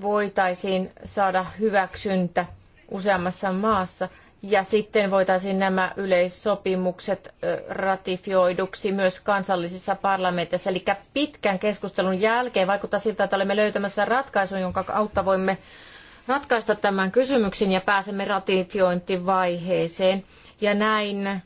voitaisiin saada hyväksyntä useammassa maassa ja sitten voitaisiin nämä yleissopimukset ratifioiduksi myös kansallisissa parlamenteissa. Eli pitkän keskustelun jälkeen vaikuttaa siltä, että olemme löytämässä ratkaisun, jonka kautta voimme ratkaista tämän kysymyksen ja pääsemme ratifiointivaiheeseen. Ja näin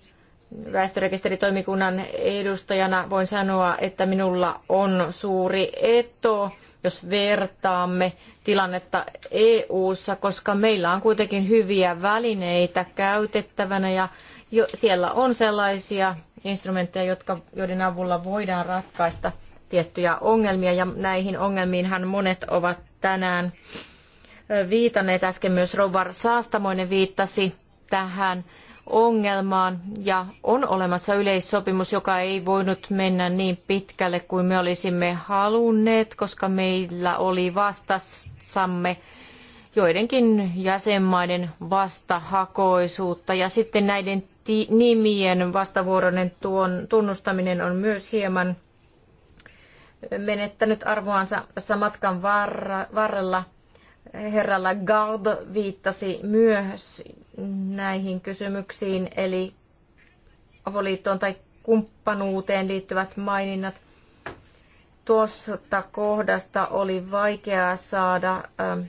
väestörekisteritoimikunnan edustajana voin sanoa, että minulla on suuri eto, jos vertaamme tilannetta EU-ssa, koska meillä on kuitenkin hyviä välineitä käytettävänä ja jo, siellä on sellaisia instrumentteja, jotka, joiden avulla voidaan ratkaista tiettyjä ongelmia ja näihin ongelmiinhan monet ovat tänään viitanneet. Äsken myös Rouvar Saastamoinen viittasi tähän ongelmaan ja on olemassa yleissopimus, joka ei voinut mennä niin pitkälle kuin me olisimme halunneet, koska meillä oli vastassamme joidenkin jäsenmaiden vastahakoisuutta ja sitten näiden nimien vastavuoroinen tuon, tunnustaminen on myös hieman menettänyt arvoansa matkan varrella – herra Lagarde viittasi myös näihin kysymyksiin, eli avoliittoon tai kumppanuuteen liittyvät maininnat. Tuosta kohdasta oli vaikeaa saada ähm,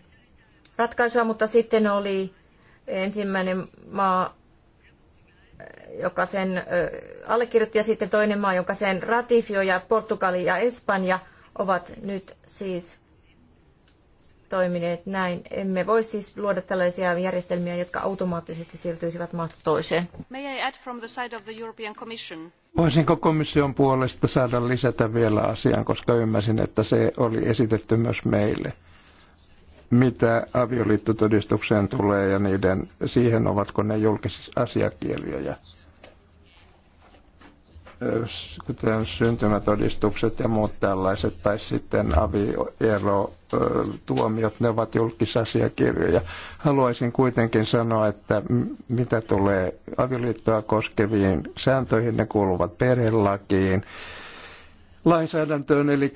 ratkaisua, mutta sitten oli ensimmäinen maa, äh, joka sen äh, allekirjoitti ja sitten toinen maa, joka sen ratifioi ja Portugali ja Espanja ovat nyt siis toimineet näin. Emme voi siis luoda tällaisia järjestelmiä, jotka automaattisesti siirtyisivät maasta toiseen. Voisinko komission puolesta saada lisätä vielä asiaan, koska ymmärsin, että se oli esitetty myös meille. Mitä avioliittotodistukseen tulee ja niiden, siihen ovatko ne julkisia asiakirjoja? kuten syntymätodistukset ja muut tällaiset, tai sitten avioero tuomiot, ne ovat julkisasiakirjoja. Haluaisin kuitenkin sanoa, että mitä tulee avioliittoa koskeviin sääntöihin, ne kuuluvat perhelakiin, lainsäädäntöön, eli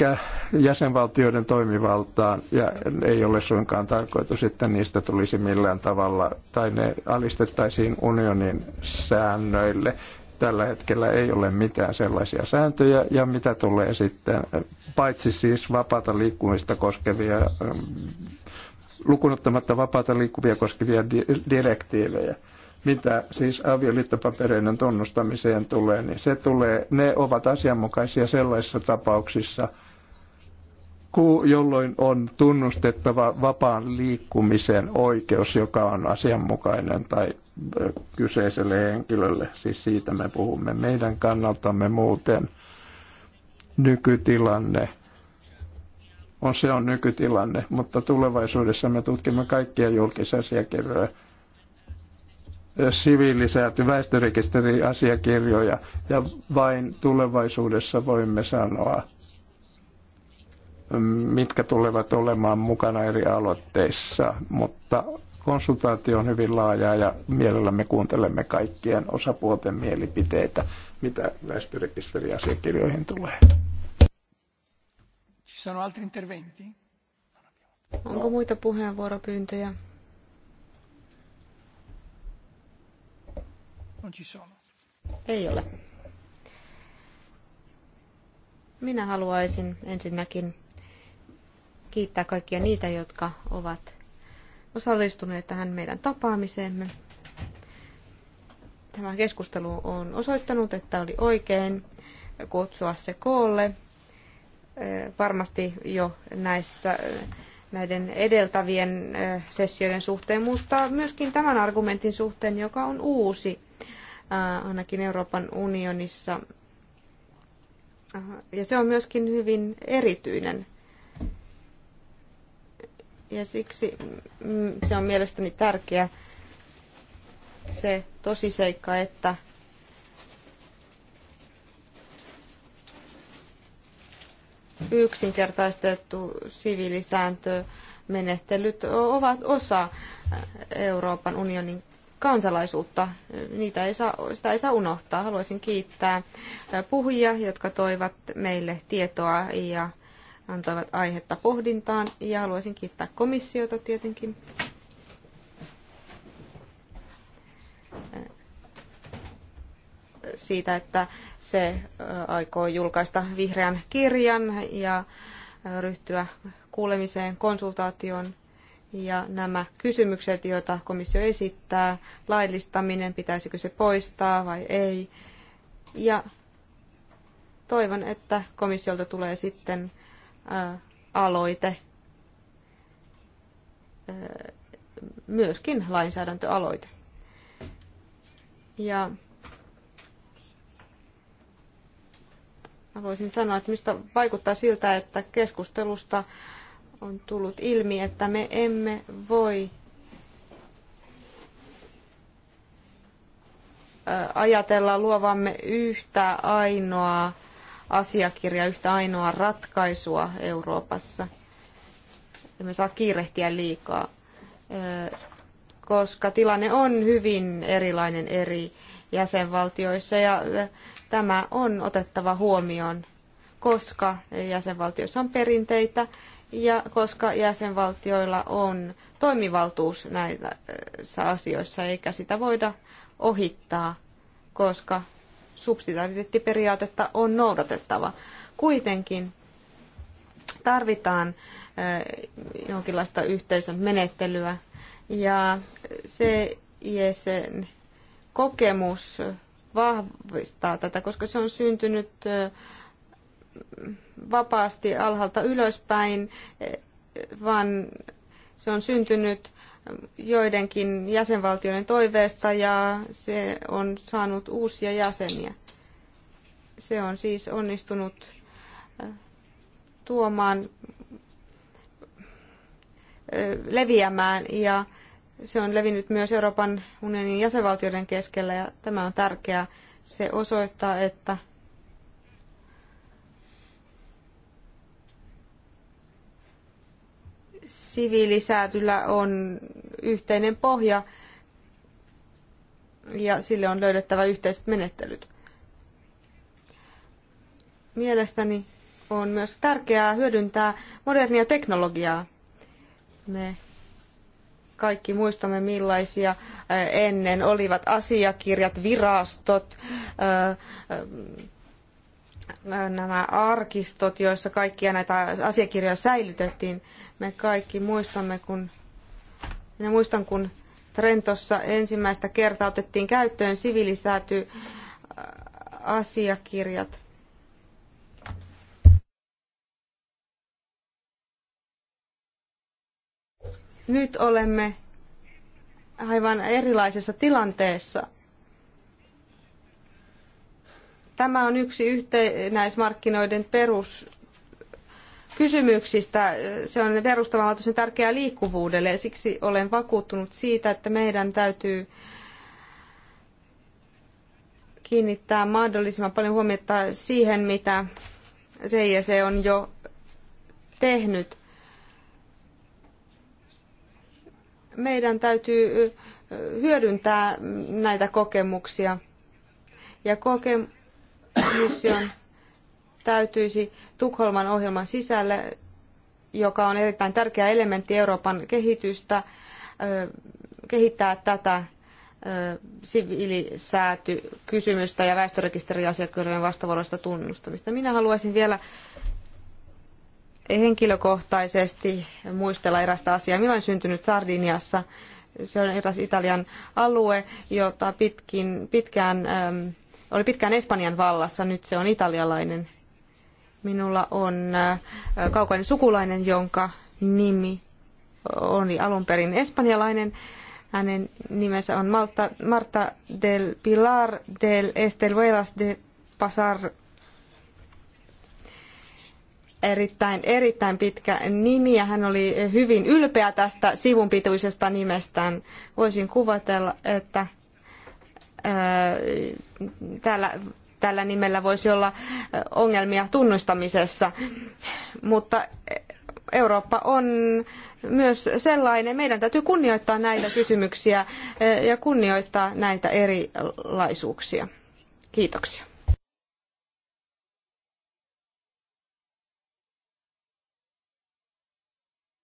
jäsenvaltioiden toimivaltaan, ja ei ole suinkaan tarkoitus, että niistä tulisi millään tavalla, tai ne alistettaisiin unionin säännöille tällä hetkellä ei ole mitään sellaisia sääntöjä ja mitä tulee sitten, paitsi siis vapaata liikkumista koskevia, lukunottamatta vapaata liikkuvia koskevia direktiivejä mitä siis avioliittopapereiden tunnustamiseen tulee, niin se tulee, ne ovat asianmukaisia sellaisissa tapauksissa, jolloin on tunnustettava vapaan liikkumisen oikeus, joka on asianmukainen tai kyseiselle henkilölle. Siis siitä me puhumme. Meidän kannaltamme muuten nykytilanne on se on nykytilanne, mutta tulevaisuudessa me tutkimme kaikkia julkisia asiakirjoja, siviilisääty väestörekisteriasiakirjoja ja vain tulevaisuudessa voimme sanoa, mitkä tulevat olemaan mukana eri aloitteissa, mutta konsultaatio on hyvin laajaa ja mielellämme kuuntelemme kaikkien osapuolten mielipiteitä, mitä väestörekisteriasiakirjoihin tulee. Ci sono altri interventi? Onko muita puheenvuoropyyntöjä? Non ci sono. Ei ole. Minä haluaisin ensinnäkin kiittää kaikkia niitä, jotka ovat osallistuneet tähän meidän tapaamiseemme. Tämä keskustelu on osoittanut, että oli oikein kutsua se koolle. Varmasti jo näistä näiden edeltävien sessioiden suhteen, mutta myöskin tämän argumentin suhteen, joka on uusi ainakin Euroopan unionissa. Ja se on myöskin hyvin erityinen ja siksi mm, se on mielestäni tärkeä se tosiseikka, että yksinkertaistettu siviilisääntö menettelyt ovat osa Euroopan unionin kansalaisuutta. Niitä ei saa, sitä ei saa unohtaa. Haluaisin kiittää puhujia, jotka toivat meille tietoa ja antoivat aihetta pohdintaan ja haluaisin kiittää komissiota tietenkin. siitä, että se aikoo julkaista vihreän kirjan ja ryhtyä kuulemiseen, konsultaation Ja nämä kysymykset, joita komissio esittää, laillistaminen, pitäisikö se poistaa vai ei. Ja toivon, että komissiolta tulee sitten aloite, myöskin lainsäädäntöaloite. Ja haluaisin sanoa, että mistä vaikuttaa siltä, että keskustelusta on tullut ilmi, että me emme voi ajatella luovamme yhtä ainoaa asiakirja, yhtä ainoa ratkaisua Euroopassa. Emme saa kiirehtiä liikaa, koska tilanne on hyvin erilainen eri jäsenvaltioissa ja tämä on otettava huomioon, koska jäsenvaltioissa on perinteitä ja koska jäsenvaltioilla on toimivaltuus näissä asioissa, eikä sitä voida ohittaa, koska subsidiariteettiperiaatetta on noudatettava. Kuitenkin tarvitaan eh, jonkinlaista yhteisön menettelyä ja se sen kokemus vahvistaa tätä, koska se on syntynyt eh, vapaasti alhaalta ylöspäin, eh, vaan se on syntynyt joidenkin jäsenvaltioiden toiveesta ja se on saanut uusia jäseniä. Se on siis onnistunut äh, tuomaan, äh, leviämään ja se on levinnyt myös Euroopan unionin jäsenvaltioiden keskellä ja tämä on tärkeää. Se osoittaa, että siviilisäätyllä on yhteinen pohja ja sille on löydettävä yhteiset menettelyt. Mielestäni on myös tärkeää hyödyntää modernia teknologiaa. Me kaikki muistamme millaisia ennen olivat asiakirjat, virastot, nämä arkistot, joissa kaikkia näitä asiakirjoja säilytettiin. Me kaikki muistamme, kun minä muistan, kun Trentossa ensimmäistä kertaa otettiin käyttöön siviilisääty äh, asiakirjat. Nyt olemme aivan erilaisessa tilanteessa. Tämä on yksi yhtenäismarkkinoiden perus kysymyksistä. Se on perustavanlaatuisen tärkeää liikkuvuudelle ja siksi olen vakuuttunut siitä, että meidän täytyy kiinnittää mahdollisimman paljon huomiota siihen, mitä se on jo tehnyt. Meidän täytyy hyödyntää näitä kokemuksia. Ja kokemus täytyisi Tukholman ohjelman sisälle, joka on erittäin tärkeä elementti Euroopan kehitystä, kehittää tätä siviilisäätykysymystä ja väestörekisteriasiakirjojen vastavuoroista tunnustamista. Minä haluaisin vielä henkilökohtaisesti muistella erästä asiaa. Minä olen syntynyt Sardiniassa. Se on eräs Italian alue, jota pitkin, pitkään, oli pitkään Espanjan vallassa. Nyt se on italialainen Minulla on äh, kaukainen sukulainen, jonka nimi oli alun perin espanjalainen. Hänen nimensä on Malta, Marta del Pilar del Estelvelas de Pasar. Erittäin, erittäin pitkä nimi ja hän oli hyvin ylpeä tästä sivunpituisesta nimestään. Voisin kuvatella, että ää, äh, täällä tällä nimellä voisi olla ongelmia tunnustamisessa. Mutta Eurooppa on myös sellainen, meidän täytyy kunnioittaa näitä kysymyksiä ja kunnioittaa näitä erilaisuuksia. Kiitoksia.